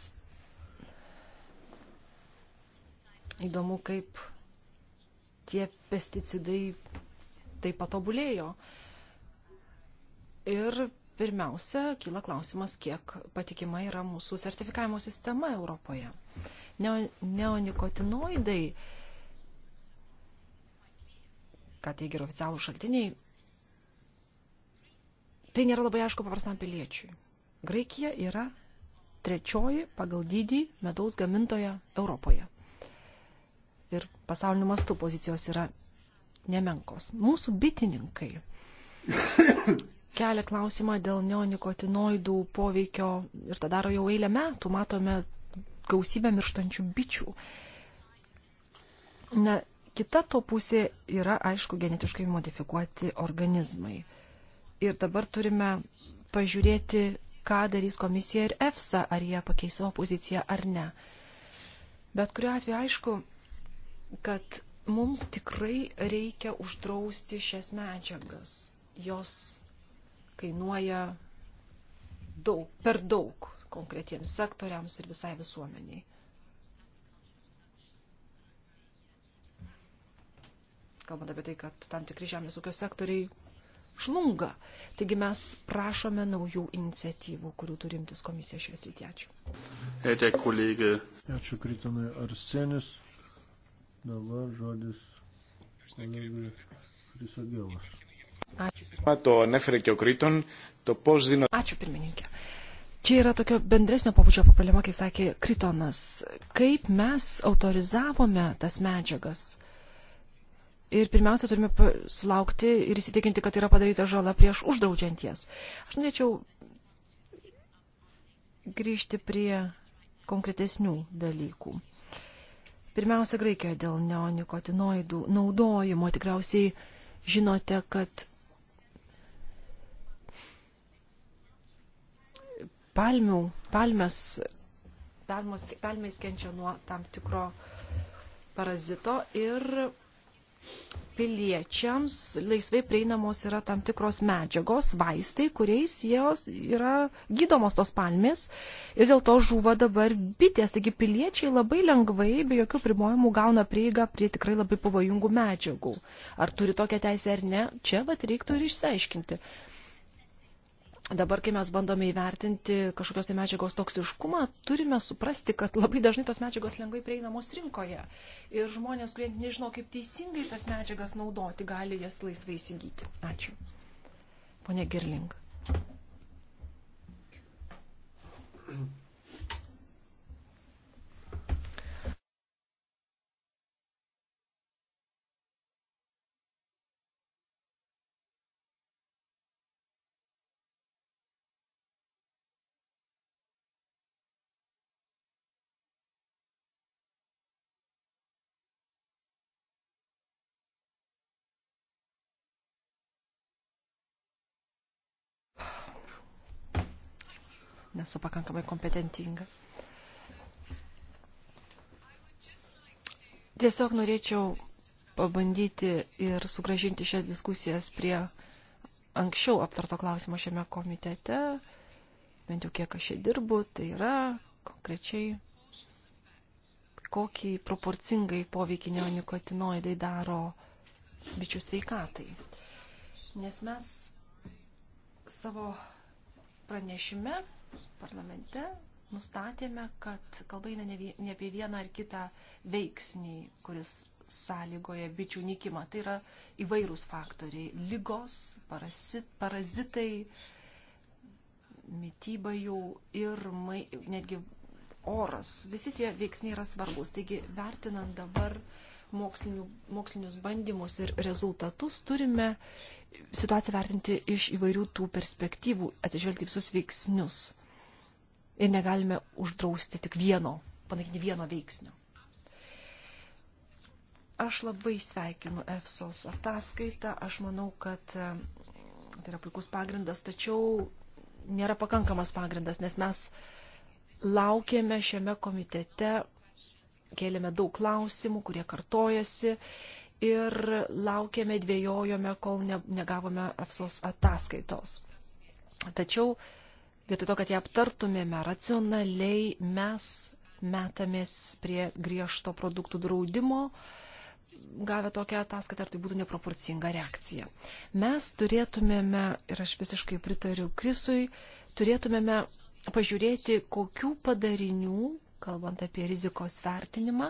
[SPEAKER 3] įdomu, kaip tie pesticidai taip patobulėjo. Ir pirmiausia, kyla klausimas, kiek patikima yra mūsų sertifikavimo sistema Europoje. Uh, Neonikotinoidai, ką teigia ir oficialų šaltiniai, tai nėra labai aišku paprastam piliečiui. Graikija yra trečioji pagal dydį medaus gamintoja Europoje. Ir pasauliniu mastu pozicijos yra nemenkos. Mūsų bitininkai *coughs* kelia klausimą dėl neonikotinoidų poveikio ir tą daro jau eilę metų. Matome gausybę mirštančių bičių. Na, kita to pusė yra, aišku, genetiškai modifikuoti organizmai. Ir dabar turime pažiūrėti, ką darys komisija ir EFSA, ar jie pakeis savo poziciją ar ne. Bet kuriuo atveju aišku, kad mums tikrai reikia uždrausti šias medžiagas. Jos kainuoja daug, per daug konkretiems sektoriams ir visai visuomeniai. Kalbant apie tai, kad tam tikri žemės ūkio sektoriai žlunga. Taigi mes prašome naujų iniciatyvų, kurių turimtis komisija šioje srityje.
[SPEAKER 1] Ačiū. Ačiū Kritonui Arsenis. Dabar
[SPEAKER 2] žodis. Χρυσογγέλος.
[SPEAKER 1] Ačiū. Το
[SPEAKER 2] ανέφερε και ο Κρήτον, το πώς δίνω...
[SPEAKER 3] Ačiū, pirmininkė. Čia yra tokio bendresnio pabučio problema, kai sakė Kritonas. Kaip mes autorizavome tas medžiagas? Ir pirmiausia, turime sulaukti ir įsitikinti, kad yra padaryta žala prieš uždraudžianties. Aš norėčiau grįžti prie konkretesnių dalykų. Pirmiausia, Graikijoje dėl neonikotinoidų naudojimo tikriausiai žinote, kad palmių, palmės, palmos, palmės kenčia nuo tam tikro parazito ir piliečiams laisvai prieinamos yra tam tikros medžiagos, vaistai, kuriais jos yra gydomos tos palmės ir dėl to žuva dabar bitės. Taigi piliečiai labai lengvai, be jokių primojimų, gauna prieigą prie tikrai labai pavojingų medžiagų. Ar turi tokią teisę ar ne, čia vat reiktų ir išsiaiškinti dabar, kai mes bandome įvertinti kažkokios tai medžiagos toksiškumą, turime suprasti, kad labai dažnai tos medžiagos lengvai prieinamos rinkoje. Ir žmonės, kurie nežino, kaip teisingai tas medžiagas naudoti, gali jas laisvai įsigyti. Ačiū. Pone Girling. nesu pakankamai kompetentinga. Tiesiog norėčiau pabandyti ir sugražinti šias diskusijas prie anksčiau aptarto klausimo šiame komitete, bent jau kiek aš čia dirbu, tai yra konkrečiai kokį proporcingai poveikį neonikotinoidai daro bičių sveikatai. Nes mes savo pranešime parlamente nustatėme, kad kalba eina ne apie vieną ar kitą veiksnį, kuris sąlygoja bičių nykimą. Tai yra įvairūs faktoriai - lygos, parasit, parazitai, mytyba jau ir mai, netgi oras. Visi tie veiksniai yra svarbus. Taigi, vertinant dabar mokslinių, mokslinius bandymus ir rezultatus, turime situaciją vertinti iš įvairių tų perspektyvų, atsižvelgti visus veiksnius ir negalime uždrausti tik vieno, panaikinti vieno veiksnio. Aš labai sveikinu EFSOS ataskaitą, aš manau, kad e, tai yra puikus pagrindas, tačiau nėra pakankamas pagrindas, nes mes laukėme šiame komitete, kėlėme daug klausimų, kurie kartojasi ir laukėme, dvėjojome, kol ne, negavome EFSOS ataskaitos. Tačiau vietoj to, kad ją aptartumėme racionaliai, mes metamės prie griežto produktų draudimo, gavę tokią ataskaitą, ar tai būtų neproporcinga reakcija. Mes turėtumėme, ir aš visiškai pritariu Krisui, turėtumėme pažiūrėti, kokių padarinių, kalbant apie rizikos vertinimą.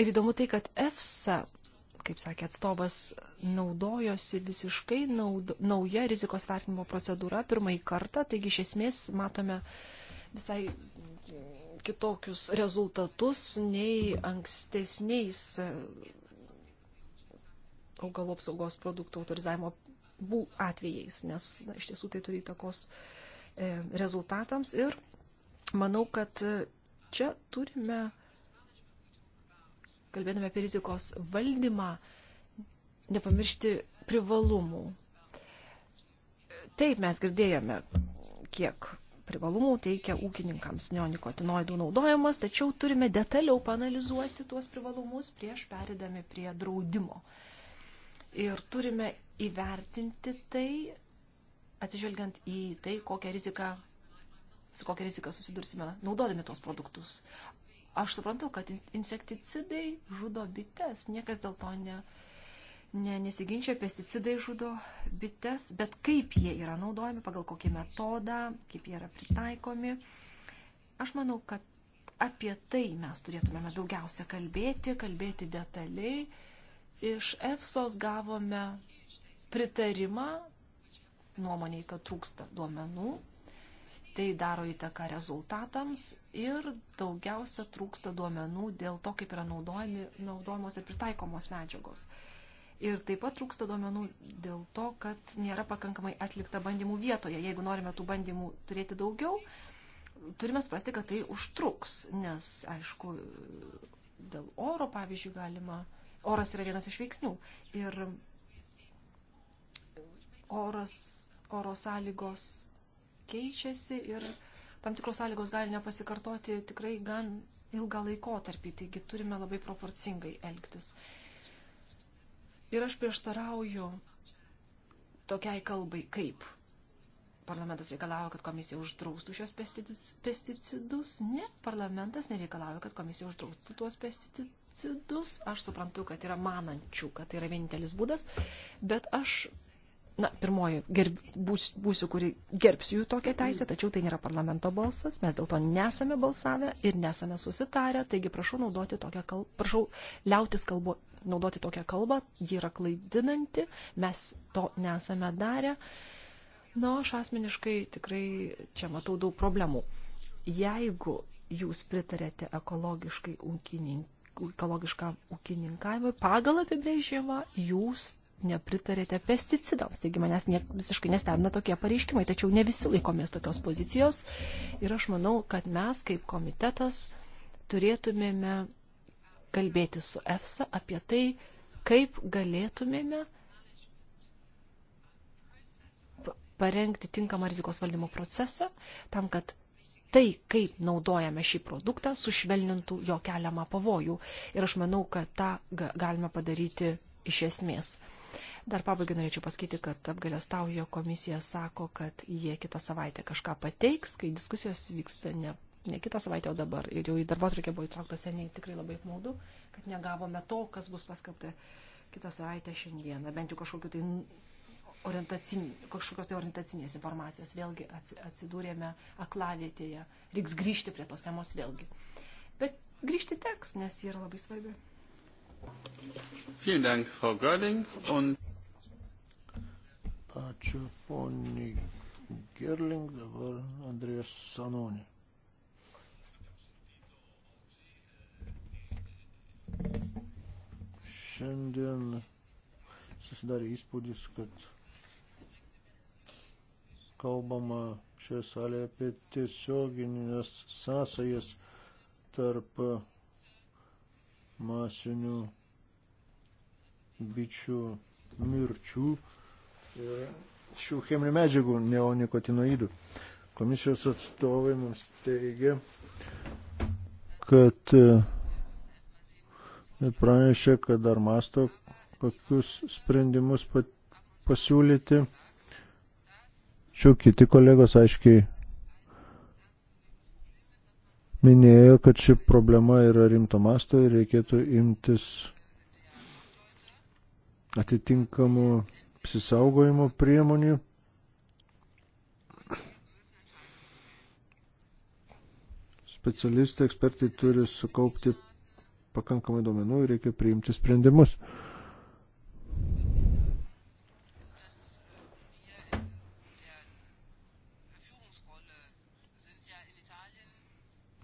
[SPEAKER 3] Ir įdomu tai, kad EFSA kaip sakė atstovas, naudojosi visiškai naud, nauja rizikos vertinimo procedūra pirmąjį kartą, taigi iš esmės matome visai kitokius rezultatus nei ankstesniais augalų apsaugos produktų autorizavimo atvejais, nes na, iš tiesų tai turi įtakos e, rezultatams ir manau, kad e, čia turime kalbėdami apie rizikos valdymą, nepamiršti privalumų. Taip mes girdėjome, kiek privalumų teikia ūkininkams neonikotinoidų naudojimas, tačiau turime detaliau panalizuoti tuos privalumus prieš perėdami prie draudimo. Ir turime įvertinti tai, atsižvelgiant į tai, kokią riziką, su kokia rizika susidursime naudodami tuos produktus. Aš suprantu, kad insekticidai žudo bites, niekas dėl to ne, ne, nesiginčia, pesticidai žudo bites, bet kaip jie yra naudojami, pagal kokį metodą, kaip jie yra pritaikomi. Aš manau, kad apie tai mes turėtumėme daugiausia kalbėti, kalbėti detaliai. Iš EFSOS gavome pritarimą nuomoniai, kad trūksta duomenų, tai daro įtaką rezultatams ir daugiausia trūksta duomenų dėl to, kaip yra naudojami, naudojamos ir pritaikomos medžiagos. Ir taip pat trūksta duomenų dėl to, kad nėra pakankamai atlikta bandymų vietoje. Jeigu norime tų bandymų turėti daugiau, turime spręsti, kad tai užtruks, nes, aišku, dėl oro, pavyzdžiui, galima. Oras yra vienas iš veiksnių. Ir oras, oro sąlygos keičiasi ir tam tikros sąlygos gali nepasikartoti tikrai gan ilgą laikotarpį, taigi turime labai proporcingai elgtis. Ir aš prieštarauju tokiai kalbai kaip. Parlamentas reikalavo, kad komisija uždraustų šios pesticidus. Ne, parlamentas nereikalavo, kad komisija uždraustų tuos pesticidus. Aš suprantu, kad yra manančių, kad tai yra vienintelis būdas, bet aš na, pirmoji, gerb, būs, būsiu, kuri gerbsiu jų tokią teisę, tačiau tai nėra parlamento balsas, mes dėl to nesame balsavę ir nesame susitarę, taigi prašau naudoti tokią kalbą, prašau liautis kalbo, naudoti tokią kalbą, ji yra klaidinanti, mes to nesame darę. Na, aš asmeniškai tikrai čia matau daug problemų. Jeigu jūs pritarėte ekologiškai ūkininkui, ekologiškam ūkininkavimui pagal apibrėžimą jūs nepritarėte pesticidams, taigi manęs ne, visiškai nestebina tokie pareiškimai, tačiau ne visi laikomės tokios pozicijos ir aš manau, kad mes kaip komitetas turėtumėme kalbėti su EFSA apie tai, kaip galėtumėme parengti tinkamą rizikos valdymo procesą tam, kad tai, kaip naudojame šį produktą, sušvelnintų jo keliamą pavojų. Ir aš manau, kad tą galime padaryti iš esmės. Dar pabaigai norėčiau pasakyti, kad apgailestaujo komisija sako, kad jie kitą savaitę kažką pateiks, kai diskusijos vyksta ne, ne kitą savaitę, o dabar. Ir jau į darbo atrikę buvo įtraukta seniai, tikrai labai apmaudu, kad negavome to, kas bus paskelbta kitą savaitę šiandieną, bent jau kažkokiu tai kažkokios tai orientacinės informacijos. Vėlgi atsidūrėme aklavietėje. Reiks grįžti prie tos temos vėlgi. Bet grįžti teks, nes ji yra labai svarbi.
[SPEAKER 1] Vielen Dank, Frau Görling. Und Ačiū
[SPEAKER 2] poniai Gerling, dabar Andrės Sanonė. Šiandien susidarė įspūdis, kad kalbama šioje salėje apie tiesioginės sąsajas tarp masinių bičių mirčių ir šių cheminių medžiagų neonikotinoidų. Komisijos atstovai mums teigia, kad e, pranešė, kad dar masto, kokius sprendimus pasiūlyti. Čia kiti kolegos aiškiai minėjo, kad ši problema yra rimto masto ir reikėtų imtis atitinkamų apsisaugojimo priemonių. Specialistai, ekspertai turi sukaupti pakankamai duomenų ir reikia priimti sprendimus.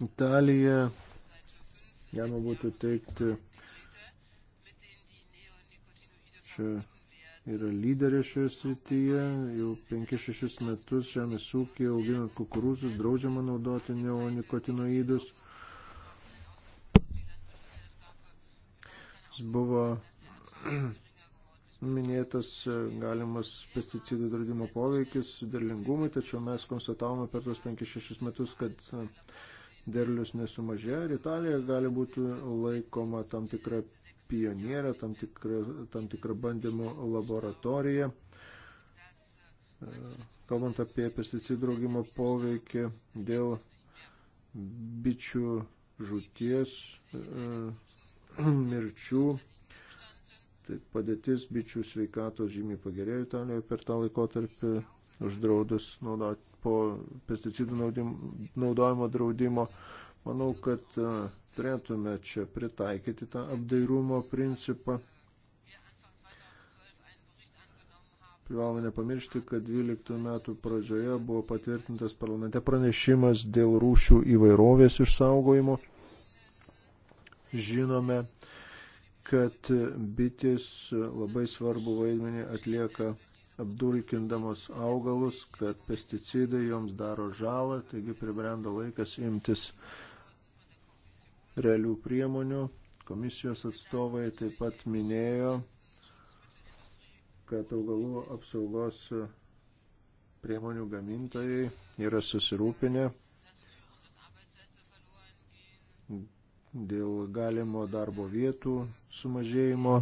[SPEAKER 2] Italija, galima būtų teikti, čia yra lyderė šioje srityje, jau 5-6 metus žemės ūkija auginant kukurūzus, draudžiama naudoti neonikotinoidus. Jis buvo *clears throat* minėtas galimas pesticidų draudimo poveikis derlingumui, tačiau mes konstatavome per tos 5-6 metus, kad derlius nesumažėjo ir Italija gali būti laikoma tam tikra pionierė, tam tikra, tam tikra bandymų laboratorija. Kalbant apie pesticidų draugimo poveikį dėl bičių žūties, mirčių, tai padėtis bičių sveikatos žymiai pagerėjo Italijoje per tą laikotarpį, uždraudus naudoti po pesticidų naudojimo draudimo. Manau, kad turėtume čia pritaikyti tą apdairumo principą. Privalome nepamiršti, kad 12 metų pradžioje buvo patvirtintas parlamente pranešimas dėl rūšių įvairovės išsaugojimo. Žinome, kad bitės labai svarbu vaidmenį atlieka apdulkindamos augalus, kad pesticidai joms daro žalą, taigi pribrendo laikas imtis uh, realių priemonių. Komisijos atstovai taip pat minėjo, kad augalų apsaugos priemonių gamintojai yra susirūpinę dėl galimo darbo vietų sumažėjimo,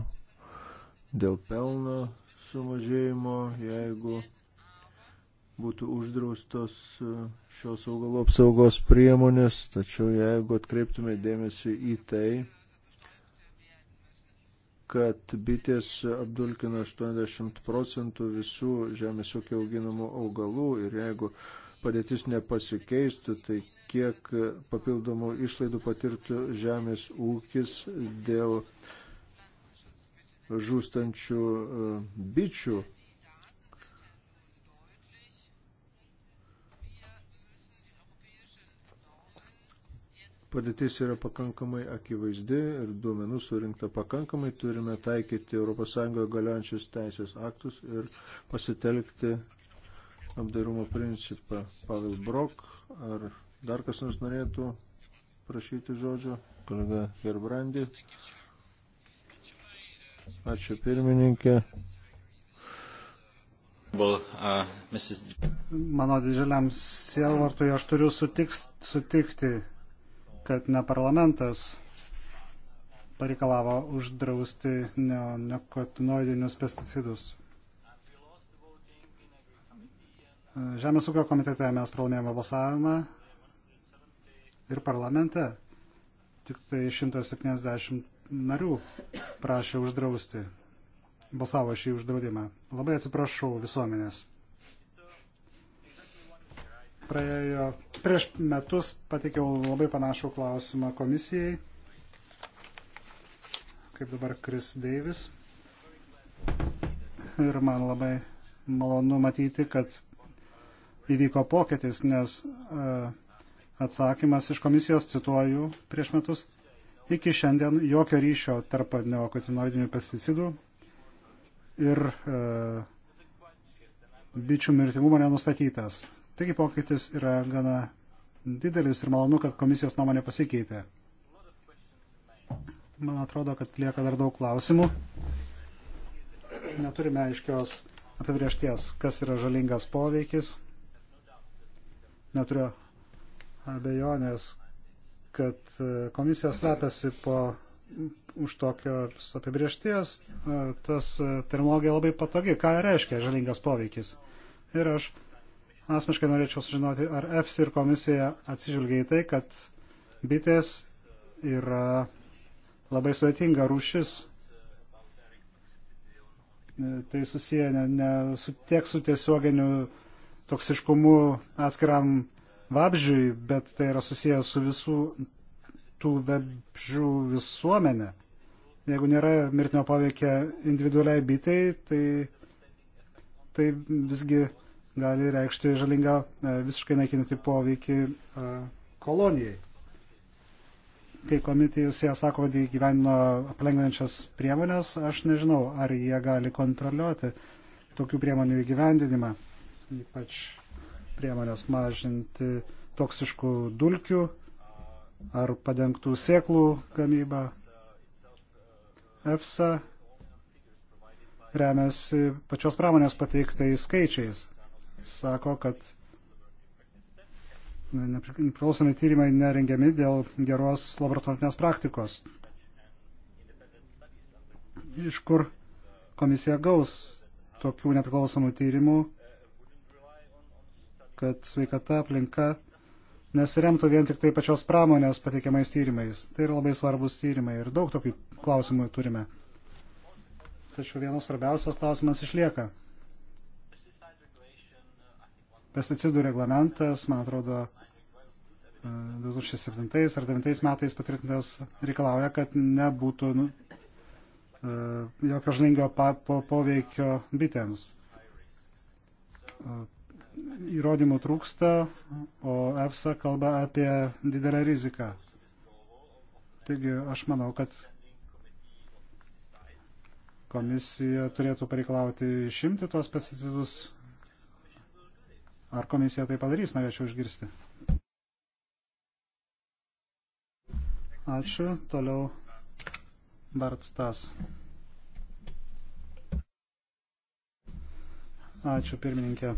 [SPEAKER 2] dėl pelno sumažėjimo, jeigu būtų uždraustos e, šios augalų apsaugos priemonės, tačiau jeigu atkreiptume dėmesį į tai, kad bitės apdulkina 80 procentų visų žemės ūkio auginamų augalų ir jeigu padėtis nepasikeistų, tai kiek papildomų išlaidų patirtų žemės ūkis dėl žūstančių e, bičių Padėtis yra pakankamai akivaizdi ir duomenų surinkta pakankamai. Turime taikyti ES galiojančius teisės aktus ir pasitelkti apdairumo principą. Pavel Brok, ar dar kas nors norėtų prašyti žodžio? Kolega Gerbrandi. Ačiū pirmininkė. Uh,
[SPEAKER 4] Mano didžiuliam sielvartui aš turiu sutiks, sutikti kad ne parlamentas pareikalavo uždrausti neonekotinoidinius pesticidus. Žemės ūkio komitete mes pralaimėjome balsavimą ir parlamente tik tai 170 narių prašė uždrausti, balsavo šį uždraudimą. Labai atsiprašau visuomenės. Praėjo, prieš metus pateikiau labai panašų klausimą komisijai, kaip dabar Chris Davis. Ir man labai malonu matyti, kad įvyko pokytis, nes e, atsakymas iš komisijos, cituoju, prieš metus, iki šiandien jokio ryšio tarp neokotinoidinių pesticidų ir e, bičių mirtingumo nenustatytas. Taigi pokytis yra gana didelis ir malonu, kad komisijos nuomonė pasikeitė. Man atrodo, kad lieka dar daug klausimų. Neturime aiškios apibriešties, kas yra žalingas poveikis. Neturiu abejonės, kad e, komisija slepiasi po už tokios apibriešties. E, tas e, terminologija labai patogi. Ką reiškia žalingas poveikis? Ir aš Asmeškai norėčiau sužinoti, ar EFS ir komisija atsižvelgia į tai, kad bitės yra labai sudėtinga rūšis. E, tai susiję ne, ne su, tiek su tiesioginiu toksiškumu atskiram vabžiui, bet tai yra susiję su visų tų vabžių visuomenė. Jeigu nėra mirtinio poveikia individualiai bitai, tai, tai visgi gali reikšti žalingą e, visiškai naikinantį poveikį e, kolonijai. Kai komisija sako, kad įgyvenino aplengvinančias priemonės, aš nežinau, ar jie gali kontroliuoti tokių priemonių įgyvendinimą, ypač priemonės mažinti toksiškų dulkių ar padengtų sėklų gamybą. EFSA remiasi pačios pramonės pateiktais skaičiais sako, kad nepriklausomi tyrimai nerengiami dėl geros laboratorinės praktikos. Iš kur komisija gaus tokių nepriklausomų tyrimų, kad sveikata aplinka nesiremtų vien tik tai pačios pramonės pateikiamais tyrimais. Tai yra labai svarbus tyrimai ir daug tokių klausimų turime. Tačiau vienas svarbiausias klausimas išlieka. Pesticidų reglamentas, man atrodo, 2007 ar 2009 metais patvirtintas reikalauja, kad nebūtų nu, e, jokio žlingo po poveikio bitėms. E, įrodymų trūksta, o EFSA kalba apie didelę riziką. Taigi aš manau, kad komisija turėtų pareikalauti išimti tuos pesticidus Ar komisija tai padarys, norėčiau išgirsti. Ačiū. Toliau Bartstas. Ačiū pirmininkė.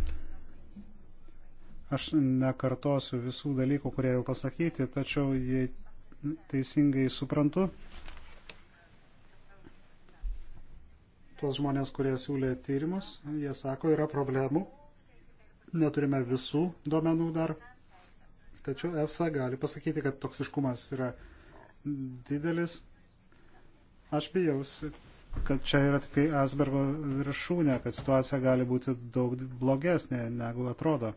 [SPEAKER 4] Aš nekartosiu visų dalykų, kurie jau pasakyti, tačiau jei teisingai suprantu, tuos žmonės, kurie siūlė tyrimus, jie sako, yra problemų Neturime visų duomenų dar. Tačiau EFSA gali pasakyti, kad toksiškumas yra didelis. Aš bijausi, kad čia yra tik tai Asbergo viršūnė, kad situacija gali būti daug blogesnė negu atrodo.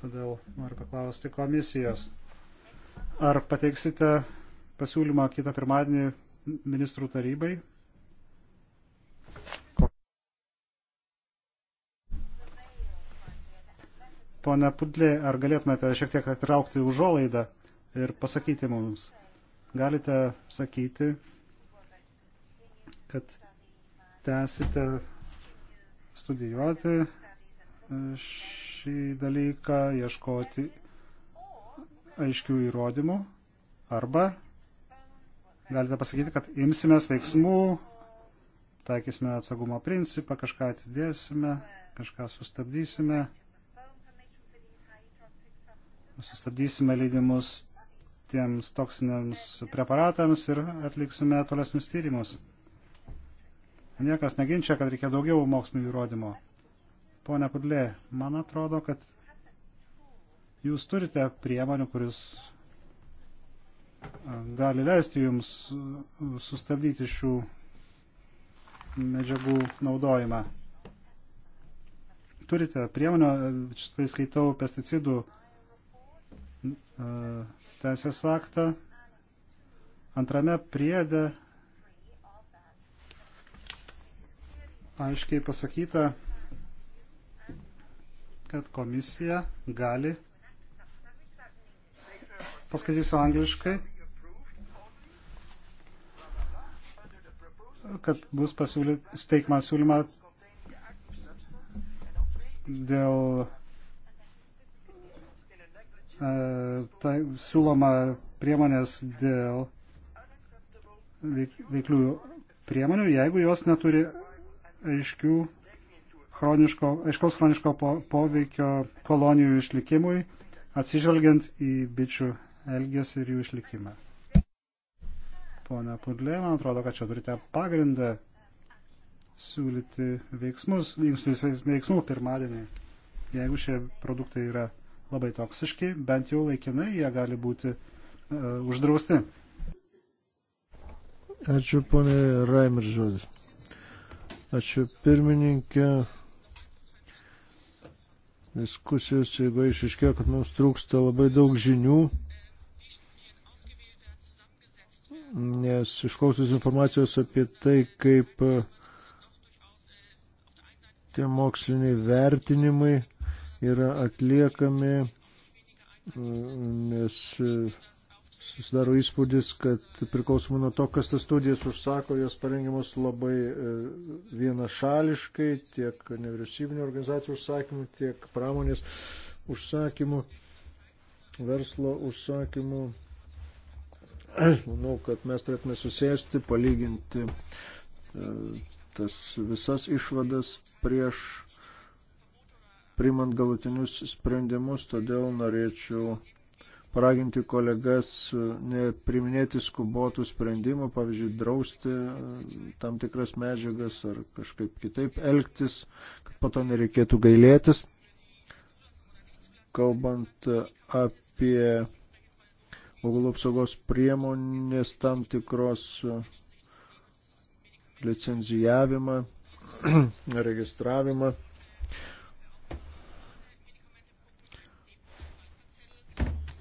[SPEAKER 4] Todėl noriu paklausti komisijos. Ar pateiksite pasiūlymą kitą pirmadienį ministrų tarybai Pone Pudlė, ar galėtumėte šiek tiek atraukti užuolaidą ir pasakyti mums? Galite sakyti, kad tęsite studijuoti e, šį dalyką, ieškoti aiškių įrodymų arba galite pasakyti, kad imsimės veiksmų, taikysime atsagumo principą, kažką atidėsime, kažką sustabdysime sustabdysime leidimus tiems toksiniams preparatams ir atliksime tolesnius tyrimus. Niekas neginčia, kad reikia daugiau mokslinių įrodymų. Pone Pudlė, man atrodo, kad jūs turite priemonių, kuris gali leisti jums sustabdyti šių medžiagų naudojimą. Turite priemonių, štai skaitau pesticidų teisės aktą. Antrame priede aiškiai pasakyta, kad komisija gali, paskaitysiu angliškai, kad bus pasiūly, steikma siūlyma dėl E, tai, siūloma priemonės dėl veikliųjų priemonių, jeigu jos neturi aiškių chroniško, aiškaus chroniško po, poveikio kolonijų išlikimui, atsižvelgiant į bičių elgesį ir jų išlikimą. Pone Pudlė, man atrodo, kad čia turite pagrindą siūlyti veiksmus, imtis veiksmų pirmadienį, jeigu šie produktai yra labai toksiški, bent jau laikinai jie gali būti uh, uždrausti.
[SPEAKER 2] Ačiū, ponė Raimer žodis. Ačiū, pirmininkė. Diskusijos, jeigu išiškėjo, kad mums trūksta labai daug žinių, nes išklausus informacijos apie tai, kaip e, tie moksliniai vertinimai yra atliekami, nes susidaro įspūdis, kad priklausomai nuo to, kas tas studijas užsako, jos parengiamos labai e, vienašališkai, tiek nevyriausybinio organizacijų užsakymų, tiek pramonės užsakymų, verslo užsakymų. Aš manau, kad mes turėtume susėsti, palyginti e, tas visas išvadas prieš primant galutinius sprendimus, todėl norėčiau paraginti kolegas nepriminėti skubotų sprendimų, pavyzdžiui, drausti e, tam tikras medžiagas ar kažkaip kitaip elgtis, kad po to nereikėtų gailėtis. Kalbant apie augalų apsaugos priemonės tam tikros e, licenzijavimą, *clears throat* registravimą.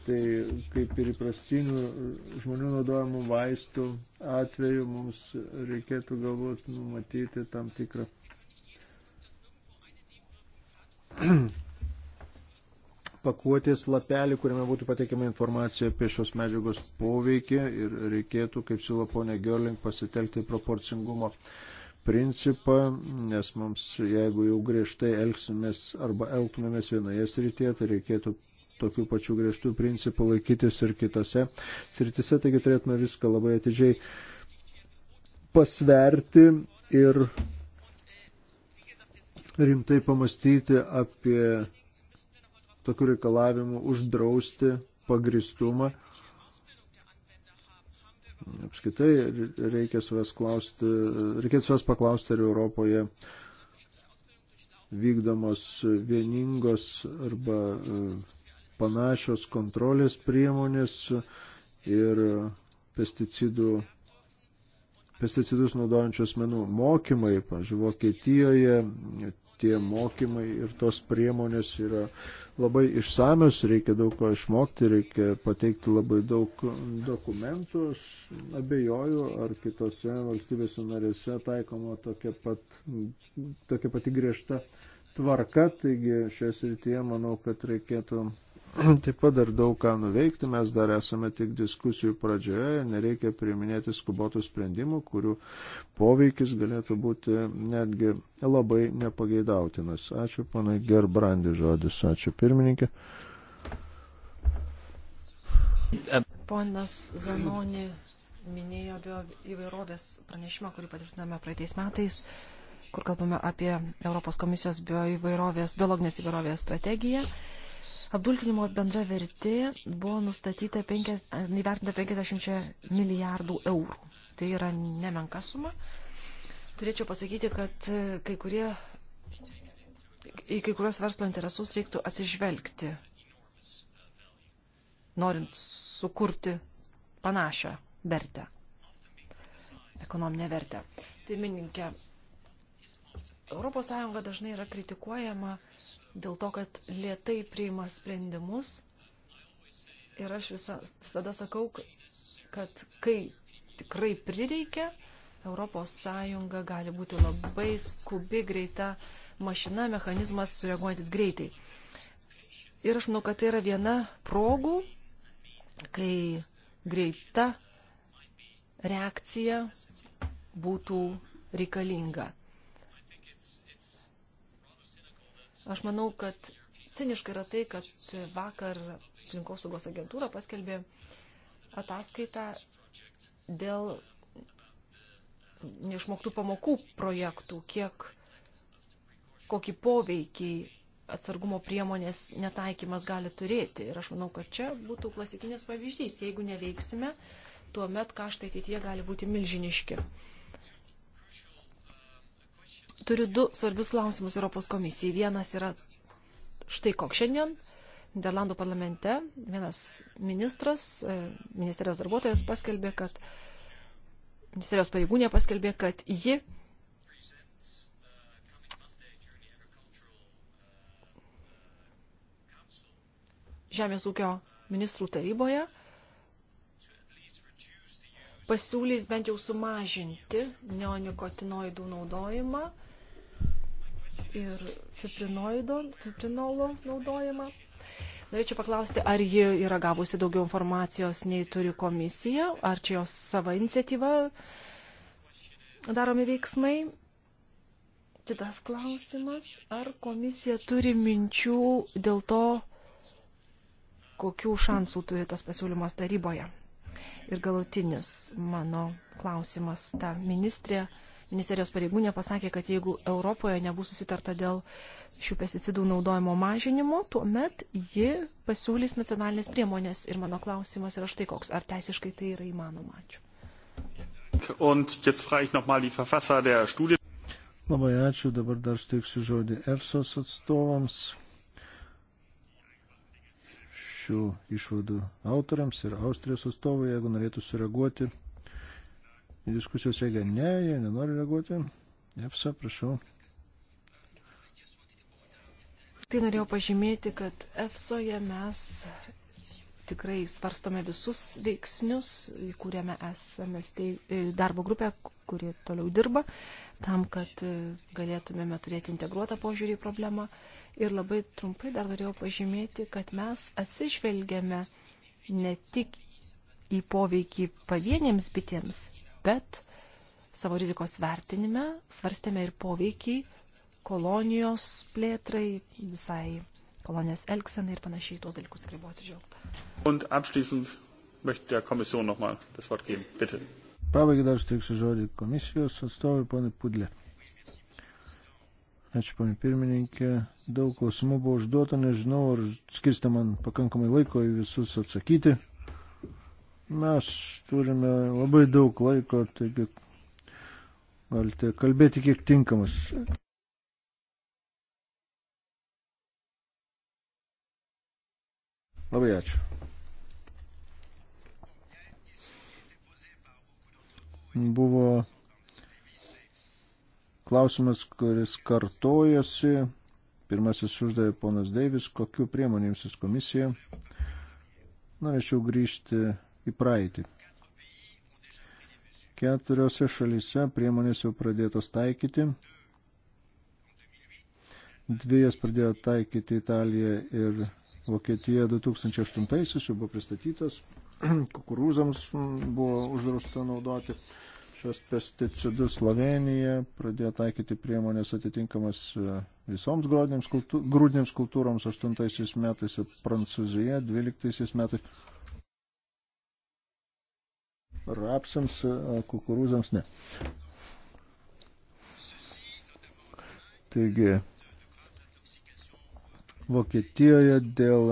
[SPEAKER 2] tai kaip ir įprastinių žmonių naudojamų vaistų atveju mums reikėtų galbūt numatyti tam tikrą *clears throat* pakuotės lapelį, kuriame būtų pateikiama informacija apie šios medžiagos poveikį ir reikėtų, kaip siūlo ponė Gerling, pasitelkti proporcingumo principą, nes mums, jeigu jau griežtai elgsimės arba elgtumėmės vienoje srityje, tai reikėtų tokių pačių griežtų principų laikytis ir kitose sritise, taigi turėtume viską labai atidžiai pasverti ir rimtai pamastyti apie tokių reikalavimų uždrausti pagristumą. Apskaitai reikia savęs, klausti, reikia savęs paklausti, ar Europoje vykdomos vieningos arba uh, panašios kontrolės priemonės ir pesticidų, pesticidus naudojančių asmenų mokymai. Pavyzdžiui, Vokietijoje tie mokymai ir tos priemonės yra labai išsamios, reikia daug ko išmokti, reikia pateikti labai daug dokumentų. Aš abejoju, ar kitose valstybėse narėse taikoma tokia, pat, tokia pati griežta tvarka, taigi šioje srityje manau, kad reikėtų *clears throat* Taip pat dar daug ką nuveikti, mes dar esame tik diskusijų pradžioje, nereikia priiminėti skubotų sprendimų, kurių poveikis galėtų būti netgi labai nepageidautinas. Ačiū, panai Gerbrandi žodis, ačiū pirmininkė.
[SPEAKER 3] Ponas Zanoni minėjo bio įvairovės pranešimą, kurį patvirtiname praeitais metais, kur kalbame apie Europos komisijos bio įvairovės, biologinės įvairovės strategiją. Apdulkinimo bendra vertė buvo nustatyta 5, įvertinta 50 milijardų eurų. Tai yra nemenka suma. Turėčiau pasakyti, kad e, kai kurie, į kai kurios verslo interesus reiktų atsižvelgti, norint sukurti panašią vertę, ekonominę vertę. Pirmininkė, ES dažnai yra kritikuojama dėl to, kad lietai priima sprendimus. Ir aš visa, visada sakau, kad kai tikrai prireikia, ES gali būti labai skubi, greita mašina, mechanizmas sureaguojantis greitai. Ir aš manau, kad tai yra viena progų, kai greita reakcija būtų reikalinga. Aš manau, kad ciniška yra tai, kad vakar aplinkosaugos agentūra paskelbė ataskaitą dėl neišmoktų pamokų projektų, kiek kokį poveikį atsargumo priemonės netaikymas gali turėti. Ir aš manau, kad čia būtų klasikinis pavyzdys. Jeigu neveiksime, tuomet kaštai ateityje gali būti milžiniški turiu du svarbius klausimus Europos komisijai. Vienas yra štai koks šiandien. Niderlandų parlamente vienas ministras, e, ministerijos darbuotojas paskelbė, kad ministerijos pareigūnė paskelbė, kad ji Žemės ūkio ministrų taryboje pasiūlys bent jau sumažinti neonikotinoidų naudojimą ir fiprinolo naudojimą. Norėčiau paklausti, ar ji yra gavusi daugiau informacijos nei turi komisija, ar čia jos savo iniciatyva daromi veiksmai. Kitas klausimas, ar komisija turi minčių dėl to, kokių šansų turi tas pasiūlymas taryboje. Ir galutinis mano klausimas, ta ministrė ministerijos pareigūnė pasakė, kad jeigu Europoje nebus susitarta dėl šių pesticidų naudojimo mažinimo, tuomet ji pasiūlys nacionalinės priemonės. Ir mano klausimas yra štai koks, ar teisiškai tai yra įmanoma. Ačiū.
[SPEAKER 2] Labai ačiū, dabar dar steiksiu žodį EFSOS atstovams
[SPEAKER 1] šių išvadų
[SPEAKER 2] autoriams ir Austrijos atstovui, jeigu norėtų sureaguoti diskusijos eiga. Ne, jie nenori reaguoti. EFSA, prašau.
[SPEAKER 3] Tai norėjau pažymėti, kad EFSOje mes tikrai svarstome visus veiksnius, įkūrėme esame darbo grupę, kuri toliau dirba, tam, kad e, galėtumėme turėti integruotą požiūrį į problemą. Ir labai trumpai dar norėjau pažymėti, kad mes atsižvelgiame ne tik į poveikį pavienėms bitėms, bet savo rizikos vertinime svarstėme ir poveikį kolonijos plėtrai, visai kolonijos elgsenai ir panašiai tuos dalykus tikrai buvo atsižvelgta.
[SPEAKER 1] Und abschließend möchte der Kommission nochmal das Wort geben. Bitte.
[SPEAKER 2] Pabaigai dar suteiksiu žodį komisijos atstovui, ponai Pudlė. Ačiū, ponai pirmininkė. Daug klausimų buvo užduota, nežinau, ar skirsti man pakankamai laiko į visus atsakyti. Mes turime labai daug laiko, taigi galite kalbėti kiek tinkamas. Labai ačiū. Buvo klausimas, kuris kartojosi. Pirmasis uždavė ponas Deivis, kokiu priemonėms jis komisija. Norėčiau grįžti į praeitį. Keturiose šalyse priemonės jau pradėtos taikyti. Dviejas pradėjo taikyti Italija ir Vokietija 2008-aisiais jau buvo pristatytas. *clears throat* Kukurūzams buvo uždrausta naudoti šios pesticidus Slovenija pradėjo taikyti priemonės atitinkamas e, visoms grūdinėms, kultūr, grūdinėms kultūroms 8 metais ir Prancūzija 12 metais rapsams, kukurūzams ne. Taigi, Vokietijoje dėl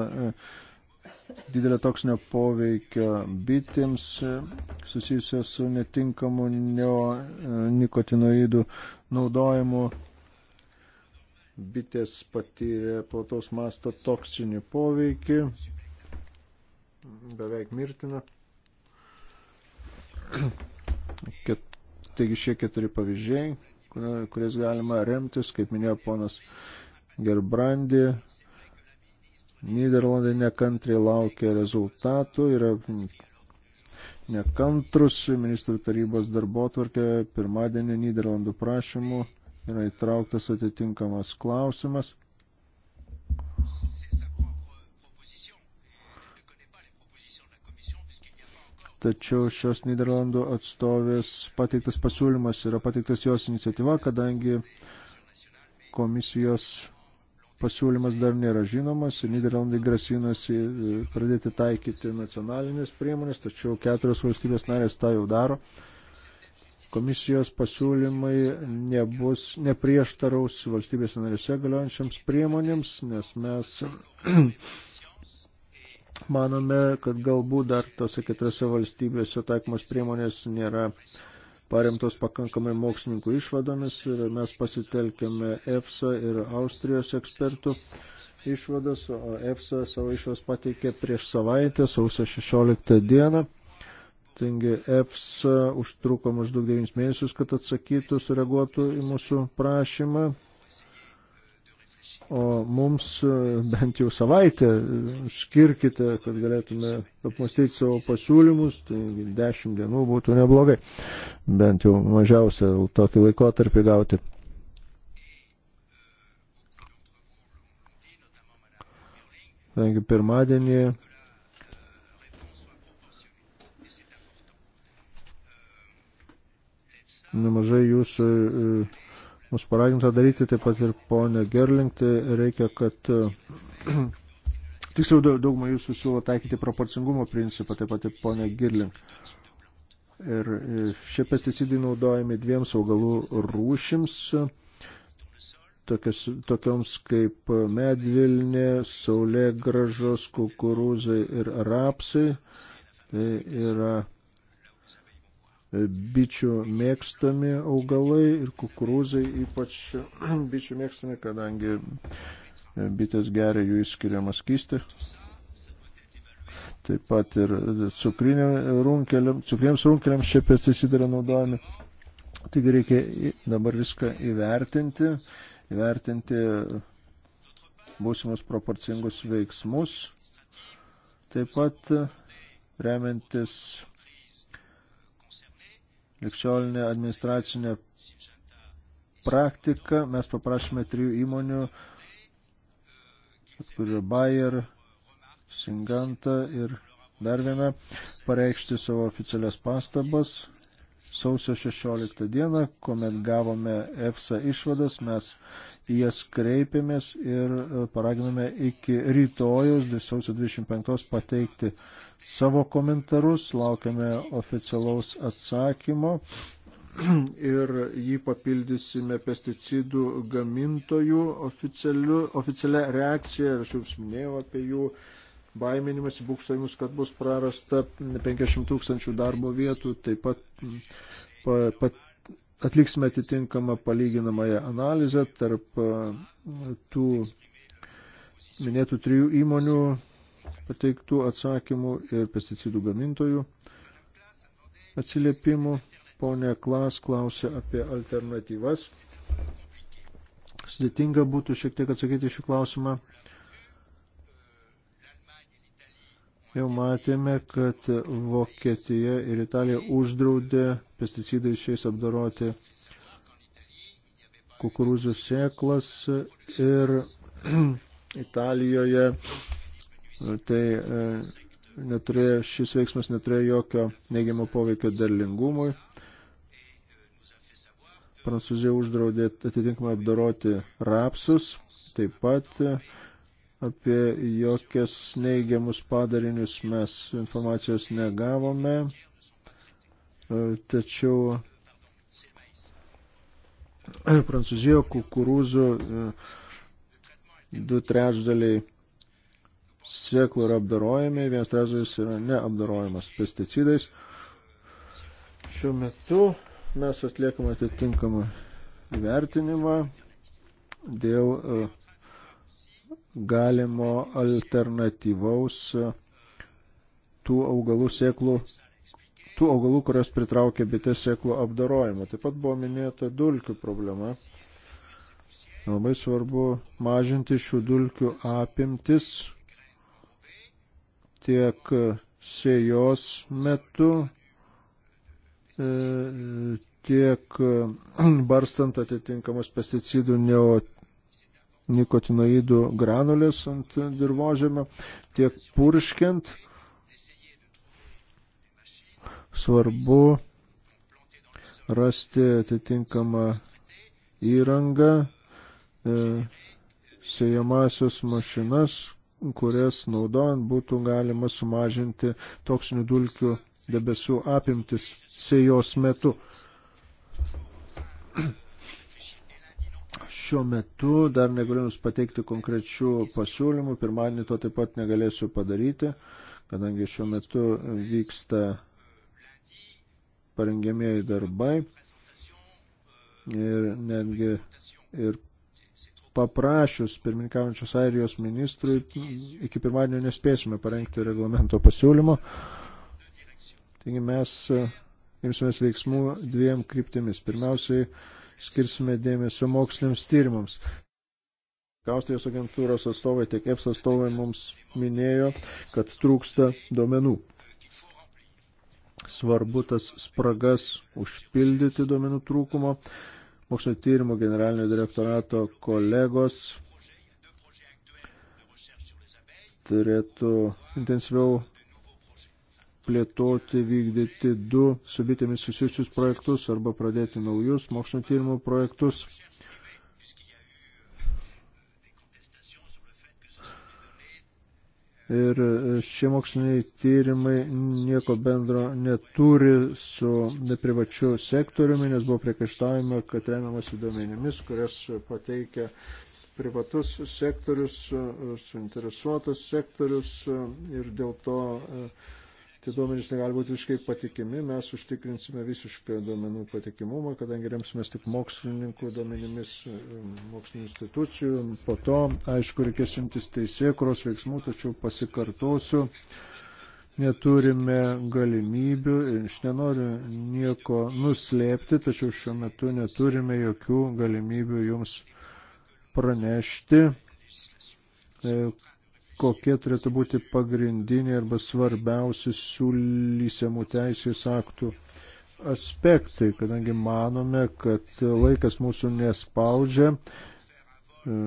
[SPEAKER 2] didelio toksinio poveikio bitėms susijusio su netinkamu neonikotinoidų naudojimu. Bitės patyrė plataus masto toksinį poveikį, beveik mirtiną. *clears throat* Ket, taigi šie keturi pavyzdžiai, kuriais galima remtis, kaip minėjo ponas Gerbrandi, Niderlandai nekantriai laukia rezultatų, yra nekantrus ministrų tarybos darbo tvarkė pirmadienį Niderlandų prašymų yra įtrauktas atitinkamas klausimas. tačiau šios Niderlandų atstovės pateiktas pasiūlymas yra pateiktas jos iniciatyva, kadangi komisijos pasiūlymas dar nėra žinomas ir Niderlandai grasinasi e, pradėti taikyti nacionalinės priemonės, tačiau keturios valstybės narės tą jau daro. Komisijos pasiūlymai nebus neprieštaraus valstybės narėse galiojančiams priemonėms, nes mes Manome, kad galbūt dar tose kitose valstybėse taikomos priemonės nėra paremtos pakankamai mokslininkų išvadomis ir mes pasitelkėme EFSA ir Austrijos ekspertų išvadas, o EFSA savo išvadas pateikė prieš savaitę, sausio 16 dieną. Taigi EFSA užtruko maždaug 9 mėnesius, kad atsakytų, sureaguotų į mūsų prašymą. O mums e, bent jau savaitę skirkite, kad galėtume apmastyti savo pasiūlymus, tai dešimt dienų būtų neblogai. Bent jau mažiausia tokį laikotarpį gauti. Taigi pirmadienį nemažai jūsų e, mus paraginta daryti, taip pat ir ponė Gerlingti, reikia, kad *clears throat* tiksliau daugumą jūsų siūlo taikyti proporcingumo principą, taip pat ir ponė Gerling. Ir e, šie pesticidai naudojami dviems augalų rūšims, tokias, tokioms kaip medvilnė, saulė gražos, kukurūzai ir rapsai. Tai yra E, bičių mėgstami augalai ir kukurūzai ypač *clears throat* bičių mėgstami, kadangi e, bitės geria jų įskiriamą skystį. Taip pat ir cukriniams runkeliams, runkeliams šie pesticidai yra naudojami. Taigi reikia dabar viską įvertinti, įvertinti būsimus proporcingus veiksmus. Taip pat e, remiantis likščiolinė administracinė praktika. Mes paprašėme trijų įmonių, kurio Bayer, Singanta ir dar viena, pareikšti savo oficialias pastabas. Sausio 16 dieną, kuomet gavome EFSA išvadas, mes į jas kreipėmės ir e, paraginome iki rytojus, sausio 25 pateikti uh, savo komentarus, laukiame oficialaus atsakymo *clears throat* ir jį papildysime pesticidų gamintojų oficialią reakciją. Aš jums minėjau apie jų baiminimas, būkštavimus, kad bus prarasta 50 tūkstančių darbo vietų. Taip pat, pa, pat atliksime atitinkamą palyginamąją analizę tarp tų minėtų trijų įmonių pateiktų atsakymų ir pesticidų gamintojų atsiliepimų. Pone Klas klausė apie alternatyvas. Sudėtinga būtų šiek tiek atsakyti šį klausimą. Jau matėme, kad Vokietija ir Italija uždraudė pesticidai šiais apdaroti kukurūzų sėklas ir *clears throat* Italijoje tai e, neturėjo, šis veiksmas neturėjo jokio neigiamo poveikio derlingumui. Prancūzija uždraudė atitinkamai apdaroti rapsus, taip pat e, apie jokias neigiamus padarinius mes informacijos negavome, e, tačiau Prancūzijoje kukurūzų du trečdaliai sėklų yra apdarojami, vienas trečdalis yra neapdarojamas pesticidais. Šiuo metu mes atliekame atitinkamą vertinimą dėl e, galimo alternatyvaus e, tų augalų sėklų, tų augalų, kurios pritraukia bitės sėklų apdarojimą. Taip pat buvo minėta dulkių problema. Labai svarbu mažinti šių dulkių apimtis, tiek sėjos metu, e, tiek barstant atitinkamus pesticidų neonikotinoidų granulės ant dirbožėmio, tiek purškiant. Svarbu rasti atitinkamą įrangą, e, sėjamasios mašinas, kurias naudojant būtų galima sumažinti toksinių dulkių debesų apimtis sėjos metu. Šiuo metu dar negaliu Jums pateikti konkrečių pasiūlymų, pirmadienį to taip pat negalėsiu padaryti, kadangi šiuo metu vyksta parengiamieji darbai ir netgi ir paprašius pirmininkaujančios Airijos ministrui, iki pirmadienio nespėsime parengti reglamento pasiūlymo. Taigi mes e, imsimės veiksmų dviem kryptimis. Pirmiausiai skirsime dėmesio moksliniams tyrimams. Austrijos agentūros atstovai, tiek EPS atstovai mums minėjo, kad trūksta duomenų. Svarbu tas spragas užpildyti duomenų trūkumo mokslo tyrimų generalinio direktorato kolegos turėtų intensyviau plėtoti, vykdyti du su bitėmis susijusius projektus arba pradėti naujus mokslo tyrimų projektus. Ir e, šie moksliniai tyrimai nieko bendro neturi su privačiu sektoriumi, nes buvo priekaištavimo, kad remiamasi duomenimis, kurias pateikia privatus sektorius, e, suinteresuotas sektorius e, ir dėl to tie duomenys negali būti visiškai patikimi, mes užtikrinsime visišką duomenų patikimumą, kadangi remsimės tik mokslininkų duomenimis, um, mokslininių institucijų. Po to, aišku, reikės imtis teisėkros veiksmų, tačiau pasikartosiu, neturime galimybių ir aš nenoriu nieko nuslėpti, tačiau šiuo metu neturime jokių galimybių jums pranešti e, kokie turėtų būti pagrindiniai arba svarbiausi siūlysiamų teisės aktų aspektai, kadangi manome, kad laikas mūsų nespaudžia. E,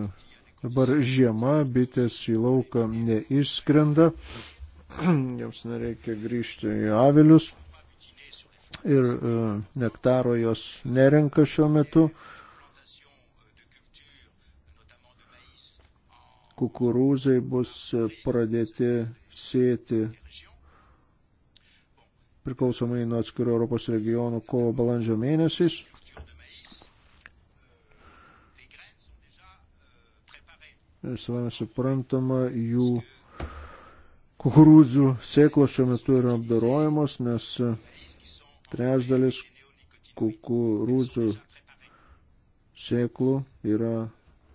[SPEAKER 2] dabar žiema, bitės į lauką neišskrenda, *clears throat* jiems nereikia grįžti į avilius ir e, nektaro jos nerenka šiuo metu. kukurūzai bus pradėti sėti priklausomai nuo atskirų Europos regionų kovo balandžio mėnesiais. Savame suprantama, jų kukurūzų sėklos šiuo metu yra apdarojamos, nes trečdalis kukurūzų sėklų yra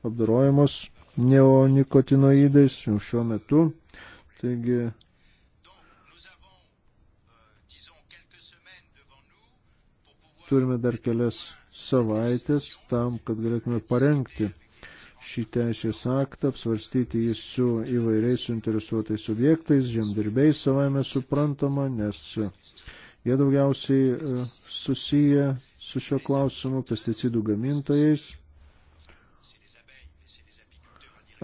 [SPEAKER 2] apdarojamos neonikotinoidais jau šiuo metu. Taigi, turime dar kelias savaitės tam, kad galėtume parengti šį teisės aktą, apsvarstyti jį su įvairiais suinteresuotais subjektais, žemdirbiais savame suprantama, nes jie daugiausiai e, susiję su šio klausimu, pesticidų gamintojais,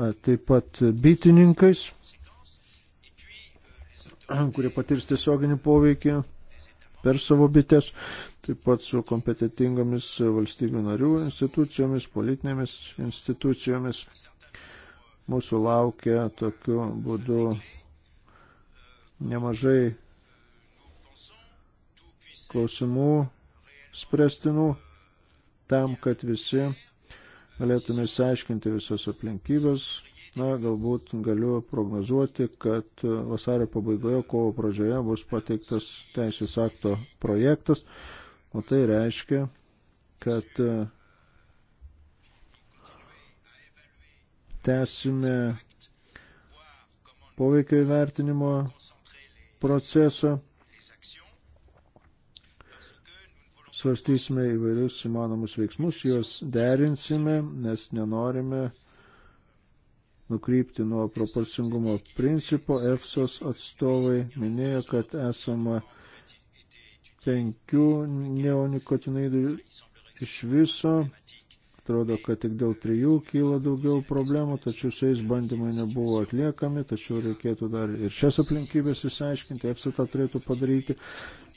[SPEAKER 2] taip pat bitininkais, kurie patirs tiesioginį poveikį per savo bites, taip pat su kompetitingomis valstybių narių institucijomis, politinėmis institucijomis. Mūsų laukia tokiu būdu nemažai klausimų spręstinų tam, kad visi galėtume išsiaiškinti visas aplinkybės. Na, galbūt galiu prognozuoti, kad vasario pabaigoje, kovo pradžioje bus pateiktas teisės akto projektas, o tai reiškia, kad e, tęsime poveikio įvertinimo procesą svarstysime įvairius įmanomus veiksmus, juos derinsime, nes nenorime nukrypti nuo proporcingumo principo. EFSOS atstovai minėjo, kad esama penkių neonikotinoidų iš viso. Atrodo, kad tik dėl trijų kyla daugiau problemų, tačiau su jais bandymai nebuvo atliekami, tačiau reikėtų dar ir šias aplinkybės įsiaiškinti, EFSA tą turėtų padaryti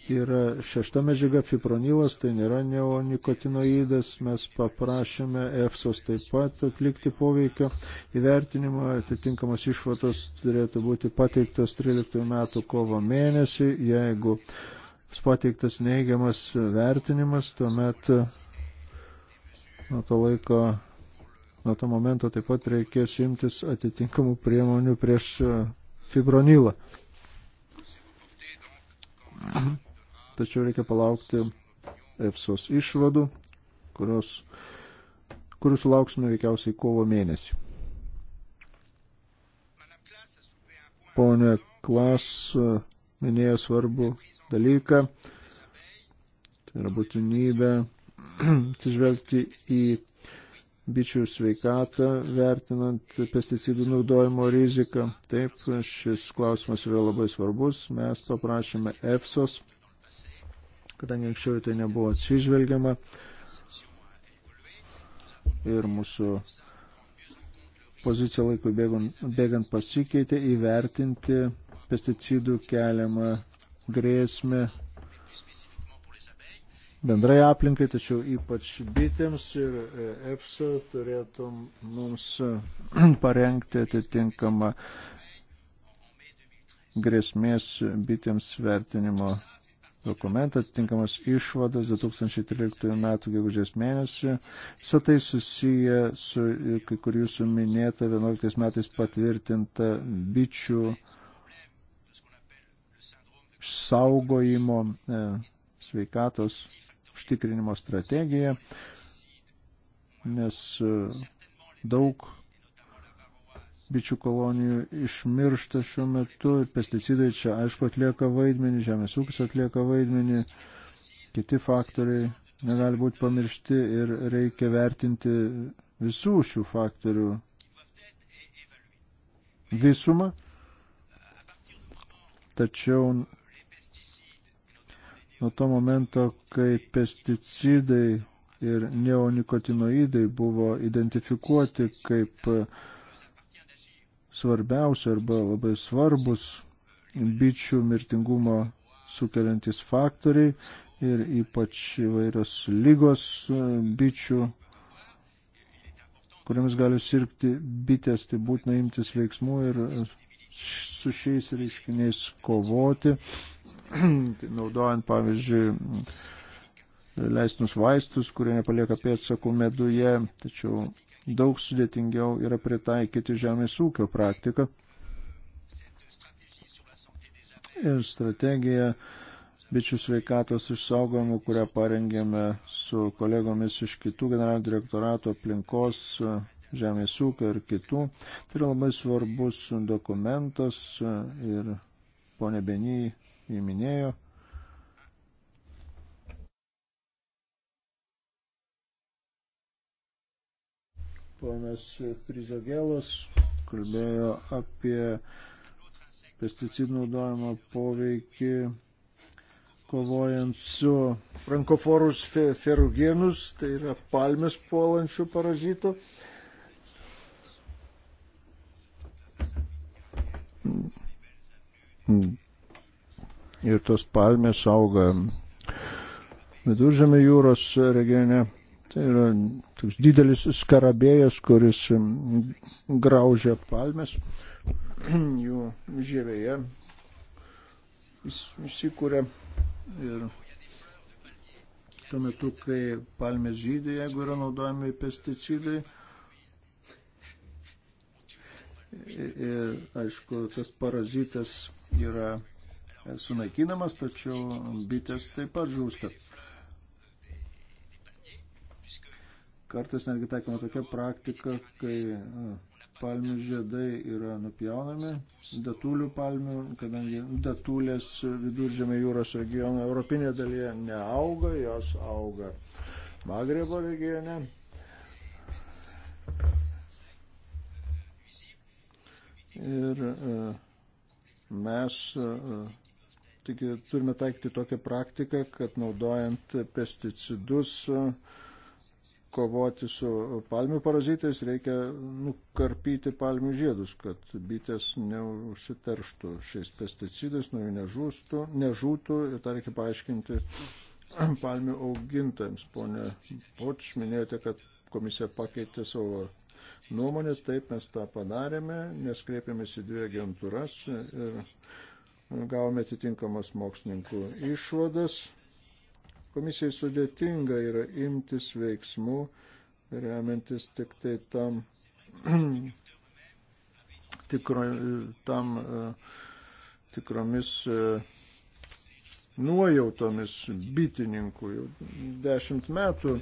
[SPEAKER 2] yra šešta medžiaga fipronilas, tai nėra neonikotinoidas. Mes paprašėme EFSOS taip pat atlikti poveikio įvertinimą. Atitinkamas išvados turėtų būti pateiktas 13 metų kovo mėnesį. Jeigu pateiktas neigiamas vertinimas, tuomet nuo to laiko. Nuo to momento taip pat reikės imtis atitinkamų priemonių prieš fibronilą. Mhm tačiau reikia palaukti EFSOS išvadų, kurios, kurių sulauksime veikiausiai kovo mėnesį. Pone Klas minėjo svarbu dalyką, tai yra būtinybė *clears throat* atsižvelgti į bičių sveikatą, vertinant pesticidų naudojimo riziką. Taip, šis klausimas yra labai svarbus. Mes paprašėme EFSOS kadangi anksčiau tai nebuvo atsižvelgiama. Ir mūsų pozicija laikui bėgant, bėgant pasikeitė įvertinti pesticidų keliamą grėsmę bendrai aplinkai, tačiau ypač bitėms ir e, EFSA turėtum mums *clears throat* parengti atitinkamą grėsmės bitėms vertinimo dokumentą, atitinkamas išvadas 2013 m. gegužės mėnesį. Visą tai susiję su, kai kur jūsų minėta, 11 metais patvirtinta bičių saugojimo e, sveikatos užtikrinimo strategija, nes e, daug bičių kolonijų išmiršta šiuo metu. Pesticidai čia aišku atlieka vaidmenį, žemės ūkis atlieka vaidmenį, kiti faktoriai negali būti pamiršti ir reikia vertinti visų šių faktorių visumą. Tačiau nuo to momento, kai pesticidai ir neonikotinoidai buvo identifikuoti kaip uh, svarbiausi arba labai svarbus bičių mirtingumo sukeliantis faktoriai ir ypač įvairios lygos e, bičių, kuriamis gali sirgti bitės, tai būtina imtis veiksmų ir e, su šiais reiškiniais kovoti, *clears throat* tai naudojant pavyzdžiui leistinus vaistus, kurie nepalieka pėdsakų meduje, tačiau daug sudėtingiau yra pritaikyti žemės ūkio praktiką. Ir strategija bičių sveikatos išsaugojimų, kurią parengėme su kolegomis iš kitų generalinio direktorato aplinkos, žemės ūkio ir kitų. Tai yra labai svarbus dokumentas ir ponė Benį įminėjo Ponas Prizogėlas kalbėjo apie pesticidų naudojimo poveikį kovojant su rankoforus ferugenus, tai yra palmės puolančių parazitų. Ir tos palmės auga Viduržėmio jūros regione Tai yra toks didelis skarabėjas, kuris mm, graužia palmes *clears throat* jų žievėje. Jis įsikūrė ir tuo metu, kai palmės žydė, jeigu yra naudojami pesticidai. Ir, aišku, tas parazitas yra sunaikinamas, tačiau bitės taip pat žūsta. Kartais netgi taikoma tokia praktika, kai e, palmių žiedai yra nupjaunami, datulių palmių, kadangi datulės viduržėmė jūros regiono europinėje dalyje neauga, jos auga Magrebo regione. Ir e, mes e, tik turime taikyti tokią praktiką, kad naudojant pesticidus, uh, kovoti su palmių parazitais, reikia nukarpyti palmių žiedus, kad bitės neužsiterštų šiais pesticidais, nuo jų nežūstų, nežūtų ir tą reikia paaiškinti *clears throat* palmių augintojams. Pone Poč, minėjote, kad komisija pakeitė savo nuomonę, taip mes tą padarėme, nes kreipėmės į dvi agentūras ir gavome atitinkamas mokslininkų išvadas Komisijai sudėtinga yra imtis veiksmų, remiantis tik tai tam, *clears throat* tikro, tam e, tikromis e, nuojautomis bitininkų. Jau dešimt metų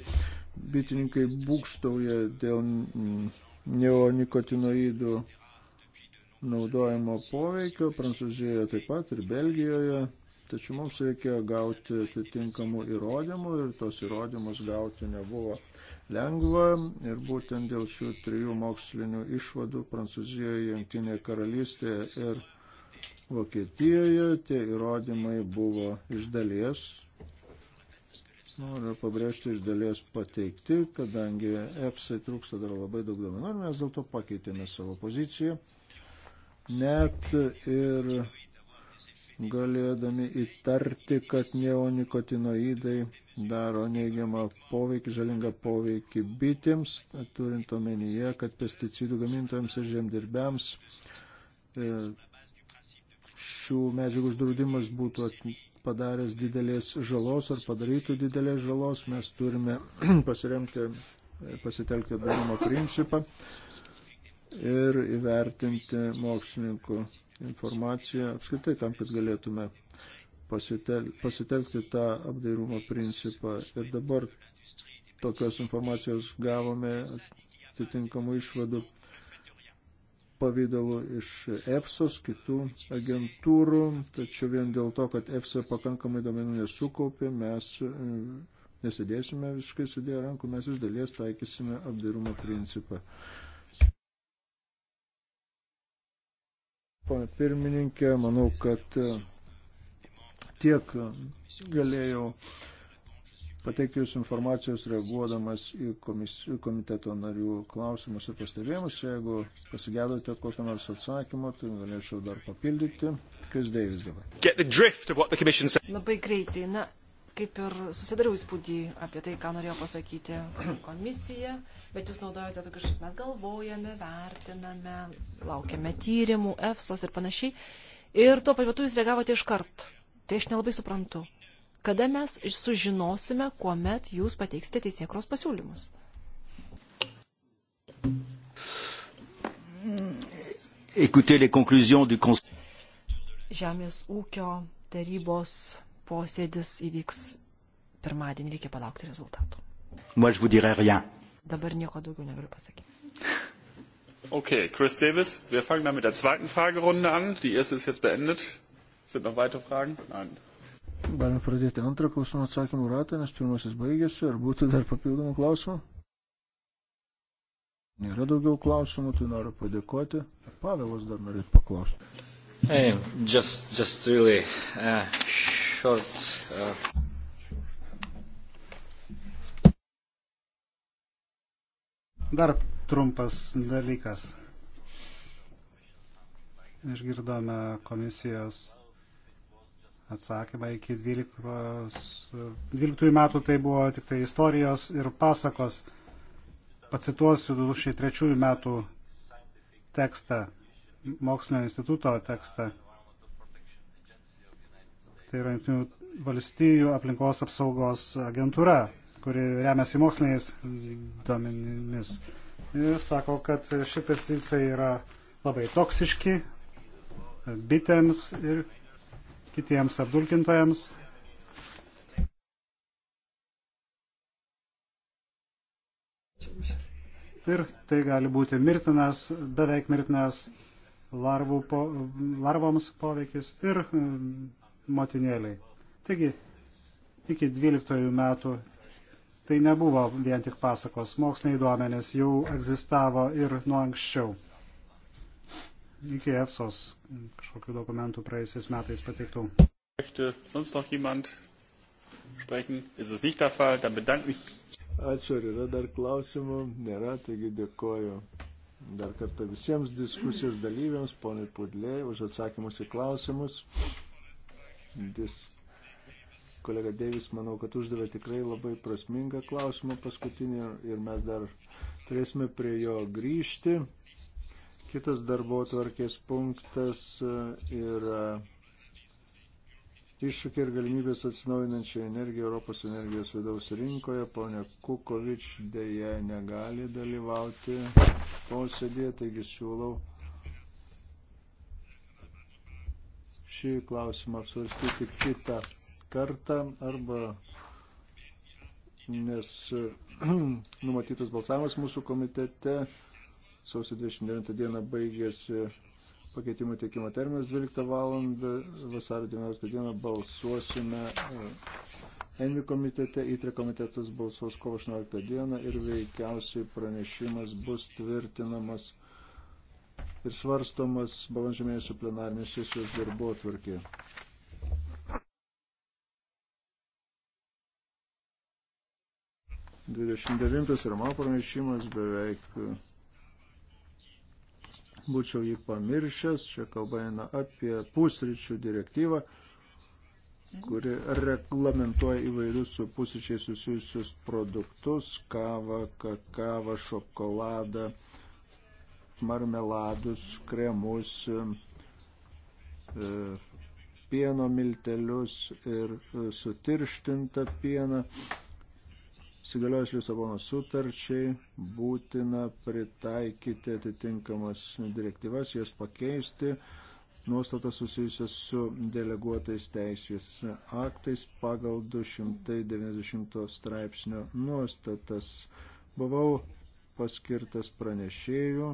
[SPEAKER 2] bitininkai būkštauja dėl neonikotinoidų naudojimo poveikio, Prancūzijoje taip pat ir Belgijoje Tačiau mums reikėjo gauti atitinkamų įrodymų ir tos įrodymus gauti nebuvo lengva. Ir būtent dėl šių trijų mokslinių išvadų Prancūzijoje, Junktinėje karalystėje ir Vokietijoje tie įrodymai buvo iš dalies Noriu pabrėžti iš dalies pateikti, kadangi EPSai trūksta dar labai daug duomenų ir mes dėl to pakeitėme savo poziciją. Net ir galėdami įtarti, kad neonikotinoidai daro neigiamą poveikį, žalingą poveikį bitėms, turint omenyje, kad pesticidų gamintojams ir žemdirbiams e, šių medžiagų uždraudimas būtų padaręs didelės žalos ar padarytų didelės žalos. Mes turime *clears throat* pasiremti, e, pasitelkti darimo principą ir įvertinti mokslininkų informaciją apskritai tam, kad galėtume pasitel, pasitelkti tą apdairumo principą. Ir dabar tokios informacijos gavome atitinkamų išvadų pavydalu iš EFSOS, kitų agentūrų, tačiau vien dėl to, kad EFSA pakankamai domenų nesukaupė, mes nesidėsime visiškai sudėję rankų, mes iš dalies taikysime apdairumo principą. Pane pirmininkė, manau, kad e, tiek galėjau pateikti Jūsų informacijos reaguodamas į komiteto narių klausimus ir pastebėjimus. Jeigu pasigėdote kokią nors atsakymą,
[SPEAKER 3] tai galėčiau dar papildyti. Kas dėvis
[SPEAKER 1] dabar? Labai
[SPEAKER 3] greitai. Na, kaip ir susidariau įspūdį apie tai, ką norėjo pasakyti komisija, bet jūs naudojate tokius žodžius, mes galvojame, vertiname, laukiame tyrimų, EFSOS ir panašiai. Ir tuo pat metu jūs reagavote iš kart. Tai aš nelabai suprantu. Kada mes sužinosime, kuomet jūs pateiksite teisėkros pasiūlymus? Žemės ūkio tarybos posėdis įvyks pirmadienį, reikia palaukti rezultatų. Dabar nieko daugiau negaliu pasakyti.
[SPEAKER 1] Okay, Chris Davis, wir fangen dann mit der zweiten Fragerunde an. Die erste ist jetzt beendet. Sind noch weitere Fragen? Nein.
[SPEAKER 2] Galime pradėti antrą klausimų atsakymų ratą, nes pirmasis baigėsi. Ar būtų dar papildomų klausimų? Nėra daugiau klausimų, tai noriu padėkoti. Pavelas dar norėtų paklausti. Hey,
[SPEAKER 4] just, just really, uh, short. Uh... E. Dar trumpas dalykas. Išgirdome komisijos atsakymą iki 12, 12 metų tai buvo tik tai istorijos ir pasakos. Pacituosiu 2003 metų tekstą, mokslinio instituto tekstą tai yra Junktinių valstijų aplinkos apsaugos agentūra, kuri remiasi moksliniais duomenimis. Jis sako, kad ši pesticidai yra labai toksiški bitėms ir kitiems apdulkintojams. Ir tai gali būti mirtinas, beveik mirtinas larvų po, larvoms poveikis ir motinėliai. Taigi, iki 12 metų tai nebuvo vien tik pasakos. Moksliniai duomenys jau egzistavo ir nuo anksčiau. Iki EFSOS kažkokių dokumentų praėjusiais metais pateiktų.
[SPEAKER 2] Ačiū, ar yra dar klausimų? Nėra, taigi dėkoju dar kartą visiems diskusijos dalyviams, ponai Pudlėjai, už atsakymus į klausimus. Dis... Kolega Deivis, manau, kad uždavė tikrai labai prasmingą klausimą paskutinį ir mes dar turėsime prie jo grįžti. Kitas darbo tvarkės punktas e, yra iššūkiai ir galimybės atsinaujinančiai energiją Europos energijos vidaus rinkoje. Pone Kukovič dėje negali dalyvauti posėdėje, taigi siūlau šį klausimą apsvarstyti kitą kartą arba nes *clears throat* numatytas balsavimas mūsų komitete sausio 29 dieną baigėsi pakeitimų teikimo terminas 12 valandą, vasario 19 dieną balsuosime e, Envi komitete, ITRE komitetas balsuos kovo 18 dieną ir veikiausiai pranešimas bus tvirtinamas ir svarstomas balandžio mėnesio plenarinės sesijos darbo atvarkė. Dvidešimt devintas ir mano pranešimas beveik būčiau jį pamiršęs. Čia kalba eina apie pusryčių direktyvą, kuri reglamentuoja įvairius su pusryčiai susijusius produktus - kavą, kakavą, šokoladą, marmeladus, kremus, e, pieno miltelius ir e, sutirštintą pieną. Įsigaliojus Lisabono sutarčiai būtina pritaikyti atitinkamas direktyvas, jas pakeisti, nuostatas susijusias su deleguotais teisės aktais pagal 290 straipsnio nuostatas. Buvau paskirtas pranešėjų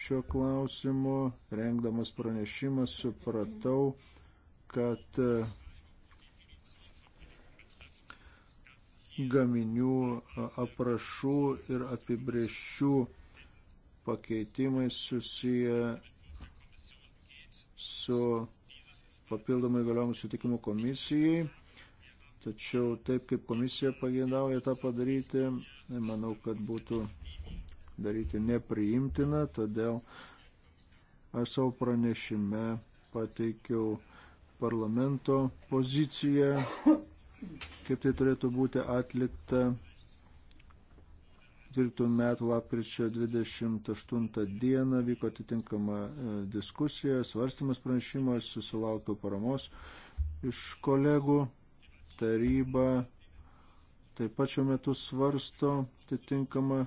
[SPEAKER 2] šiuo klausimu. Rengdamas pranešimą supratau, kad e, gaminių aprašų ir apibrėžčių pakeitimai susiję su papildomai galiojimu sutikimu komisijai. Tačiau taip kaip komisija pageidauja tą padaryti, manau, kad būtų daryti nepriimtina, todėl aš savo pranešime pateikiau parlamento poziciją, kaip tai turėtų būti atlikta 12 metų lapkričio 28 dieną vyko atitinkama e, diskusija, svarstymas pranešimas, susilaukiau paramos iš kolegų, taryba taip pat šiuo metu svarsto atitinkamą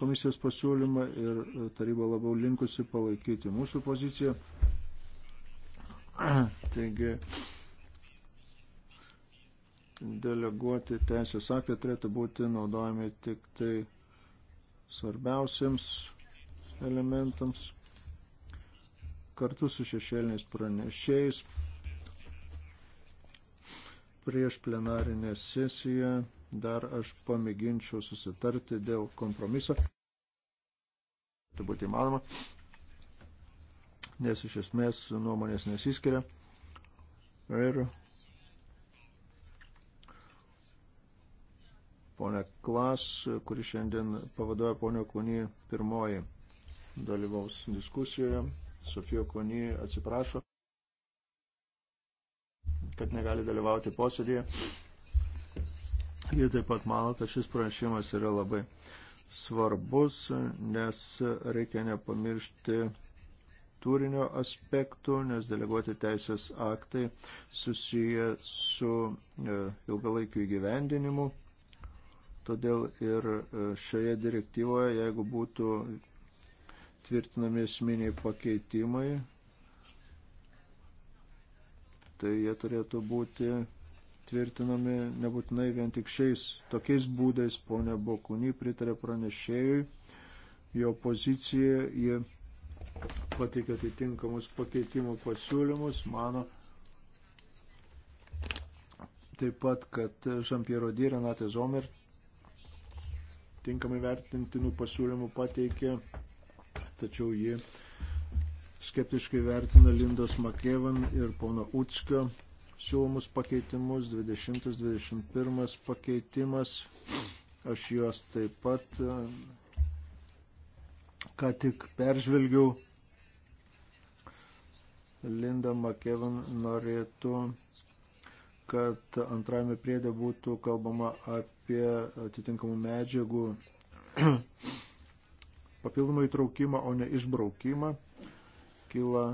[SPEAKER 2] komisijos pasiūlymą ir taryba labiau linkusi palaikyti mūsų poziciją. *clears throat* Taigi, deleguoti teisės aktai turėtų būti naudojami tik tai svarbiausiams elementams kartu su šešėliniais pranešėjais prieš plenarinę sesiją dar aš pamėginčiau susitarti dėl kompromiso. Tai būtų įmanoma, nes iš esmės nuomonės nesiskiria. Ir ponia Klas, kuri šiandien pavaduoja ponio Klonį pirmoji dalyvaus diskusijoje. Sofija Klonį atsiprašo, kad negali dalyvauti posėdėje. Jie taip pat mano, kad šis pranešimas yra labai svarbus, nes reikia nepamiršti turinio aspektų, nes deleguoti teisės aktai susiję su e, ilgalaikiu įgyvendinimu. Todėl ir e, šioje direktyvoje, jeigu būtų tvirtinami esminiai pakeitimai, tai jie turėtų būti tvirtinami nebūtinai vien tik šiais tokiais būdais. Pone Bokūny pritarė pranešėjui, jo poziciją, jie patikė atitinkamus pakeitimų pasiūlymus, mano taip pat, kad Žampiero Dyrė, Natė Zomer tinkamai vertintinų pasiūlymų pateikė, tačiau ji skeptiškai vertina Lindos Makevan ir pono Utskio siūlomus pakeitimus, 20-21 pakeitimas. Aš juos taip pat e, ką tik peržvelgiau. Linda McKevin norėtų, kad antrajame priedė būtų kalbama apie atitinkamų medžiagų *clears throat* papildomą įtraukimą, o ne išbraukimą. Kila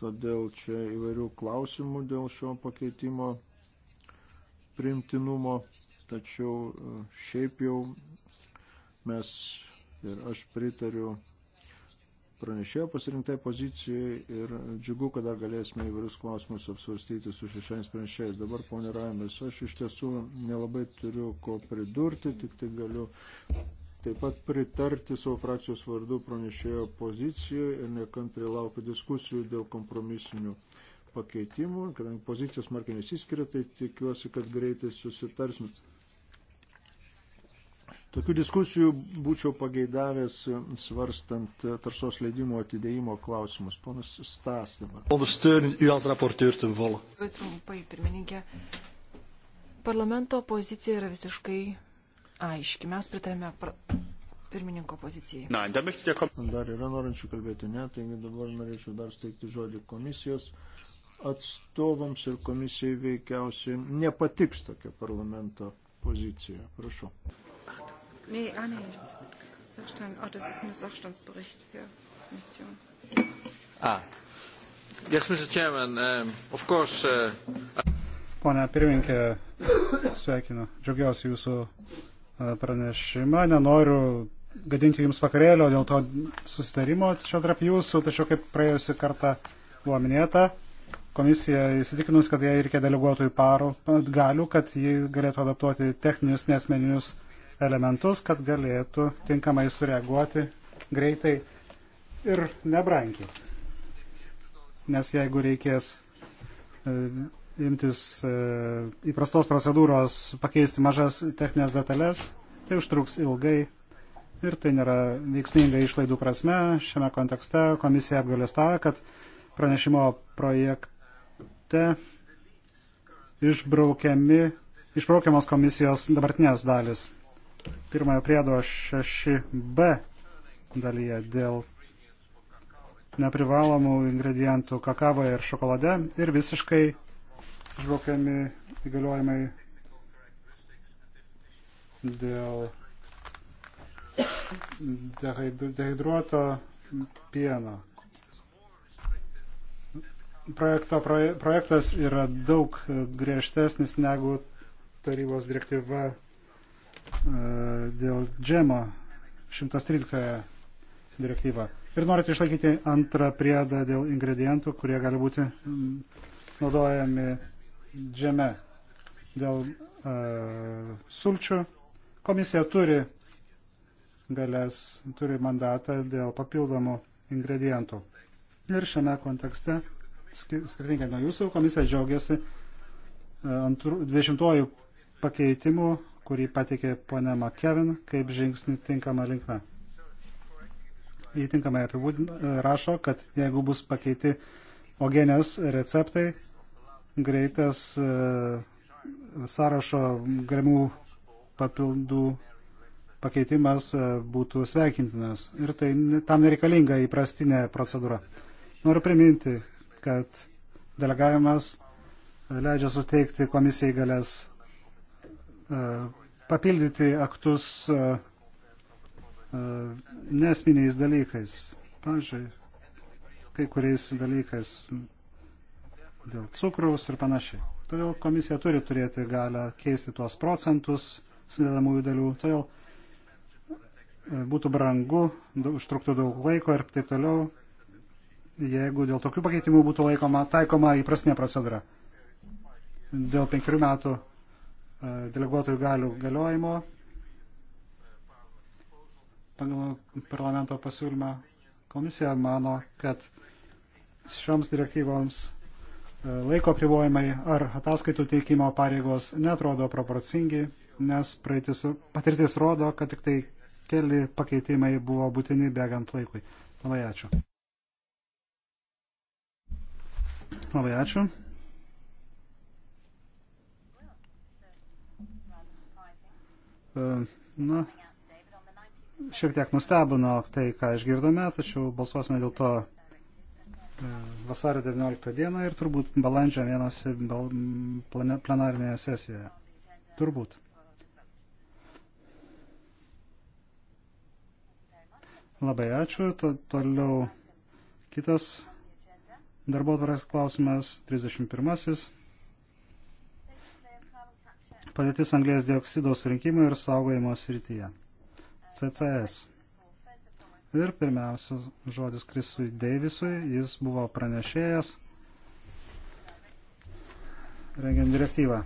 [SPEAKER 2] Todėl čia įvairių klausimų dėl šio pakeitimo primtinumo, tačiau e, šiaip jau mes ir aš pritariu pranešėjo pasirinktai pozicijai ir džiugu, kad dar galėsime įvairius klausimus apsvarstyti su šešiais pranešėjais. Dabar, ponė Raimės, aš iš tiesų nelabai turiu ko pridurti, tik tai galiu taip pat pritarti savo frakcijos vardu pranešėjo pozicijoje ir nekantriai laukiu diskusijų dėl kompromisinių pakeitimų. Kadangi pozicijos markiai nesiskiria, tai tikiuosi, kad greitai susitarsime. Tokių diskusijų būčiau pageidavęs svarstant taršos leidimo atidėjimo klausimus. Ponas Stas dabar.
[SPEAKER 3] Trumpai, pirmininkė. Parlamento pozicija yra visiškai aiški. Mes pritarėme pra... pirmininko pozicijai.
[SPEAKER 2] Na, dar yra norinčių kalbėti, ne, taigi dabar norėčiau dar steigti žodį komisijos atstovams ir komisijai veikiausiai nepatiks tokia parlamento pozicija. Prašau.
[SPEAKER 3] Nee, ah, nee. Sachstand. Ah, das ist ein Sachstandsbericht für Mission.
[SPEAKER 2] Ah. Yes, Mr. Chairman, um, of course. Uh,
[SPEAKER 4] Pone pirmininkė, sveikinu. Džiaugiuosi jūsų pranešimą. Nenoriu gadinti jums vakarėlio dėl to susitarimo čia tarp jūsų, tačiau kaip praėjusi kartą buvo minėta, komisija įsitikinus, kad jai reikia deleguotojų parų galių, kad ji galėtų adaptuoti techninius nesmeninius elementus, kad galėtų tinkamai sureaguoti greitai ir nebrangiai. Nes jeigu reikės e, imtis e, įprastos procedūros pakeisti mažas techninės detalės, tai užtruks ilgai ir tai nėra veiksminga išlaidų prasme. Šiame kontekste komisija apgalėstavo, kad pranešimo projekte išbraukiamos komisijos dabartinės dalis. Pirmojo priedo 6b dalyje dėl neprivalomų ingredientų kakavoje ir šokolade ir visiškai išbraukiami įgaliojimai dėl dehidruoto pieno. Projekto, proje, projektas yra daug griežtesnis negu tarybos direktyva e, dėl džemo 113 direktyva. Ir norite išlaikyti antrą priedą dėl ingredientų, kurie gali būti naudojami džeme dėl uh, sulčių. Komisija turi galės, turi mandatą dėl papildomų ingredientų. Ir šiame kontekste, skirtingai nuo jūsų, komisija džiaugiasi uh, 20-ojų pakeitimų, kurį patikė ponė McKevin, kaip žingsnį tinkamą linkmę. Įtinkamai apibūdina, e, rašo, kad jeigu bus pakeiti ogenės receptai, greitas e, sąrašo galimų papildų pakeitimas e, būtų sveikintinas. Ir tai tam nereikalinga įprastinė procedūra. Noriu priminti, kad delegavimas e, leidžia suteikti komisijai galės papildyti aktus nesminiais dalykais. Pavyzdžiui, kai kuriais dalykais dėl cukraus ir panašiai. Todėl komisija turi turėti galę keisti tuos procentus sudėdamųjų dalių. Todėl e, būtų brangu, užtruktų daug laiko ir taip toliau, jeigu dėl tokių pakeitimų būtų laikoma, taikoma įprastinė procedūra. Dėl penkerių metų e, deleguotojų galių galiojimo pagal parlamento pasiūlymą komisija mano, kad šioms direktyvoms E, laiko privojimai ar ataskaitų teikimo pareigos netrodo proporcingi, nes praeitis, patirtis rodo, kad tik tai keli pakeitimai buvo būtini bėgant laikui. Labai ačiū. Labai ačiū. E, na, šiek tiek nustebino tai, ką išgirdome, tačiau balsuosime dėl to vasario 19 dieną ir turbūt balandžio mėnesį plenarinėje sesijoje. Turbūt. Labai ačiū. To, toliau kitas darbo tvarkas klausimas 31. Padėtis anglės dioksido surinkimo ir saugojimo srityje. CCS. Ir pirmiausia, žodis Krisui Deivisui, jis buvo pranešėjas rengiant direktyvą.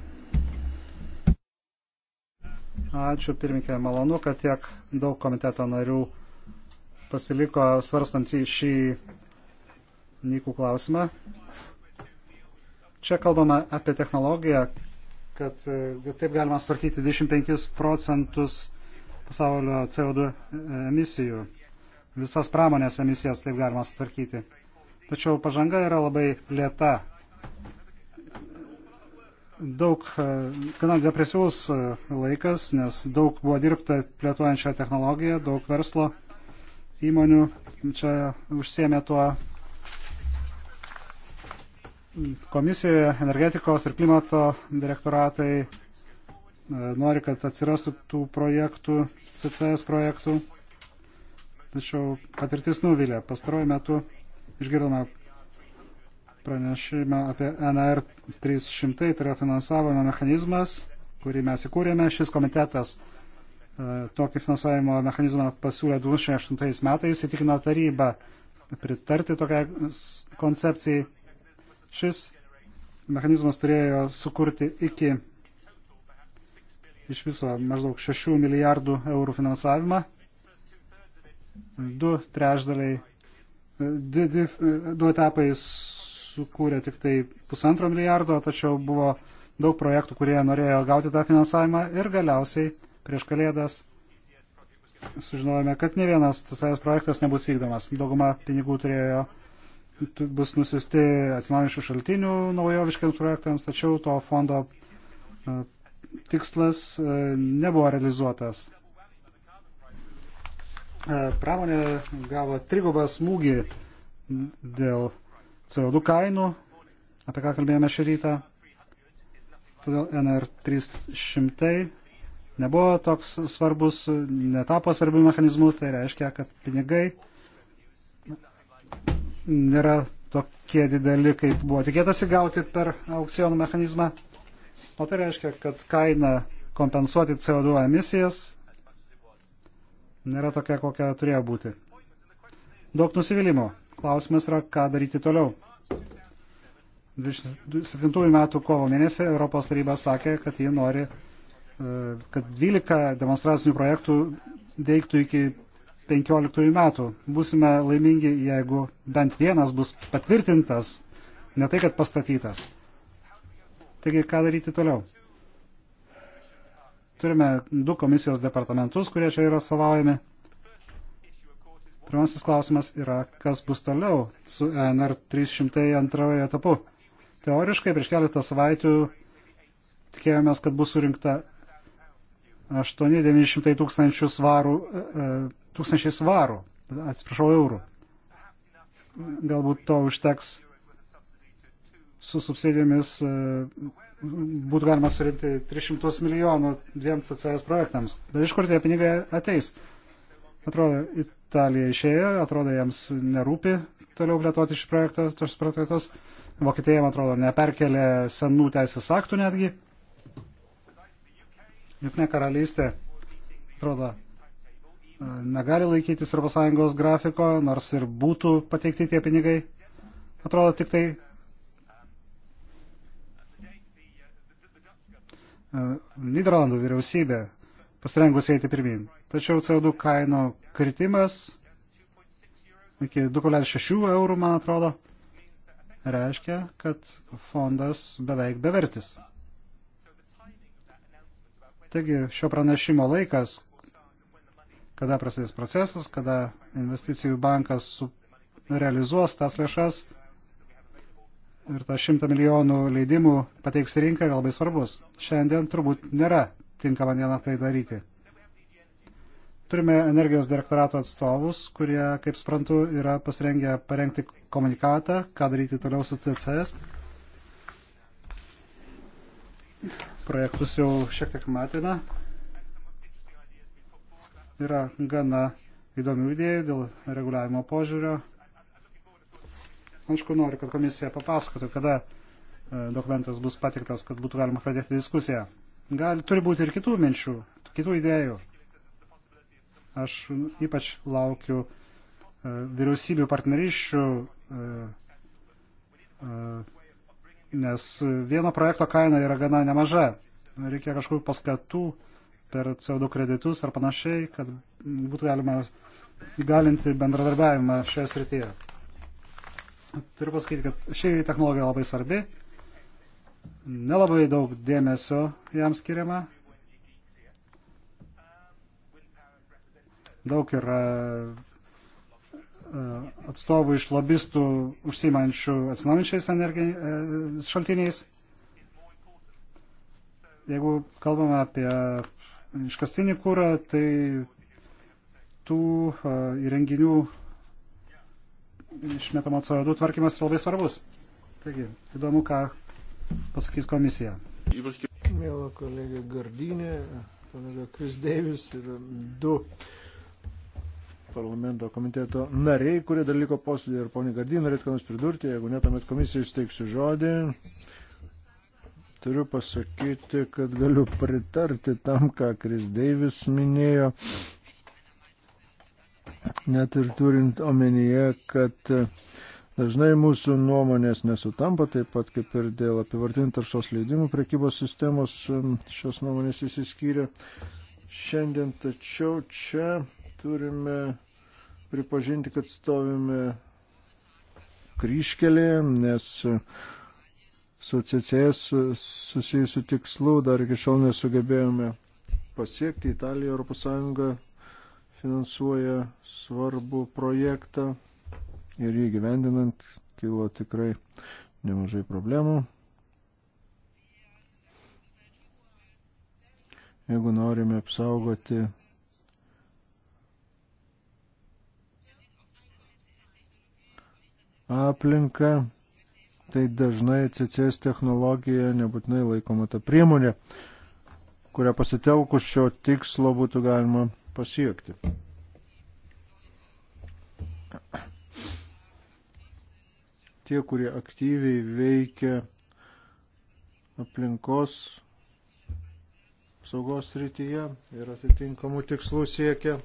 [SPEAKER 4] Ačiū pirmininkė, malonu, kad tiek daug komiteto narių pasiliko svarstant į šį nykų klausimą. Čia kalbama apie technologiją, kad e, taip galima sutvarkyti 25 procentus pasaulio CO2 e, emisijų visas pramonės emisijas taip galima sutvarkyti. Tačiau pažanga yra labai lėta. Daug, e, gana depresyvus e, laikas, nes daug buvo dirbta plėtuojančią technologiją, daug verslo įmonių čia užsiemė tuo komisijoje, energetikos ir klimato direktoratai e, nori, kad atsirastų tų projektų, CCS projektų. Tačiau patirtis nuvilė. Pastaruoju metu išgirdome pranešimą apie NR 300, tai yra finansavimo mechanizmas, kurį mes įkūrėme. Šis komitetas e, tokį finansavimo mechanizmą pasiūlė 2008 metais, įtikino tarybą pritarti tokiai koncepcijai. Šis mechanizmas turėjo sukurti iki iš viso maždaug 6 milijardų eurų finansavimą. Du trešdaliai, e, di, di, e, du etapai sukūrė tik tai pusantro milijardo, tačiau buvo daug projektų, kurie norėjo gauti tą finansavimą ir galiausiai prieš kalėdas sužinojome, kad ne vienas CSS projektas nebus vykdomas. Dauguma pinigų turėjo bus nusisti atsinaujančių šaltinių naujoviškiams projektams, tačiau to fondo e, tikslas nebuvo realizuotas. E, pramonė gavo trigubą smūgį dėl CO2 kainų, apie ką kalbėjome šį rytą. Todėl NR300 nebuvo toks svarbus, netapo svarbių mechanizmų, tai reiškia, kad pinigai nėra tokie dideli, kaip buvo tikėtasi gauti per aukcionų mechanizmą. O tai reiškia, kad kaina kompensuoti CO2 emisijas nėra tokia, kokia turėjo būti. Daug nusivylimų. Klausimas yra, ką daryti toliau. 27 metų kovo mėnesį Europos taryba sakė, kad ji nori, e, kad 12 demonstracinių projektų veiktų iki 15 metų. Būsime laimingi, jeigu bent vienas bus patvirtintas, ne tai, kad pastatytas. Taigi, ką daryti toliau? Turime du komisijos departamentus, kurie čia yra savaujami. Pirmasis klausimas yra, kas bus toliau su e NR 302 etapu. Teoriškai prieš keletą savaičių tikėjomės, kad bus surinkta 8-900 tūkstančių svarų, e, e, tūkstančiai svarų, atsiprašau, eurų. Galbūt to užteks su subsidijomis būtų galima surinkti 300 milijonų dviem CCS projektams. Bet iš kur tie pinigai ateis? Atrodo, Italija išėjo, atrodo, jiems nerūpi toliau plėtoti šį projektą, tos projektus. Vokietija, man atrodo, neperkelė senų teisės aktų netgi. Jukne karalystė, atrodo, negali laikytis ES grafiko, nors ir būtų pateikti tie pinigai. Atrodo, tik tai E, Niderlandų vyriausybė pasirengus eiti pirmin. Tačiau CO2 kainų kritimas iki 2,6 eurų, man atrodo, reiškia, kad fondas beveik bevertis. Taigi šio pranešimo laikas, kada prasidės procesas, kada investicijų bankas realizuos tas lėšas, ir tą šimtą milijonų leidimų pateiks rinkai yra labai svarbus. Šiandien turbūt nėra tinkama diena tai daryti. Turime energijos direktorato atstovus, kurie, kaip suprantu, yra pasirengę parengti komunikatą, ką daryti toliau su CCS. Projektus jau šiek tiek matėme. Yra gana įdomių idėjų dėl reguliavimo požiūrio Aišku, noriu, kad komisija papasakotų, kada e, dokumentas bus patiktas, kad būtų galima pradėti diskusiją. Gali, turi būti ir kitų minčių, kitų idėjų. Aš ypač laukiu e, vyriausybių partnerysčių, e, nes vieno projekto kaina yra gana nemaža. Reikia kažkokių paskatų per CO2 kreditus ar panašiai, kad būtų galima įgalinti bendradarbiavimą šioje srityje. Turiu pasakyti, kad ši technologija labai svarbi. Nelabai daug dėmesio jam skiriama. Daug yra e, atstovų iš lobistų užsimančių atsinaujančiais energijos e, šaltiniais. Jeigu kalbame apie iškastinį kūrą, tai tų e, įrenginių išmetamo CO2 tvarkymas yra labai svarbus. Taigi, įdomu, ką pasakys komisija.
[SPEAKER 2] Mėlo kolega Gardinė, kolega Kris Deivis ir du parlamento komiteto nariai, kurie dar liko posėdį ir ponį Gardinį, norėtų ką nors pridurti, jeigu netamet komisijai steiksiu žodį turiu pasakyti, kad galiu pritarti tam, ką Kris Deivis minėjo net ir turint omenyje, kad dažnai mūsų nuomonės nesutampa, taip pat kaip ir dėl apivartinių taršos leidimų prekybos sistemos šios nuomonės įsiskyrė. Šiandien tačiau čia turime pripažinti, kad stovime kryškelėje, nes su CCS susijusių tikslų dar iki šiol nesugebėjome pasiekti. Italija Europos Sąjunga finansuoja svarbų projektą ir jį gyvendinant kilo tikrai nemažai problemų. Jeigu norime apsaugoti aplinką, tai dažnai CCS technologija nebūtinai laikoma ta priemonė, kurią pasitelkus šio tikslo būtų galima pasiekti. Tie, kurie aktyviai veikia aplinkos saugos rytyje ir atitinkamų tikslų siekia,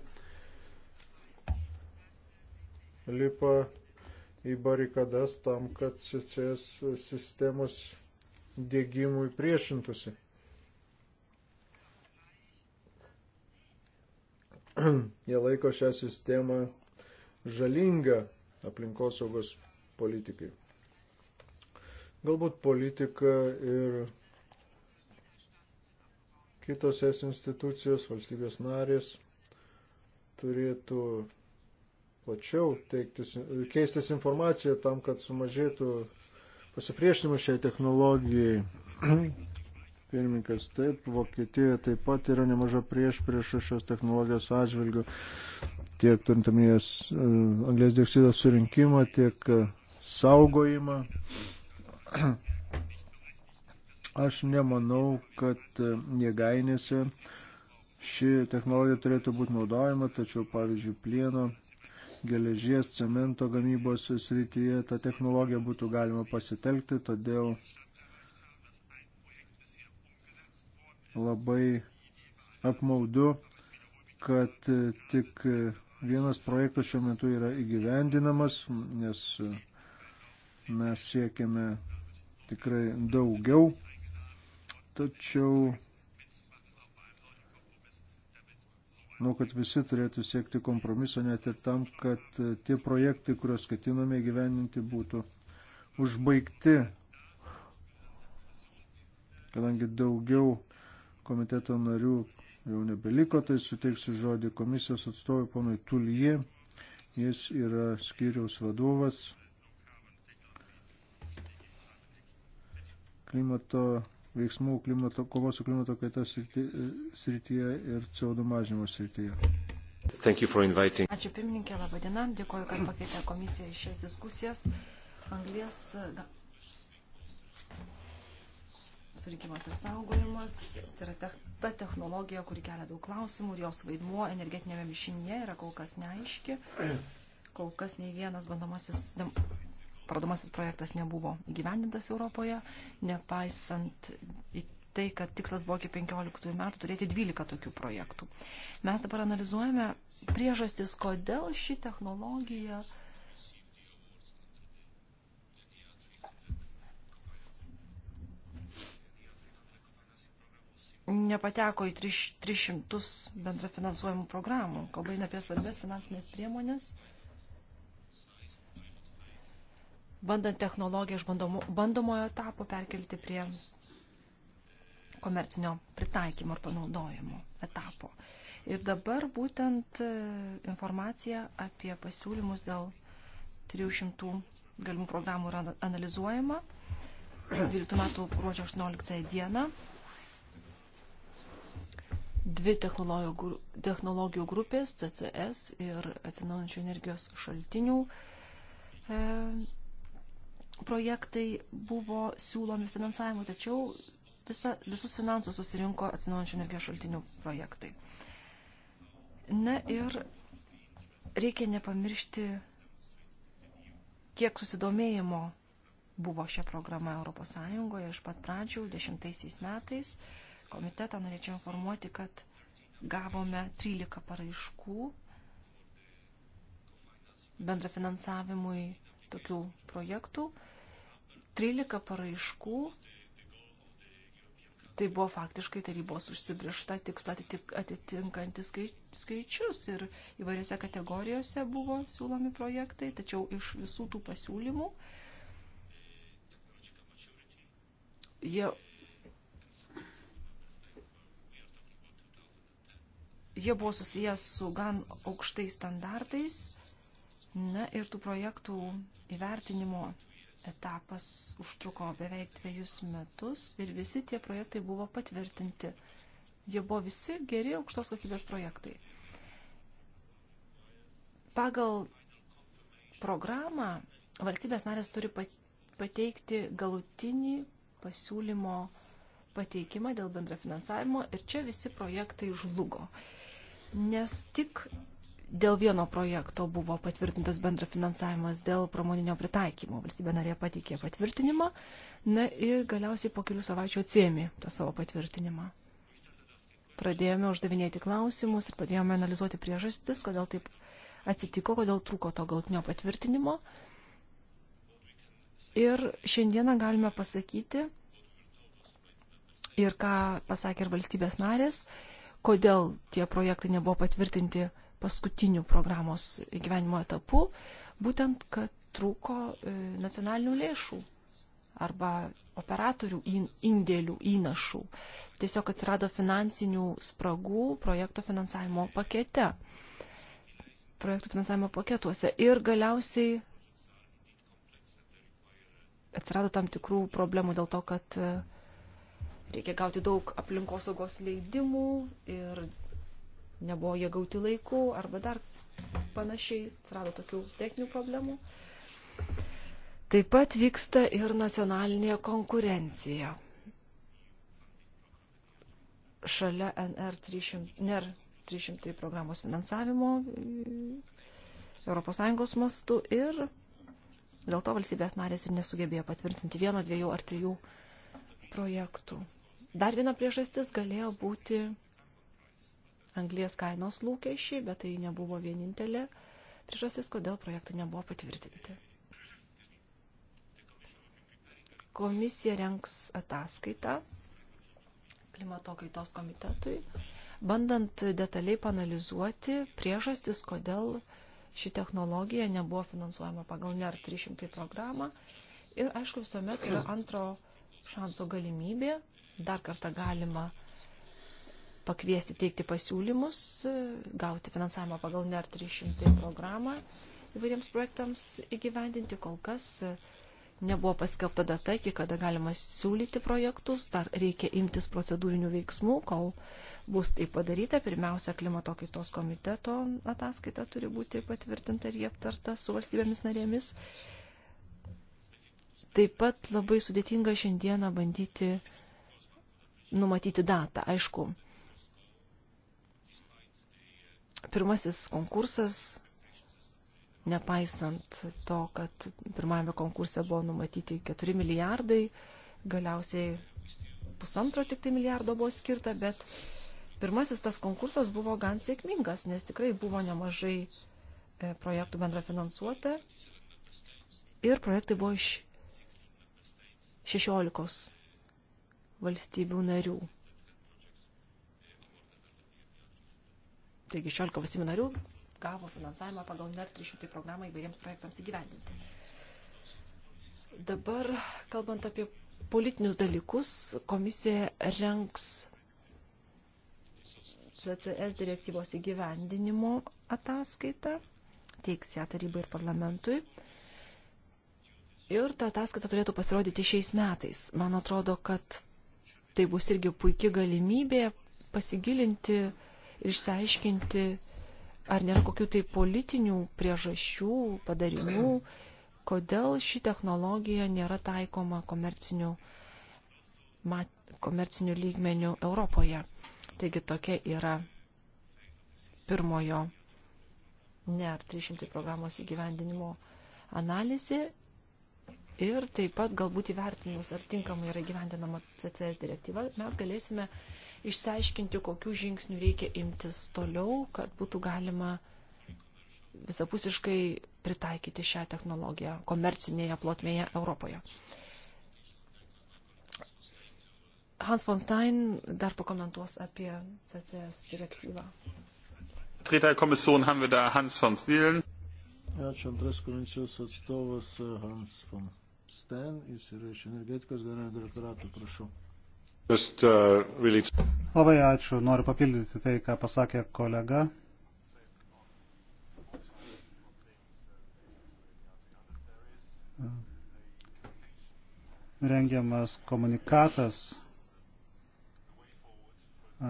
[SPEAKER 2] lipa į barikadas tam, kad CCS sistemos dėgymui priešintųsi. jie laiko šią sistemą žalingą aplinkosaugos politikai. Galbūt politika ir kitos es institucijos, valstybės narės turėtų plačiau teiktis, keistis informaciją tam, kad sumažėtų pasipriešinimas šiai technologijai. Pirmininkas, taip, Vokietijoje taip pat yra nemaža prieš prieš šios technologijos atžvilgių, tiek turintamies uh, e, anglės dioksido surinkimą, tiek uh, saugojimą. *clears throat* Aš nemanau, kad uh, jėgainėse ši technologija turėtų būti naudojama, tačiau pavyzdžiui plieno geležies cemento gamybos srityje tą technologiją būtų galima pasitelkti, todėl labai apmaudu, kad e, tik e, vienas projektas šiuo metu yra įgyvendinamas, nes e, mes siekiame tikrai daugiau, tačiau Manau, kad visi turėtų siekti kompromiso net ir tam, kad tie projektai, kuriuos ketiname gyveninti, būtų užbaigti, kadangi daugiau komiteto narių jau nebeliko, tai suteiksiu žodį komisijos atstovui ponui Tulijai. Jis yra skyriaus vadovas klimato veiksmų, klimato, kovos su klimato kaita srityje ir CO2 mažinimo srityje.
[SPEAKER 4] Ačiū
[SPEAKER 3] pirmininkė, laba diena, dėkoju, kad pakvietė komisiją į šias diskusijas. Anglės surinkimas ir saugojimas. Tai yra te, ta technologija, kuri kelia daug klausimų ir jos vaidmuo energetinėme mišinėje yra kol kas neaiški. Kol kas nei vienas bandomasis, ne, parodomasis projektas nebuvo įgyvendintas Europoje, nepaisant į tai, kad tikslas buvo iki 15 metų turėti 12 tokių projektų. Mes dabar analizuojame priežastis, kodėl ši technologija uh, nepateko į 300 bendra finansuojamų programų. Kalba eina apie svarbės finansinės priemonės. Bandant technologiją iš bandomo, bandomojo etapo perkelti prie komercinio pritaikymo ar panaudojimo etapo. Ir dabar būtent e, informacija apie pasiūlymus dėl 300 galimų programų yra analizuojama. 12 metų gruodžio 18 dieną dvi technologijų grupės - CCS ir atsinaujančių energijos šaltinių e, projektai buvo siūlomi finansavimu, tačiau visa, visus finansus susirinko atsinaujančių energijos šaltinių projektai. Na ir reikia nepamiršti, kiek susidomėjimo buvo šią programą ES iš pat pradžių, dešimtaisiais metais komitetą norėčiau informuoti, kad gavome 13 paraiškų bendrafinansavimui tokių projektų. 13 paraiškų. Tai buvo faktiškai tarybos užsibriešta tiksla atitinkantis skaičius ir įvairiose kategorijose buvo siūlomi projektai, tačiau iš visų tų pasiūlymų jie jie buvo susijęs su gan aukštais standartais. Na ir tų projektų įvertinimo etapas užtruko beveik dviejus metus ir visi tie projektai buvo patvirtinti. Jie buvo visi geri aukštos kokybės projektai. Pagal programą valstybės narės turi pateikti galutinį pasiūlymo pateikimą dėl bendrafinansavimo ir čia visi projektai žlugo. Uh, nes tik dėl vieno projekto buvo patvirtintas bendrafinansavimas dėl pramoninio pritaikymo. Valstybė narė pateikė patvirtinimą na, ir galiausiai po kelių savaičių atsėmė tą savo patvirtinimą. Pradėjome uždavinėti klausimus ir pradėjome analizuoti priežastis, kodėl taip atsitiko, kodėl trūko to galtinio patvirtinimo. Ir šiandieną galime pasakyti, ir ką pasakė ir valstybės narės, kodėl tie projektai nebuvo patvirtinti paskutiniu programos gyvenimo etapu, būtent, kad trūko e, nacionalinių lėšų arba operatorių indėlių įnašų. Tiesiog atsirado finansinių spragų projekto finansavimo pakete, projektų finansavimo paketuose. Ir galiausiai atsirado tam tikrų problemų dėl to, kad uh, reikia gauti daug aplinkosaugos leidimų ir nebuvo jie gauti laiku arba dar panašiai, atsirado tokių techninių problemų. Taip pat vyksta ir nacionalinė konkurencija. Šalia NR 300, NR 300 programos finansavimo ES mastu ir dėl to valstybės narės ir nesugebėjo patvirtinti vieno, dviejų ar trijų projektų. Dar viena priežastis galėjo būti anglės kainos lūkesčiai, bet tai nebuvo vienintelė priežastis, kodėl projektai nebuvo patvirtinti. Komisija renks ataskaitą klimato kaitos komitetui, bandant detaliai panalizuoti priežastis, kodėl ši technologija nebuvo finansuojama pagal NER 300 programą. Ir aišku, visuomet yra antro šanso galimybė dar kartą galima pakviesti teikti pasiūlymus, gauti finansavimą pagal NER 300 programą įvairiems projektams įgyvendinti. Kol kas nebuvo paskelbta data, iki kada galima siūlyti projektus, dar reikia imtis procedūrinių veiksmų, kol bus tai padaryta. Pirmiausia, klimato kaitos komiteto ataskaita turi būti patvirtinta ir jie aptarta su valstybėmis narėmis. Taip pat labai sudėtinga šiandieną bandyti numatyti datą. Aišku, pirmasis konkursas, nepaisant to, kad pirmajame konkurse buvo numatyti 4 milijardai, galiausiai pusantro tik tai milijardo buvo skirta, bet pirmasis tas konkursas buvo gan sėkmingas, nes tikrai buvo nemažai e, projektų bendrafinansuota ir projektai buvo iš 16 valstybių narių. Taigi 16 valstybių narių gavo finansavimą pagal NER 300 programą įvairiems projektams įgyvendinti. Dabar, kalbant apie politinius dalykus, komisija renks CCS direktyvos įgyvendinimo ataskaitą, teiks ją tarybai ir parlamentui. Ir ta ataskaita turėtų pasirodyti šiais metais. Man atrodo, kad Tai bus irgi puikia galimybė pasigilinti ir išsiaiškinti, ar nėra kokių tai politinių priežasčių, padarinių, kodėl ši technologija nėra taikoma komerciniu, mat, komerciniu lygmeniu Europoje. Taigi tokia yra pirmojo NER 300 programos įgyvendinimo analizė ir taip pat galbūt įvertinus, ar tinkamai yra gyvendinama CCS direktyva, mes galėsime išsiaiškinti, kokių žingsnių reikia imtis toliau, kad būtų galima visapusiškai pritaikyti šią technologiją komercinėje plotmėje Europoje. Hans von Stein dar pakomentuos apie CCS direktyvą.
[SPEAKER 1] Treter Kommission haben wir da Hans von Stielen. Ačiū antras komisijos atstovas
[SPEAKER 2] Hans von Sten, jis yra iš energetikos generalinio direktorato, prašau.
[SPEAKER 1] Just, uh, really...
[SPEAKER 4] Labai ačiū, noriu papildyti tai, ką pasakė kolega. Rengiamas komunikatas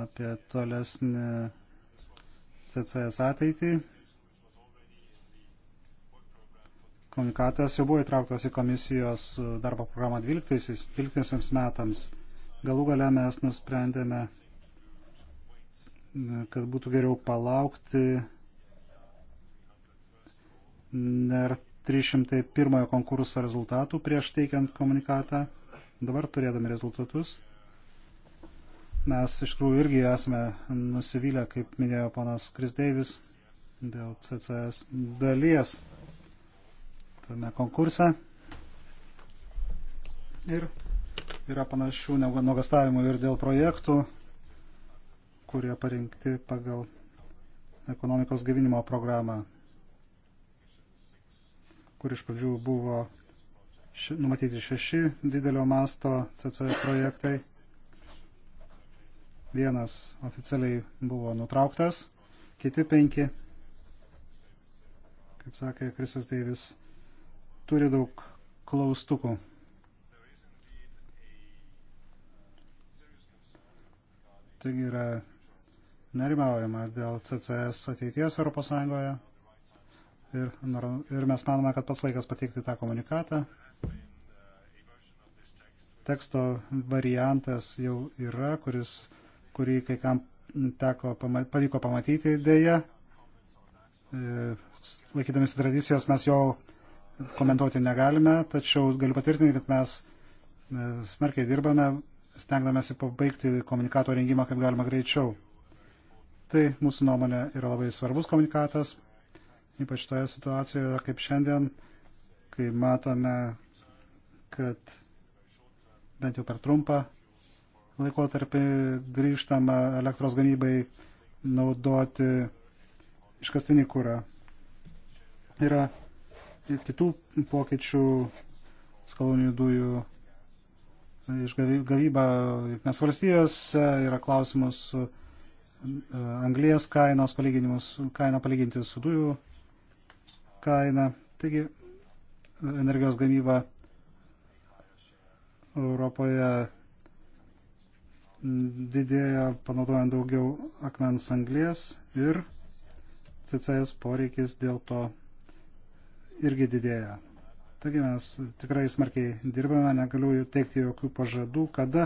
[SPEAKER 4] apie tolesnį CCS ateitį. komunikatas jau buvo įtrauktas į komisijos darbo programą 12, 12 metams. Galų gale mes nusprendėme, kad būtų geriau palaukti NER 301 konkurso rezultatų prieš teikiant komunikatą. Dabar turėdami rezultatus, mes iš tikrųjų irgi esame nusivylę, kaip minėjo panas Krisdeivis, dėl CCS dalies tame konkurse. Ir yra panašių nuogastavimų ir dėl projektų, kurie parinkti pagal ekonomikos gyvinimo programą, kur iš pradžių buvo ši, numatyti šeši didelio masto CC projektai. Vienas oficialiai buvo nutrauktas, kiti penki, kaip sakė Krisas Deivis, turi daug klaustukų. Taigi yra nerimaujama dėl CCS ateities ES ir, ir mes manome, kad pats laikas pateikti tą komunikatą. Teksto variantas jau yra, kuris, kurį kai kam teko, pavyko pamatyti dėja. E, Laikydamis tradicijos mes jo komentuoti negalime, tačiau galiu patvirtinti, kad mes e, smarkiai dirbame, stengdamėsi pabaigti komunikato rengimą kaip galima greičiau. Tai mūsų nuomonė yra labai svarbus komunikatas, ypač toje situacijoje kaip šiandien, kai matome, kad bent jau per trumpą laikotarpį grįžtama elektros gamybai naudoti iškastinį kūrą. Yra Tai kitų pokyčių skalūninių dujų tai iš gavybą Junktinės valstijos, yra klausimus e, anglės kainos palyginimus, kainą palyginti su dujų kaina. Taigi energijos gamyba Europoje didėja panaudojant daugiau akmens anglės ir CCS poreikis dėl to irgi didėja. Taigi mes tikrai smarkiai dirbame, negaliu teikti jokių pažadų, kada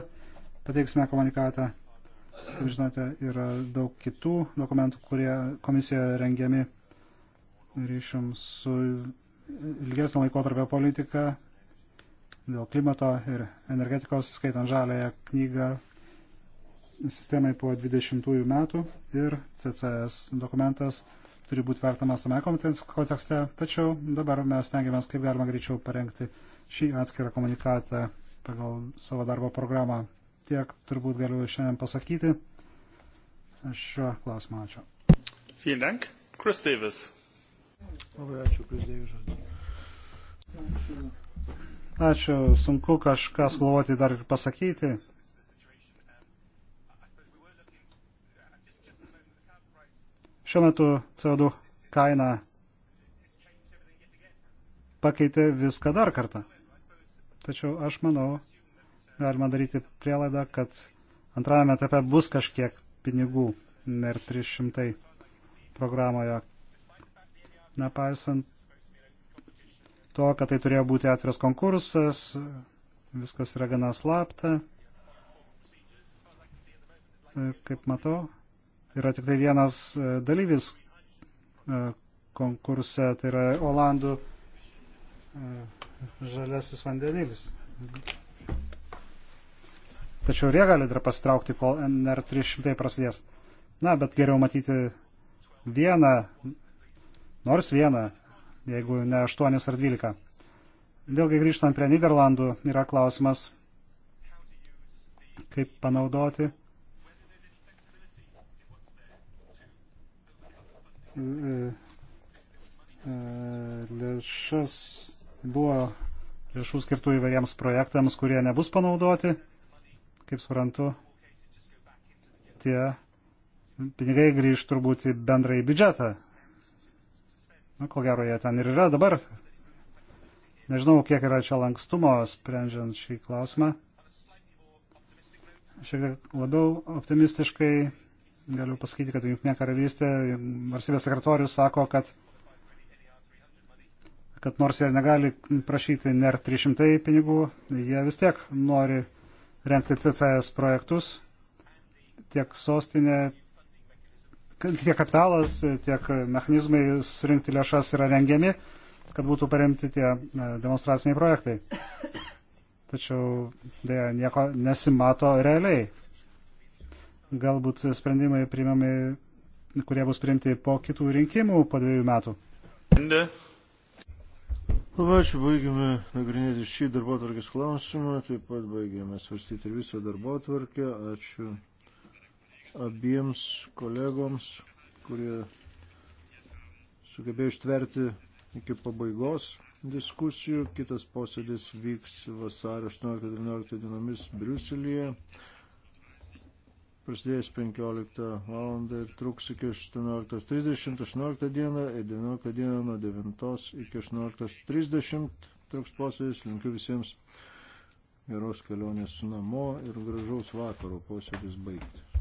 [SPEAKER 4] pateiksime komunikatą. Kaip žinote, yra daug kitų dokumentų, kurie komisijoje rengiami ryšium su ilgesnio laikotarpio politika dėl klimato ir energetikos, skaitant žalėje knygą sistemai po 20 metų ir CCS dokumentas turi būti vertamas tame kontekste, tačiau dabar mes tengiamės kaip galima greičiau parengti šį atskirą komunikatą pagal savo darbo programą. Tiek turbūt galiu šiandien pasakyti. Šiuo klausimu ačiū.
[SPEAKER 1] Vielen Dank. Chris Davis. Labai ačiū, Chris Davis.
[SPEAKER 4] Ačiū, sunku kažką sugalvoti dar ir pasakyti. Šiuo metu CO2 kaina pakeitė viską dar kartą. Tačiau aš manau, galima daryti prielaidą, kad antrajame etape bus kažkiek pinigų ir 300 programoje. Nepaisant to, kad tai turėjo būti atviras konkursas, viskas yra gana slapta. Kaip matau, Tai yra tik tai vienas e, dalyvis e, konkurse, tai yra Olandų e, žalesis vandenilis. Tačiau ir jie gali dar pasitraukti, kol NR300 prasidės. Na, bet geriau matyti vieną, nors vieną, jeigu ne 8 ar 12. Vėlgi grįžtant prie Niderlandų, yra klausimas, kaip panaudoti E, e, lėšas buvo lėšų skirtų įvairiems projektams, kurie nebus panaudoti. Kaip suprantu, tie pinigai grįž turbūt į bendrąjį biudžetą. Na, ko gero, jie ten ir yra dabar. Nežinau, kiek yra čia lankstumo, sprendžiant šį klausimą. Šiek tiek labiau optimistiškai galiu pasakyti, kad Junktinė karalystė, valstybės sekretorius sako, kad, kad nors jie negali prašyti NER 300 pinigų, jie vis tiek nori renkti CCS projektus, tiek sostinė, tiek kapitalas, tiek mechanizmai surinkti lėšas yra rengiami, kad būtų paremti tie e, demonstraciniai projektai. Tačiau dėja nieko nesimato realiai galbūt sprendimai priimami, kurie bus priimti po kitų rinkimų po dviejų metų. Ne. Labai ačiū,
[SPEAKER 2] baigėme nagrinėti šį darbo tvarkės klausimą, taip pat baigėme svarstyti ir visą darbo tvarkę. Ačiū abiems kolegoms, kurie sugebėjo ištverti iki pabaigos diskusijų. Kitas posėdis vyks vasario 18-19 dienomis Briuselėje prasidės 15 val. ir truks iki 18.30, 18 dieną ir 19 dieną nuo 9 iki 18.30 truks posėdis. Linkiu visiems geros kelionės namo ir gražaus vakaro posėdis baigti.